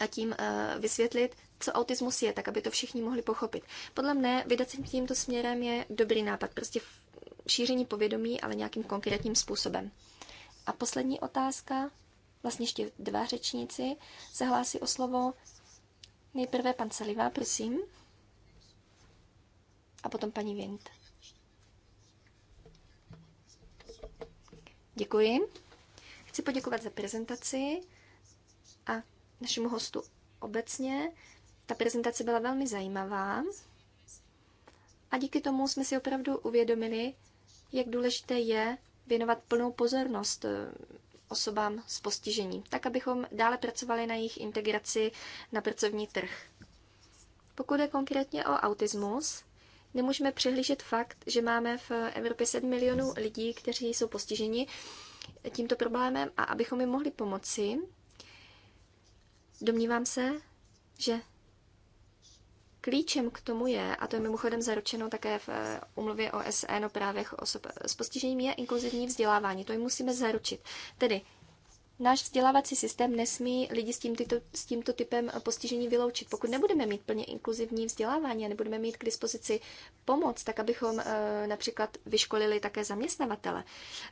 a tím eh, vysvětlit, co autismus je, tak aby to všichni mohli pochopit. Podle mne vydat se tímto směrem je dobrý nápad, prostě šíření povědomí, ale nějakým konkrétním způsobem. A poslední otázka, vlastně ještě dva řečníci se hlásí o slovo. Nejprve pan Saliva, prosím. A potom paní Vint. Děkuji. Chci poděkovat za prezentaci a našemu hostu obecně. Ta prezentace byla velmi zajímavá a díky tomu jsme si opravdu uvědomili, jak důležité je věnovat plnou pozornost eh, osobám s postižením, tak abychom dále pracovali na jejich integraci na pracovní trh. Pokud je konkrétně o autismus, nemůžeme přehlížet fakt, že máme v Evropě 7 milionů lidí, kteří jsou postiženi tímto problémem a abychom jim mohli pomoci, domnívám se, že Klíčem k tomu je, a to je mimochodem zaručeno také v eh, umluvě OSN o právech osob eh, s postižením, je inkluzivní vzdělávání. To jim musíme zaručit. Tedy náš vzdělávací systém nesmí lidi s, tím tyto, s tímto typem eh, postižení vyloučit. Pokud nebudeme mít plně inkluzivní vzdělávání a nebudeme mít k dispozici pomoc, tak abychom například vyškolili také zaměstnavatele.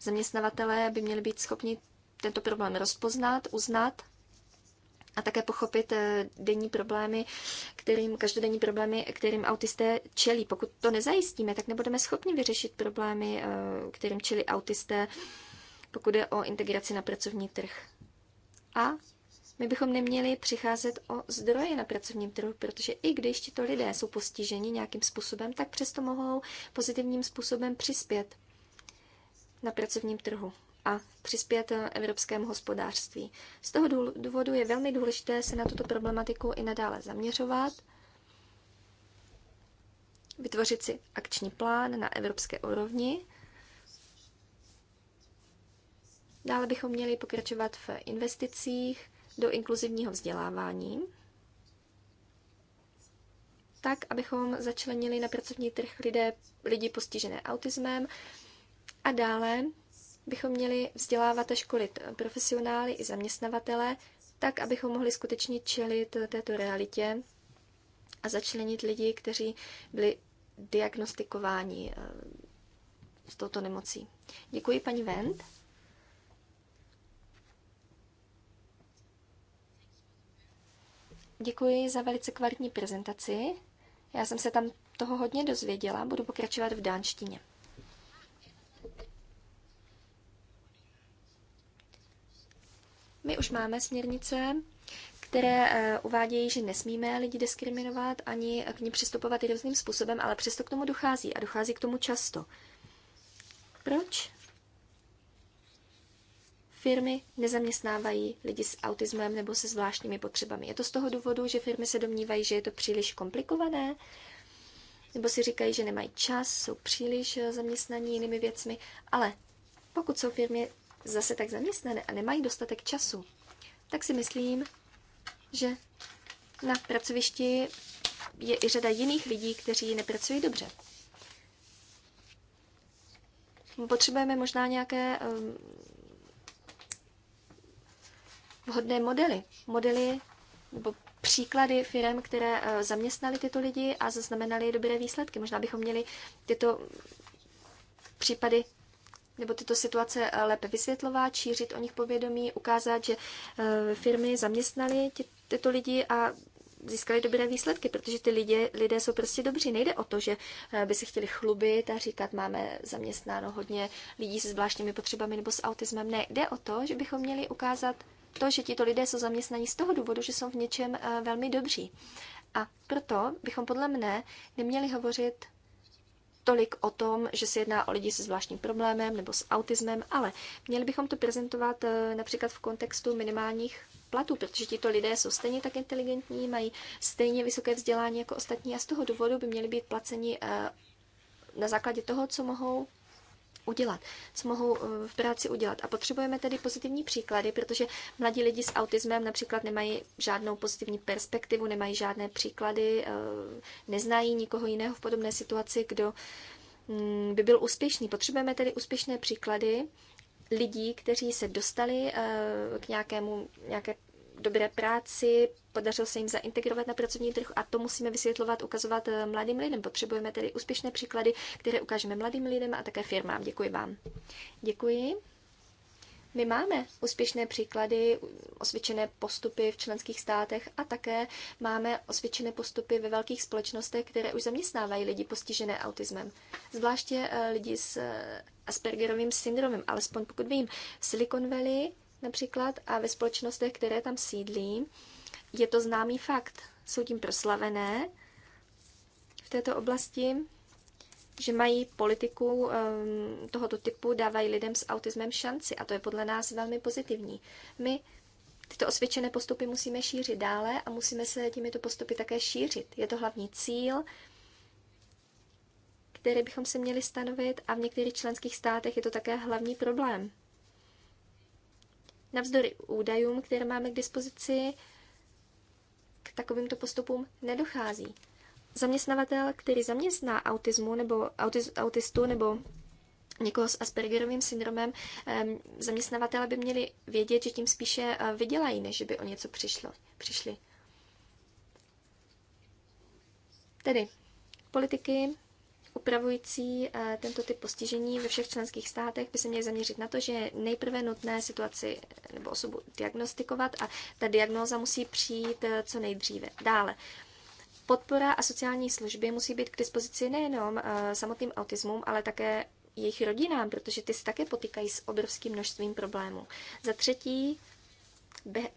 Zaměstnavatele by měli být schopni tento problém rozpoznat, uznat a také pochopit eh, denní problémy, kterým, každodenní problémy, kterým autisté čelí. Pokud to nezajistíme, tak nebudeme schopni vyřešit problémy, eh, kterým čelí autisté, pokud je o integraci na pracovní trh. A my bychom neměli přicházet o zdroje na pracovním trhu, protože i když tito lidé jsou postiženi nějakým způsobem, tak přesto mohou pozitivním způsobem přispět na pracovním trhu a přispět eh, evropskému hospodářství. Z toho důvodu je velmi důležité se na tuto problematiku i nadále zaměřovat, vytvořit si akční plán na evropské úrovni. Dále bychom měli pokračovat v investicích do inkluzivního vzdělávání, tak, abychom začlenili na pracovní trh lidé, lidi postižené autismem a dále bychom měli vzdělávat a školit profesionály i zaměstnavatele, tak, abychom mohli skutečně čelit této realitě a začlenit lidi, kteří byli diagnostikováni eh, s touto nemocí. Děkuji, paní Vent. Děkuji za velice kvalitní prezentaci. Já jsem se tam toho hodně dozvěděla, budu pokračovat v dánštině. My už máme směrnice, které eh, uvádějí, že nesmíme lidi diskriminovat ani k ní přistupovat různým způsobem, ale přesto k tomu dochází a dochází k tomu často. Proč? Firmy nezaměstnávají lidi s autismem nebo se zvláštními potřebami. Je to z toho důvodu, že firmy se domnívají, že je to příliš komplikované, nebo si říkají, že nemají čas, jsou příliš eh, zaměstnaní jinými věcmi, ale pokud jsou firmy zase tak zaměstnané a nemají dostatek času, tak si myslím, že na pracovišti je i řada jiných lidí, kteří nepracují dobře. Potřebujeme možná nějaké ehm, vhodné modely. Modely nebo příklady firm, které eh, zaměstnali tyto lidi a zaznamenali dobré výsledky. Možná bychom měli tyto případy nebo tyto situace eh, lépe vysvětlovat, šířit o nich povědomí, ukázat, že eh, firmy zaměstnaly tě, tyto lidi a získali dobré výsledky, protože ty lidi, lidé jsou prostě dobří. Nejde o to, že eh, by se chtěli chlubit a říkat, máme zaměstnáno hodně lidí se zvláštními potřebami nebo s autismem. Ne, jde o to, že bychom měli ukázat to, že tito lidé jsou zaměstnaní z toho důvodu, že jsou v něčem velmi dobří. A proto bychom podle mne neměli hovořit tolik o tom, že se jedná o lidi se zvláštním problémem nebo s autismem, ale měli bychom to prezentovat eh, například v kontextu minimálních platů, protože tito lidé jsou stejně tak inteligentní, mají stejně vysoké vzdělání jako ostatní a z toho důvodu by měli být placeni eh, na základě toho, co mohou udělat, co mohou eh, v práci udělat. A potřebujeme tedy pozitivní příklady, protože mladí lidi s autismem například nemají žádnou pozitivní perspektivu, nemají žádné příklady, eh, neznají nikoho jiného v podobné situaci, kdo mm, by byl úspěšný. Potřebujeme tedy úspěšné příklady lidí, kteří se dostali eh, k nějakému, nějaké dobré práci, podařilo se jim zaintegrovat na pracovní trh a to musíme vysvětlovat, ukazovat eh, mladým lidem. Potřebujeme tedy úspěšné příklady, které ukážeme mladým lidem a také firmám. Děkuji vám. Děkuji. My máme úspěšné příklady, osvědčené postupy v členských státech a také máme osvědčené postupy ve velkých společnostech, které už zaměstnávají lidi postižené autismem. Zvláště eh, lidi s eh, Aspergerovým syndromem, alespoň pokud vím, Silicon Valley například a ve společnostech, které tam sídlí, je to známý fakt. Jsou tím proslavené v této oblasti, že mají politiku ehm, tohoto typu, dávají lidem s autismem šanci a to je podle nás velmi pozitivní. My tyto osvědčené postupy musíme šířit dále a musíme se těmito postupy také šířit. Je to hlavní cíl, který bychom se měli stanovit a v některých členských státech je to také hlavní problém. Navzdory údajům, které máme k dispozici, takovýmto postupům nedochází. Zaměstnavatel, který zaměstná autismu nebo autiz, autistu nebo někoho s Aspergerovým syndromem, zaměstnavatele by měli vědět, že tím spíše eh, vydělají, než by o něco přišlo, přišli. Tedy politiky upravující eh, tento typ postižení ve všech členských státech by se měly zaměřit na to, že je nejprve nutné situaci eh, nebo osobu diagnostikovat a ta diagnóza musí přijít eh, co nejdříve. Dále, podpora a sociální služby musí být k dispozici nejenom samotným autismům, ale také jejich rodinám, protože ty se také potýkají s obrovským množstvím problémů. Za třetí,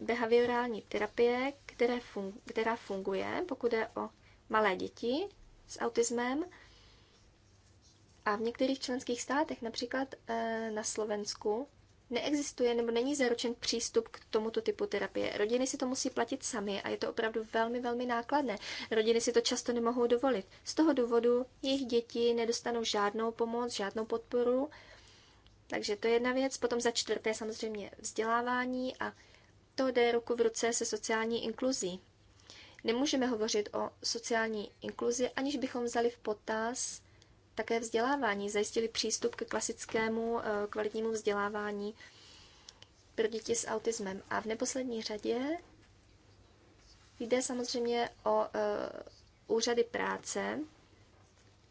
behaviorální terapie, které fun- která funguje, pokud je o malé děti s autismem, a v některých členských státech, například eh, na Slovensku, neexistuje nebo není zaručen přístup k tomuto typu terapie. Rodiny si to musí platit sami a je to opravdu velmi, velmi nákladné. Rodiny si to často nemohou dovolit. Z toho důvodu jejich děti nedostanou žádnou pomoc, žádnou podporu. Takže to je jedna věc. Potom za čtvrté samozřejmě vzdělávání a to jde ruku v ruce se sociální inkluzí. Nemůžeme hovořit o sociální inkluzi, aniž bychom vzali v potaz také vzdělávání, zajistili přístup ke klasickému eh, kvalitnímu vzdělávání pro děti s autismem. A v neposlední řadě jde samozřejmě o eh, úřady práce.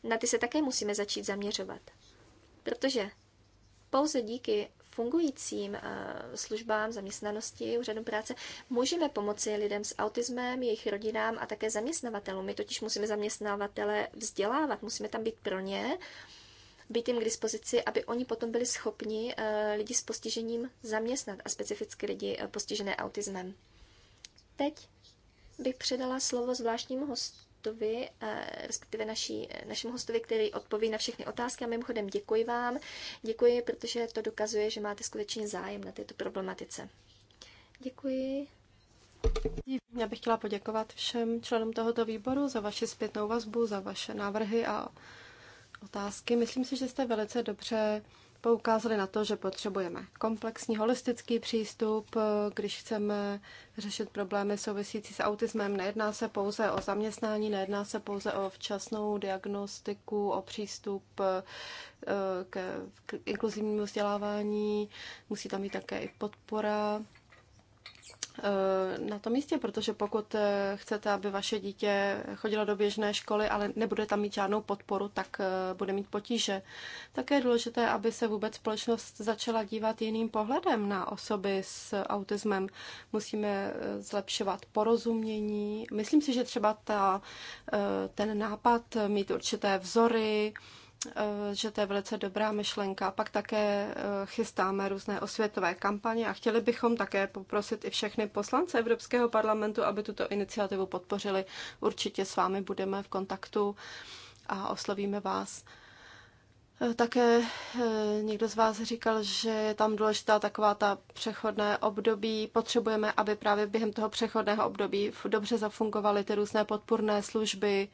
Na ty se také musíme začít zaměřovat. Protože pouze díky fungujícím eh, službám zaměstnanosti, úřadům práce, můžeme pomoci lidem s autismem, jejich rodinám a také zaměstnavatelům. My totiž musíme zaměstnavatele vzdělávat, musíme tam být pro ně, být jim k dispozici, aby oni potom byli schopni eh, lidi s postižením zaměstnat a specificky lidi eh, postižené autismem. Teď bych předala slovo zvláštnímu hostu hostovi, eh, respektive naší, našemu hostovi, který odpoví na všechny otázky. A mimochodem děkuji vám. Děkuji, protože to dokazuje, že máte skutečně zájem na této problematice. Děkuji. Já bych chtěla poděkovat všem členům tohoto výboru za vaši zpětnou vazbu, za vaše návrhy a otázky. Myslím si, že jste velice dobře poukázali na to, že potřebujeme komplexní holistický přístup, když chceme řešit problémy související s autismem. Nejedná se pouze o zaměstnání, nejedná se pouze o včasnou diagnostiku, o přístup eh, k, inkluzivnímu vzdělávání. Musí tam být také i podpora Eh, na tom místě, protože pokud eh, chcete, aby vaše dítě chodilo do běžné školy, ale nebude tam mít žádnou podporu, tak eh, bude mít potíže. Také je důležité, aby se vůbec společnost začala dívat jiným pohledem na osoby s autismem. Musíme zlepšovat porozumění. Myslím si, že třeba ta, ten nápad mít určité vzory, Eh, že to je velice dobrá myšlenka. Pak také eh, chystáme různé osvětové kampaně a chtěli bychom také poprosit i všechny poslance Evropského parlamentu, aby tuto iniciativu podpořili. Určitě s vámi budeme v kontaktu a oslovíme vás. Eh, také někdo z vás říkal, že je tam důležitá taková ta přechodné období. Potřebujeme, aby právě během toho přechodného období dobře zafungovaly ty různé podpůrné služby,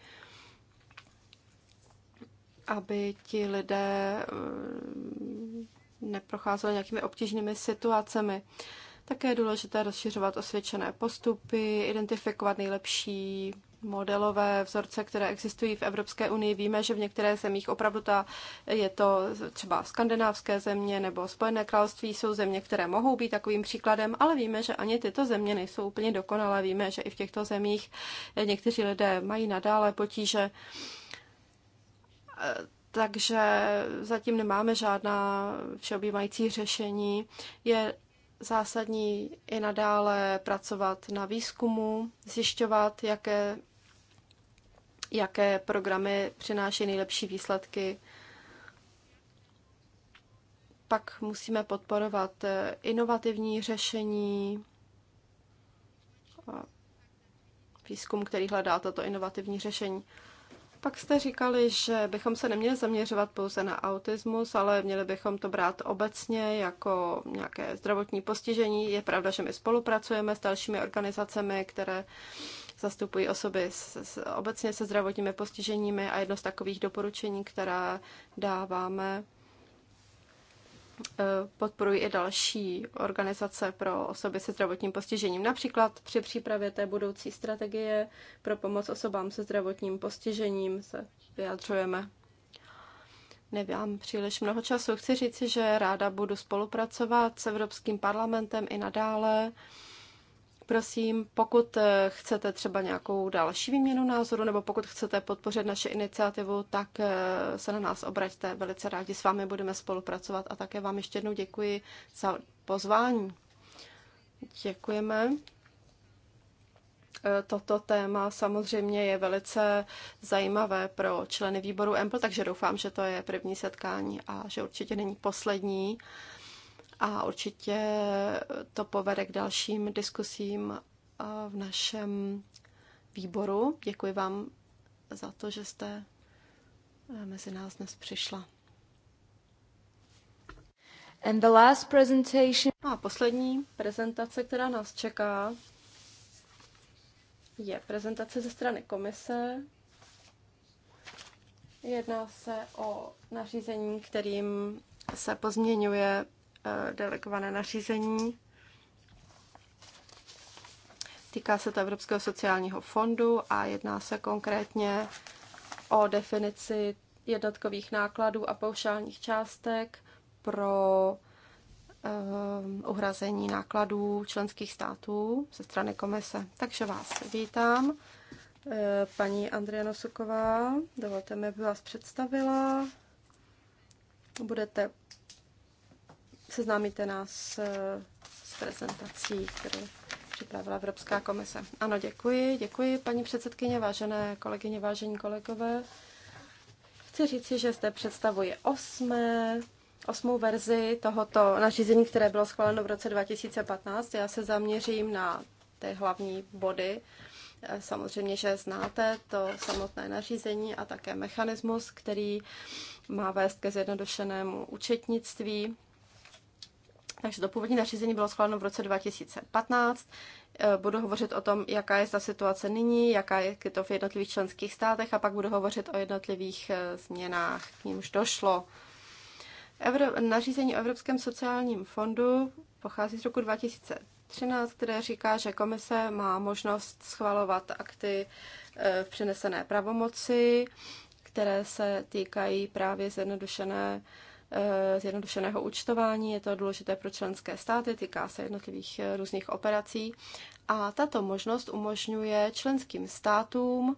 aby ti lidé eh, neprocházeli nějakými obtížnými situacemi. Také je důležité rozšiřovat osvědčené postupy, identifikovat nejlepší modelové vzorce, které existují v Evropské unii. Víme, že v některých zemích opravdu ta, je to třeba skandinávské země nebo Spojené království, jsou země, které mohou být takovým příkladem, ale víme, že ani tyto země nejsou úplně dokonalé. Víme, že i v těchto zemích někteří lidé mají nadále potíže. Uh, takže zatím nemáme žádná všeobjímající řešení. Je zásadní i nadále pracovat na výzkumu, zjišťovat, jaké, jaké programy přináší nejlepší výsledky. Pak musíme podporovat eh, inovativní řešení, eh, výzkum, který hledá toto inovativní řešení. Pak jste říkali, že bychom se neměli zaměřovat pouze na autismus, ale měli bychom to brát obecně jako nějaké zdravotní postižení. Je pravda, že my spolupracujeme s dalšími organizacemi, které zastupují osoby s, s, obecně se zdravotními postiženími a jedno z takových doporučení, která dáváme, Eh, podporují i další organizace pro osoby se zdravotním postižením. Například při přípravě té budoucí strategie pro pomoc osobám se zdravotním postižením se vyjadřujeme. Nevím příliš mnoho času. Chci říci, že ráda budu spolupracovat s Evropským parlamentem i nadále. Prosím, pokud eh, chcete třeba nějakou další výměnu názoru nebo pokud chcete podpořit naše iniciativu, tak eh, se na nás obraťte. Velice rádi s vámi budeme spolupracovat a také vám ještě jednou děkuji za pozvání. Děkujeme. Eh, toto téma samozřejmě je velice zajímavé pro členy výboru EMPL, takže doufám, že to je první setkání a že určitě není poslední a určitě to povede k dalším diskusím eh, v našem výboru. Děkuji vám za to, že jste eh, mezi nás dnes přišla. And the last presentation. No a poslední prezentace, která nás čeká, je prezentace ze strany komise. Jedná se o nařízení, kterým se pozměňuje delegované nařízení. Týká se to Evropského sociálního fondu a jedná se konkrétně o definici jednotkových nákladů a paušálních částek pro ehm, uhrazení nákladů členských států ze strany komise. Takže vás vítám. Eh, paní Andrea Nosuková, dovolte mi, aby vás představila. Budete seznámíte nás eh, s prezentací, kterou připravila Evropská komise. Ano, děkuji, děkuji paní předsedkyně, vážené kolegyně, vážení kolegové. Chci říci, že zde představuji osmé, osmou verzi tohoto nařízení, které bylo schváleno v roce 2015. Já se zaměřím na ty hlavní body. Eh, samozřejmě, že znáte to samotné nařízení a také mechanismus, který má vést ke zjednodušenému účetnictví takže to původní nařízení bylo schváleno v roce 2015. Eh, budu hovořit o tom, jaká je ta situace nyní, jaká je to v jednotlivých členských státech a pak budu hovořit o jednotlivých eh, změnách, k nímž došlo. Evro- nařízení o Evropském sociálním fondu pochází z roku 2013, které říká, že komise má možnost schvalovat akty eh, v přenesené pravomoci, které se týkají právě zjednodušené Eh, zjednodušeného účtování, je to důležité pro členské státy, týká se jednotlivých eh, různých operací a tato možnost umožňuje členským státům,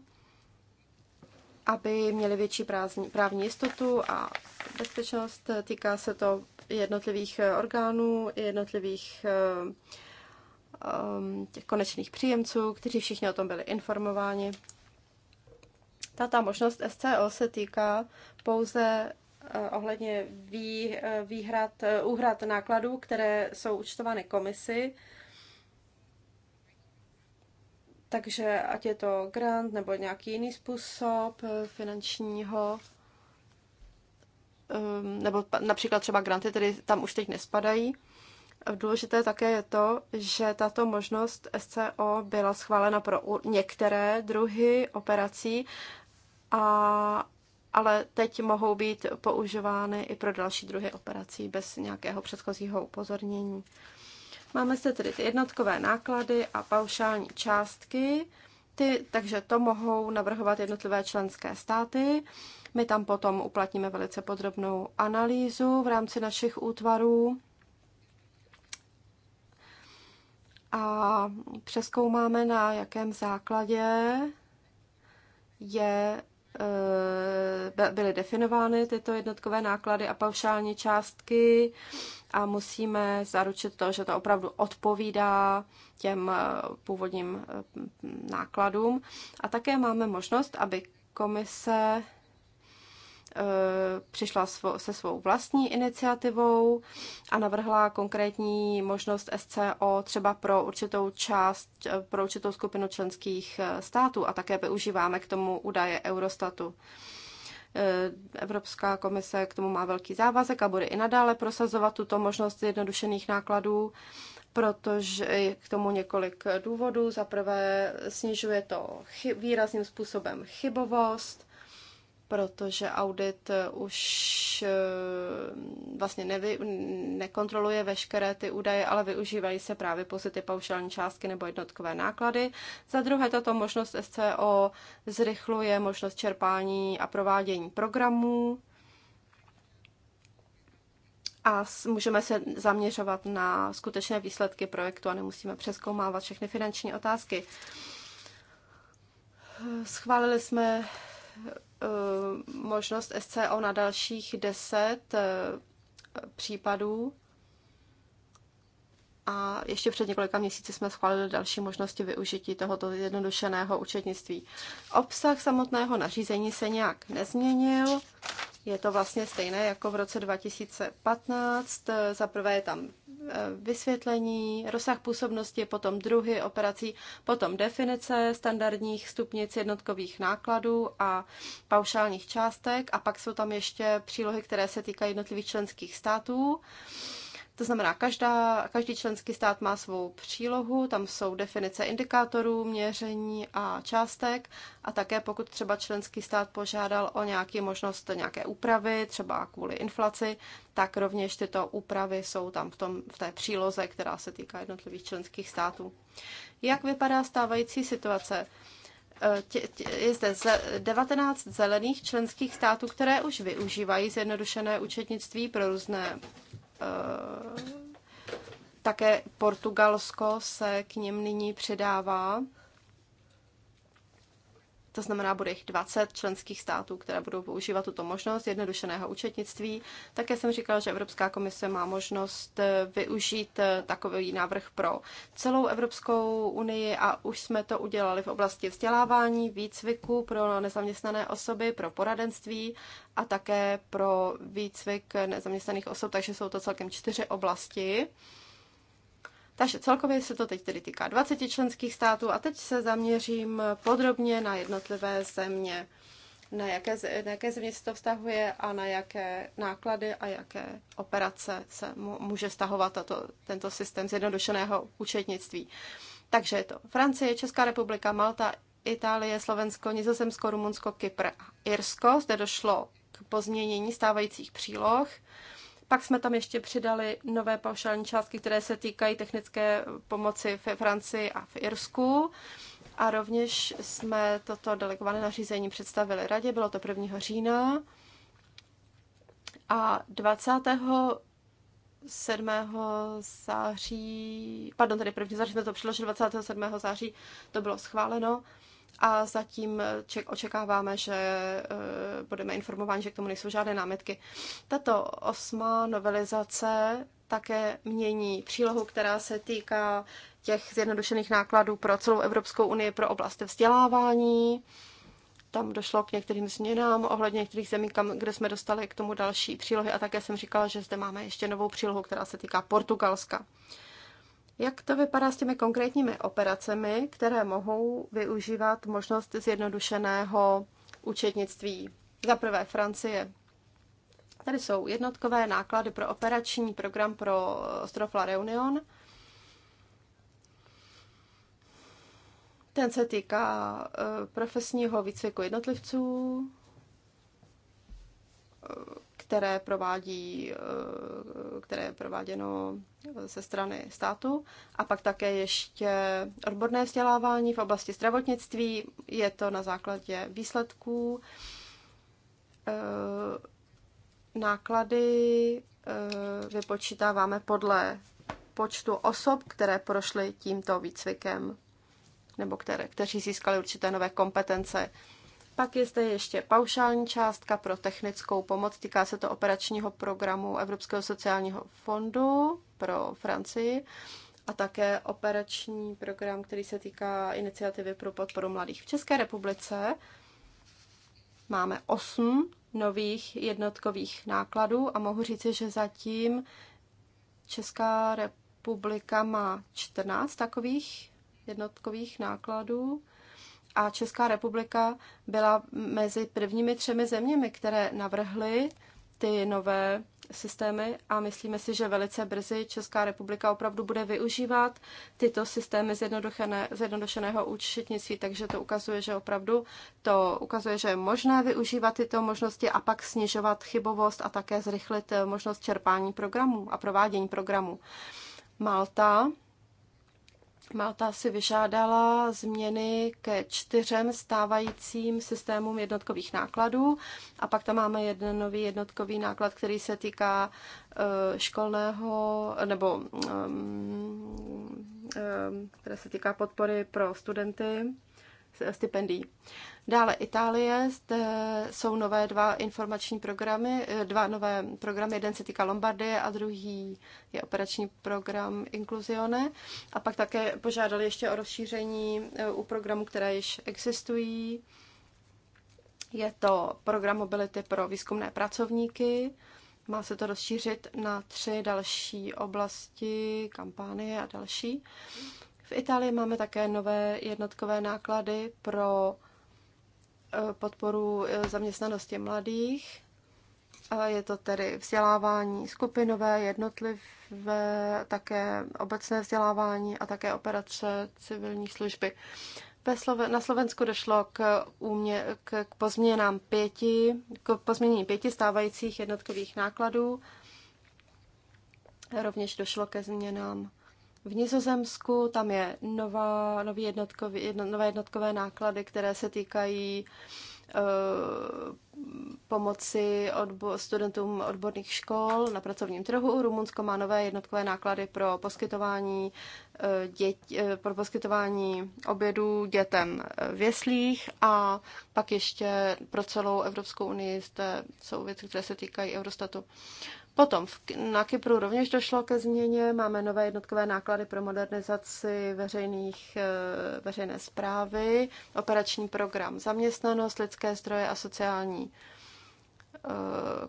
aby měli větší právní, právní jistotu a bezpečnost. Týká se to jednotlivých eh, orgánů, jednotlivých těch konečných příjemců, kteří všichni o tom byli informováni. Tato možnost SCO se týká pouze Eh, ohledně vý, eh, výhrad, eh, úhrad nákladů, které jsou účtovány komisi. Takže ať je to grant nebo nějaký jiný způsob finančního, ehm, nebo například třeba granty, tedy tam už teď nespadají. Důležité také je to, že tato možnost SCO byla schválena pro některé druhy operací a ale teď mohou být používány i pro další druhy operací bez nějakého předchozího upozornění. Máme zde tedy ty jednotkové náklady a paušální částky, ty, takže to mohou navrhovat jednotlivé členské státy. My tam potom uplatníme velice podrobnou analýzu v rámci našich útvarů a přeskoumáme, na jakém základě je Eh, byly definovány tyto jednotkové náklady a paušální částky a musíme zaručit to, že to opravdu odpovídá těm eh, původním eh, nákladům. A také máme možnost, aby komise Eh, přišla se svou vlastní iniciativou a navrhla konkrétní možnost SCO třeba pro určitou část, eh, pro určitou skupinu členských eh, států a také využíváme k tomu údaje Eurostatu. Evropská komise k tomu má velký závazek a bude i nadále prosazovat tuto možnost jednodušených nákladů, protože je k tomu několik důvodů. Za prvé snižuje to výrazným způsobem chybovost, protože audit eh, už eh, vlastně nevy, nekontroluje veškeré ty údaje, ale využívají se právě pouze ty paušální částky nebo jednotkové náklady. Za druhé, tato možnost SCO zrychluje možnost čerpání a provádění programů a můžeme se zaměřovat na skutečné výsledky projektu a nemusíme přeskoumávat všechny finanční otázky. Schválili jsme Eh, možnost SCO na dalších 10 eh, případů. A ještě před několika měsíci jsme schválili další možnosti využití tohoto jednodušeného účetnictví. Obsah samotného nařízení se nějak nezměnil. Je to vlastně stejné jako v roce 2015. Zaprvé je tam Eh, vysvětlení, rozsah působnosti, potom druhy operací, potom definice standardních stupnic jednotkových nákladů a paušálních částek a pak jsou tam ještě přílohy, které se týkají jednotlivých členských států. To znamená, každá, každý členský stát má svou přílohu, tam jsou definice indikátorů, měření a částek a také pokud třeba členský stát požádal o nějaký možnost nějaké úpravy, třeba kvůli inflaci, tak rovněž tyto úpravy jsou tam v, tom, v té příloze, která se týká jednotlivých členských států. Jak vypadá stávající situace? E, je zde 19 zelených členských států, které už využívají zjednodušené účetnictví pro různé Eh, také Portugalsko se k něm nyní přidává to znamená, bude jich 20 členských států, které budou používat tuto možnost jednodušeného účetnictví. Také jsem říkala, že Evropská komise má možnost eh, využít eh, takový návrh pro celou Evropskou unii a už jsme to udělali v oblasti vzdělávání, výcviku pro nezaměstnané osoby, pro poradenství a také pro výcvik nezaměstnaných osob, takže jsou to celkem čtyři oblasti. Takže celkově se to teď tedy týká 20 členských států a teď se zaměřím podrobně na jednotlivé země. Na jaké, na jaké země se to vztahuje a na jaké náklady a jaké operace se může stahovat tato, tento systém zjednodušeného účetnictví. Takže je to Francie, Česká republika, Malta, Itálie, Slovensko, Nizozemsko, Rumunsko, Kypr a Irsko. Zde došlo k pozměnění stávajících příloh. Pak jsme tam ještě přidali nové paušální částky, které se týkají technické pomoci ve Francii a v Irsku. A rovněž jsme toto delegované nařízení představili radě, bylo to 1. října. A 27. září, pardon, tedy 1. září jsme to přiložili, 27. září to bylo schváleno a zatím eh, ček, očekáváme, že eh, budeme informováni, že k tomu nejsou žádné námitky. Tato osma novelizace také mění přílohu, která se týká těch zjednodušených nákladů pro celou Evropskou unii pro oblast vzdělávání. Tam došlo k některým změnám ohledně některých zemí, kam, kde jsme dostali k tomu další přílohy. A také jsem říkala, že zde máme ještě novou přílohu, která se týká Portugalska. Jak to vypadá s těmi konkrétními operacemi, které mohou využívat možnost zjednodušeného účetnictví? Za prvé Francie. Tady jsou jednotkové náklady pro operační program pro ostrov La Reunion. Ten se týká eh, profesního výcviku jednotlivců, eh, které provádí, eh, které je prováděno ze strany státu. A pak také ještě odborné vzdělávání v oblasti zdravotnictví. Je to na základě výsledků, eh, náklady eh, vypočítáváme podle počtu osob, které prošly tímto výcvikem nebo které, kteří získali určité nové kompetence pak je zde ještě paušální částka pro technickou pomoc. Týká se to operačního programu Evropského sociálního fondu pro Francii a také operační program, který se týká iniciativy pro podporu mladých. V České republice máme osm nových jednotkových nákladů a mohu říci, že zatím Česká republika má 14 takových jednotkových nákladů a Česká republika byla mezi prvními třemi zeměmi, které navrhly ty nové systémy a myslíme si, že velice brzy Česká republika opravdu bude využívat tyto systémy zjednodušeného účetnictví, takže to ukazuje, že opravdu to ukazuje, že je možné využívat tyto možnosti a pak snižovat chybovost a také zrychlit možnost čerpání programů a provádění programů. Malta Malta si vyžádala změny ke čtyřem stávajícím systémům jednotkových nákladů a pak tam máme jeden nový jednotkový náklad, který se týká eh, školného nebo mm, eh, mm, eh, které se týká podpory pro studenty stipendií. Dále Itálie, zde jsou nové dva informační programy, eh, dva nové programy, jeden se týká Lombardie a druhý je operační program Inclusione. A pak také požádali ještě o rozšíření eh, u programů, které již existují. Je to program mobility pro výzkumné pracovníky. Má se to rozšířit na tři další oblasti, kampány a další. Uh, v Itálii máme také nové jednotkové náklady pro e, podporu e, zaměstnanosti mladých. Je to tedy vzdělávání skupinové, jednotlivé, také obecné vzdělávání a také operace civilní služby. Na Slovensku došlo k, úmě, k, k pozměnám pěti, k pozměnění pěti stávajících jednotkových nákladů. Rovněž došlo ke změnám v Nizozemsku tam je nová, nový jednotkový, jedno, nové jednotkové náklady, které se týkají eh, pomoci odbo- studentům odborných škol na pracovním trhu. Rumunsko má nové jednotkové náklady pro poskytování, eh, dět- eh, pro poskytování obědů dětem v jeslích a pak ještě pro celou Evropskou unii jste, jsou věci, které se týkají Eurostatu. Potom v, na Kypru rovněž došlo ke změně, máme nové jednotkové náklady pro modernizaci veřejných, eh, veřejné zprávy, operační program zaměstnanost, lidské zdroje a sociální eh,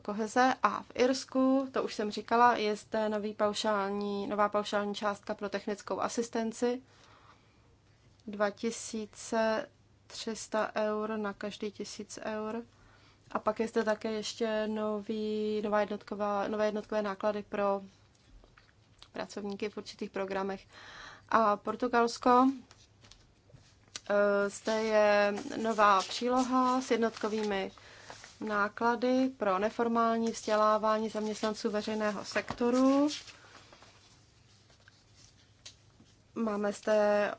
koheze a v Irsku, to už jsem říkala, je zde nový paušální, nová paušální částka pro technickou asistenci 2300 eur na každý 1000 eur. A pak je zde také ještě nový, nová jednotková, nové jednotkové náklady pro pracovníky v určitých programech. A Portugalsko, eh, zde je nová příloha s jednotkovými náklady pro neformální vzdělávání zaměstnanců veřejného sektoru. Máme zde, eh,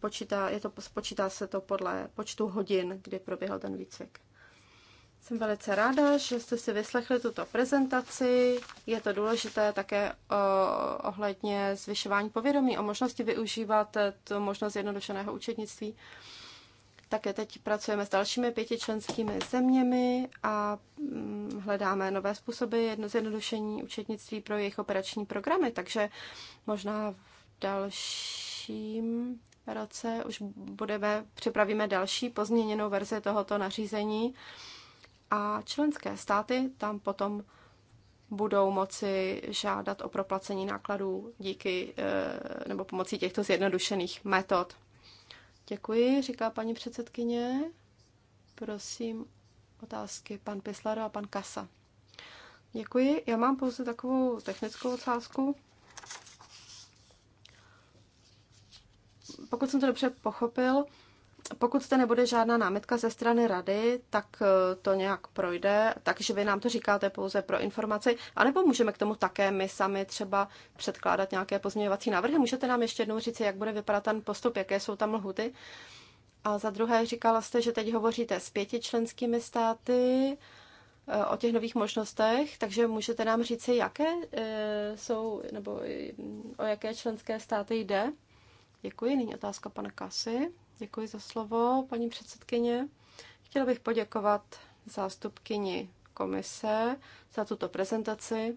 počítá, je to, počítá se to podle počtu hodin, kdy proběhl ten výcvik. Jsem velice ráda, že jste si vyslechli tuto prezentaci. Je to důležité také eh, ohledně zvyšování povědomí o možnosti využívat eh, tu možnost jednodušeného účetnictví. Také teď pracujeme s dalšími pěti členskými zeměmi a mm, hledáme nové způsoby zjednodušení účetnictví pro jejich operační programy, takže možná v dalším roce už budeme, připravíme další pozměněnou verzi tohoto nařízení a členské státy tam potom budou moci žádat o proplacení nákladů díky eh, nebo pomocí těchto zjednodušených metod. Děkuji, říká paní předsedkyně. Prosím, otázky pan Pislaro a pan Kasa. Děkuji. Já mám pouze takovou technickou otázku. Pokud jsem to dobře pochopil, pokud zde nebude žádná námitka ze strany rady, tak eh, to nějak projde, takže vy nám to říkáte pouze pro informaci, anebo můžeme k tomu také my sami třeba předkládat nějaké pozměňovací návrhy. Můžete nám ještě jednou říct, jak bude vypadat ten postup, jaké jsou tam lhuty? A za druhé říkala jste, že teď hovoříte s pěti členskými státy eh, o těch nových možnostech, takže můžete nám říct, jaké eh, jsou, nebo o jaké členské státy jde? Děkuji. Nyní otázka pana Kasy. Děkuji za slovo, paní předsedkyně. Chtěla bych poděkovat zástupkyni komise za tuto prezentaci.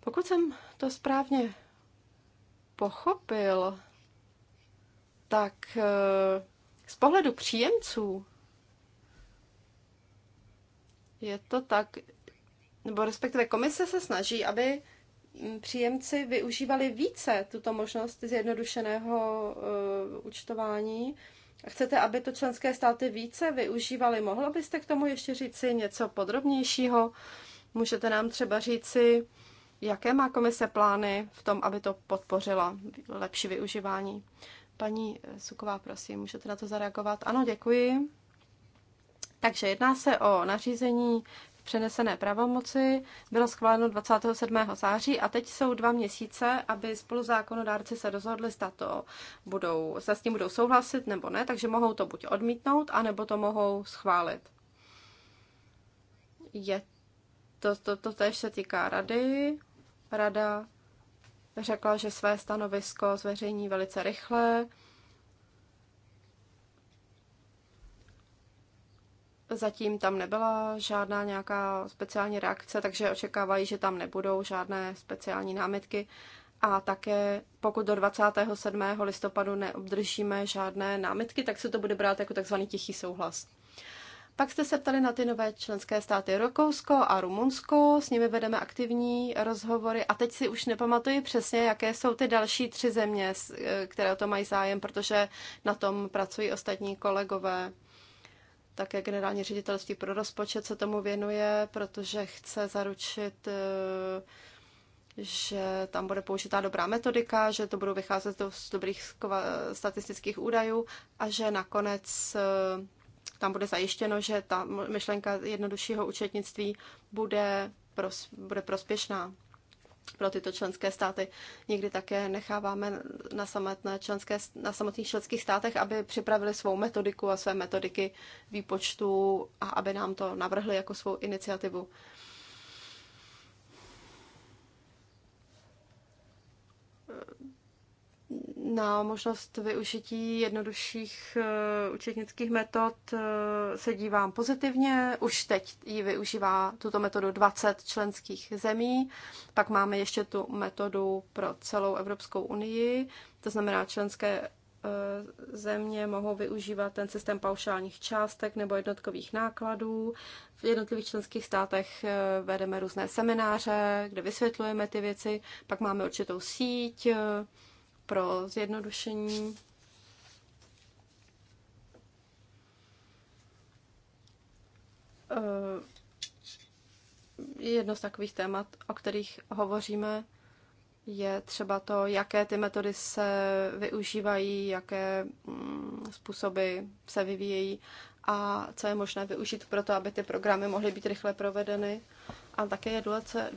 Pokud jsem to správně pochopil, tak eh, z pohledu příjemců je to tak, nebo respektive komise se snaží, aby příjemci využívali více tuto možnost zjednodušeného uh, účtování. Chcete, aby to členské státy více využívaly? Mohlo byste k tomu ještě říci něco podrobnějšího? Můžete nám třeba říci, jaké má komise plány v tom, aby to podpořila lepší využívání? Paní eh, Suková, prosím, můžete na to zareagovat? Ano, děkuji. Takže jedná se o nařízení přenesené pravomoci bylo schváleno 27. září a teď jsou dva měsíce, aby spoluzákonodárci se rozhodli, zda, to budou, se s tím budou souhlasit nebo ne, takže mohou to buď odmítnout, anebo to mohou schválit. Je to, to, to tež se týká rady. Rada řekla, že své stanovisko zveřejní velice rychle Zatím tam nebyla žádná nějaká speciální reakce, takže očekávají, že tam nebudou žádné speciální námitky. A také pokud do 27. listopadu neobdržíme žádné námitky, tak se to bude brát jako takzvaný tichý souhlas. Pak jste se ptali na ty nové členské státy Rakousko a Rumunsko, s nimi vedeme aktivní rozhovory a teď si už nepamatuji přesně, jaké jsou ty další tři země, eh, které o to mají zájem, protože na tom pracují ostatní kolegové také generální ředitelství pro rozpočet se tomu věnuje, protože chce zaručit, eh, že tam bude použitá dobrá metodika, že to budou vycházet z dobrých statistických údajů a že nakonec eh, tam bude zajištěno, že ta myšlenka jednoduššího účetnictví bude, pros, bude prospěšná pro tyto členské státy. Někdy také necháváme na, samotné členské, na samotných členských státech, aby připravili svou metodiku a své metodiky výpočtu a aby nám to navrhli jako svou iniciativu. na možnost využití jednodušších učetnických eh, metod eh, se dívám pozitivně. Už teď ji využívá tuto metodu 20 členských zemí. Pak máme ještě tu metodu pro celou Evropskou unii. To znamená, členské eh, země mohou využívat ten systém paušálních částek nebo jednotkových nákladů. V jednotlivých členských státech vedeme různé semináře, kde vysvětlujeme ty věci. Pak máme určitou síť pro zjednodušení. Eh, Jedno z takových témat, o kterých hovoříme, je třeba to, jaké ty metody se využívají, jaké mm, způsoby se vyvíjejí a co je možné využít pro to, aby ty programy mohly být rychle provedeny. A také je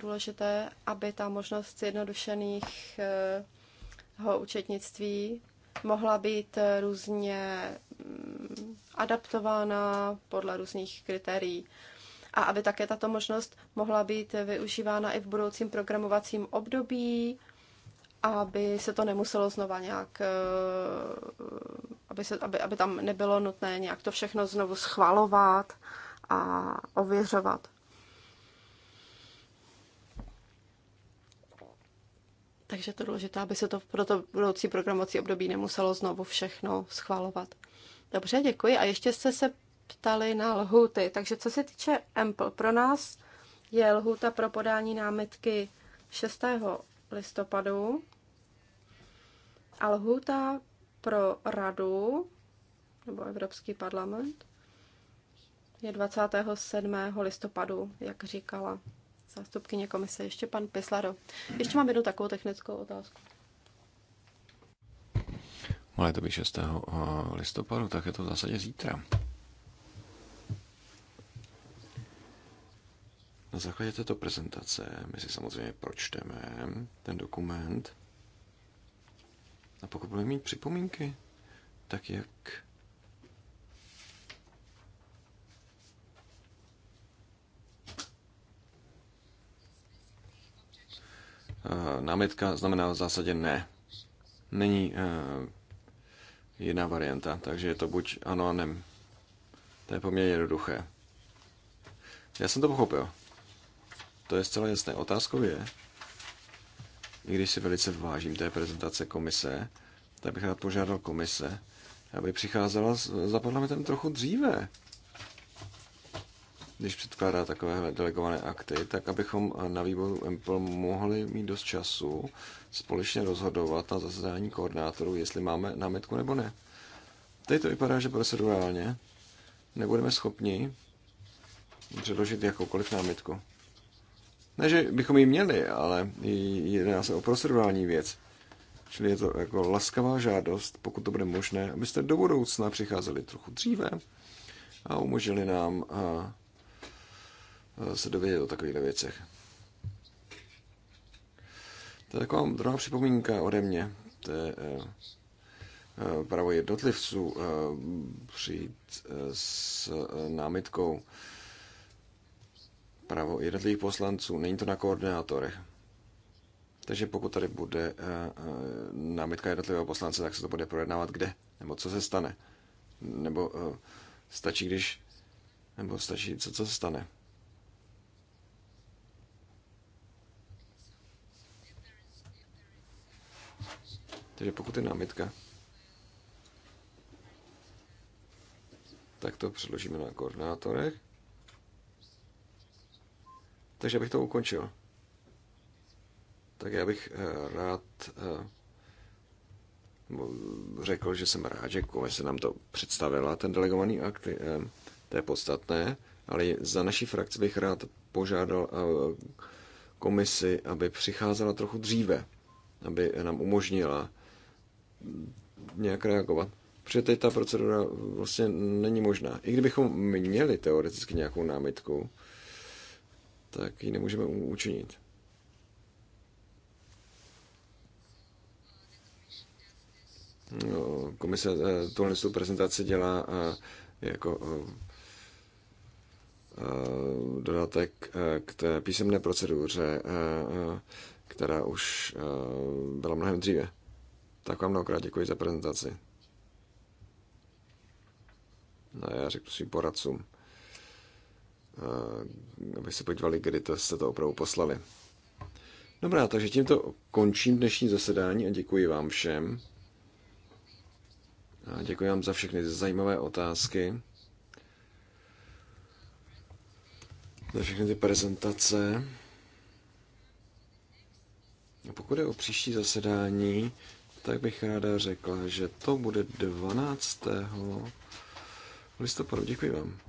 důležité, aby ta možnost zjednodušených eh, účetnictví mohla být různě mm, adaptována podle různých kritérií a aby také tato možnost mohla být využívána i v budoucím programovacím období, aby se to nemuselo znova nějak, eh, aby, se, aby, aby tam nebylo nutné nějak to všechno znovu schvalovat a ověřovat. Takže to důležité, aby se to pro to budoucí programovací období nemuselo znovu všechno schvalovat. Dobře, děkuji. A ještě jste se ptali na lhuty. Takže co se týče Ample, pro nás je lhuta pro podání námitky 6. listopadu a lhuta pro radu nebo Evropský parlament je 27. listopadu, jak říkala zástupkyně komise. Ještě pan Pislaro. Ještě mám jednu takovou technickou otázku. No, ale to by 6. Eh, listopadu, tak je to v zásadě zítra. Na základě této prezentace my si samozřejmě pročteme ten dokument. A pokud budeme mít připomínky, tak jak Eh, námitka znamená v zásadě ne. Není eh, jiná varianta, takže je to buď ano a nem. To je poměrně jednoduché. Já jsem to pochopil. To je zcela jasné. Otázkou je, i když si velice vážím té prezentace komise, tak bych rád požádal komise, aby přicházela za parlamentem trochu dříve když předkládá takové delegované akty, tak abychom na výboru MPL mohli mít dost času společně rozhodovat na zasedání koordinátorů, jestli máme námitku nebo ne. Teď to vypadá, že procedurálně nebudeme schopni předložit jakoukoliv námitku. Ne, že bychom ji měli, ale jedná se o procedurální věc. Čili je to jako laskavá žádost, pokud to bude možné, abyste do budoucna přicházeli trochu dříve a umožnili nám se dovědět o takových věcech. To je taková druhá připomínka ode mě. To je eh, eh, právo jednotlivců eh, přijít s námitkou právo jednotlivých poslanců. Není to na koordinátorech. Takže pokud tady bude námitka jednotlivého poslance, tak se to bude projednávat kde? Nebo co se stane? Nebo stačí, když... Nebo stačí, co, co se stane? Takže pokud je námitka, tak to předložíme na koordinátorech. Takže abych to ukončil. Tak já bych eh, rád eh, řekl, že jsem rád, že komise nám to představila, ten delegovaný akt, eh, to je podstatné, ale za naší frakci bych rád požádal komisi, aby přicházela trochu dříve, aby nám umožnila nějak reagovat. Protože teď ta procedura vlastně není možná. I kdybychom měli teoreticky nějakou námitku, tak ji nemůžeme učinit. No, komise eh, tuhle tu prezentaci dělá eh, jako eh, dodatek k té písemné proceduře, která už byla mnohem dříve. Tak vám mnohokrát děkuji za prezentaci. No, já řeknu svým poradcům, eh, aby se podívali, kdy to jste to opravdu poslali. Dobrá, takže tímto končím dnešní zasedání a děkuji vám všem. A děkuji vám za všechny zajímavé otázky, za všechny ty prezentace. A pokud je o příští zasedání, tak bych ráda řekla, že to bude 12. listopadu. Děkuji vám.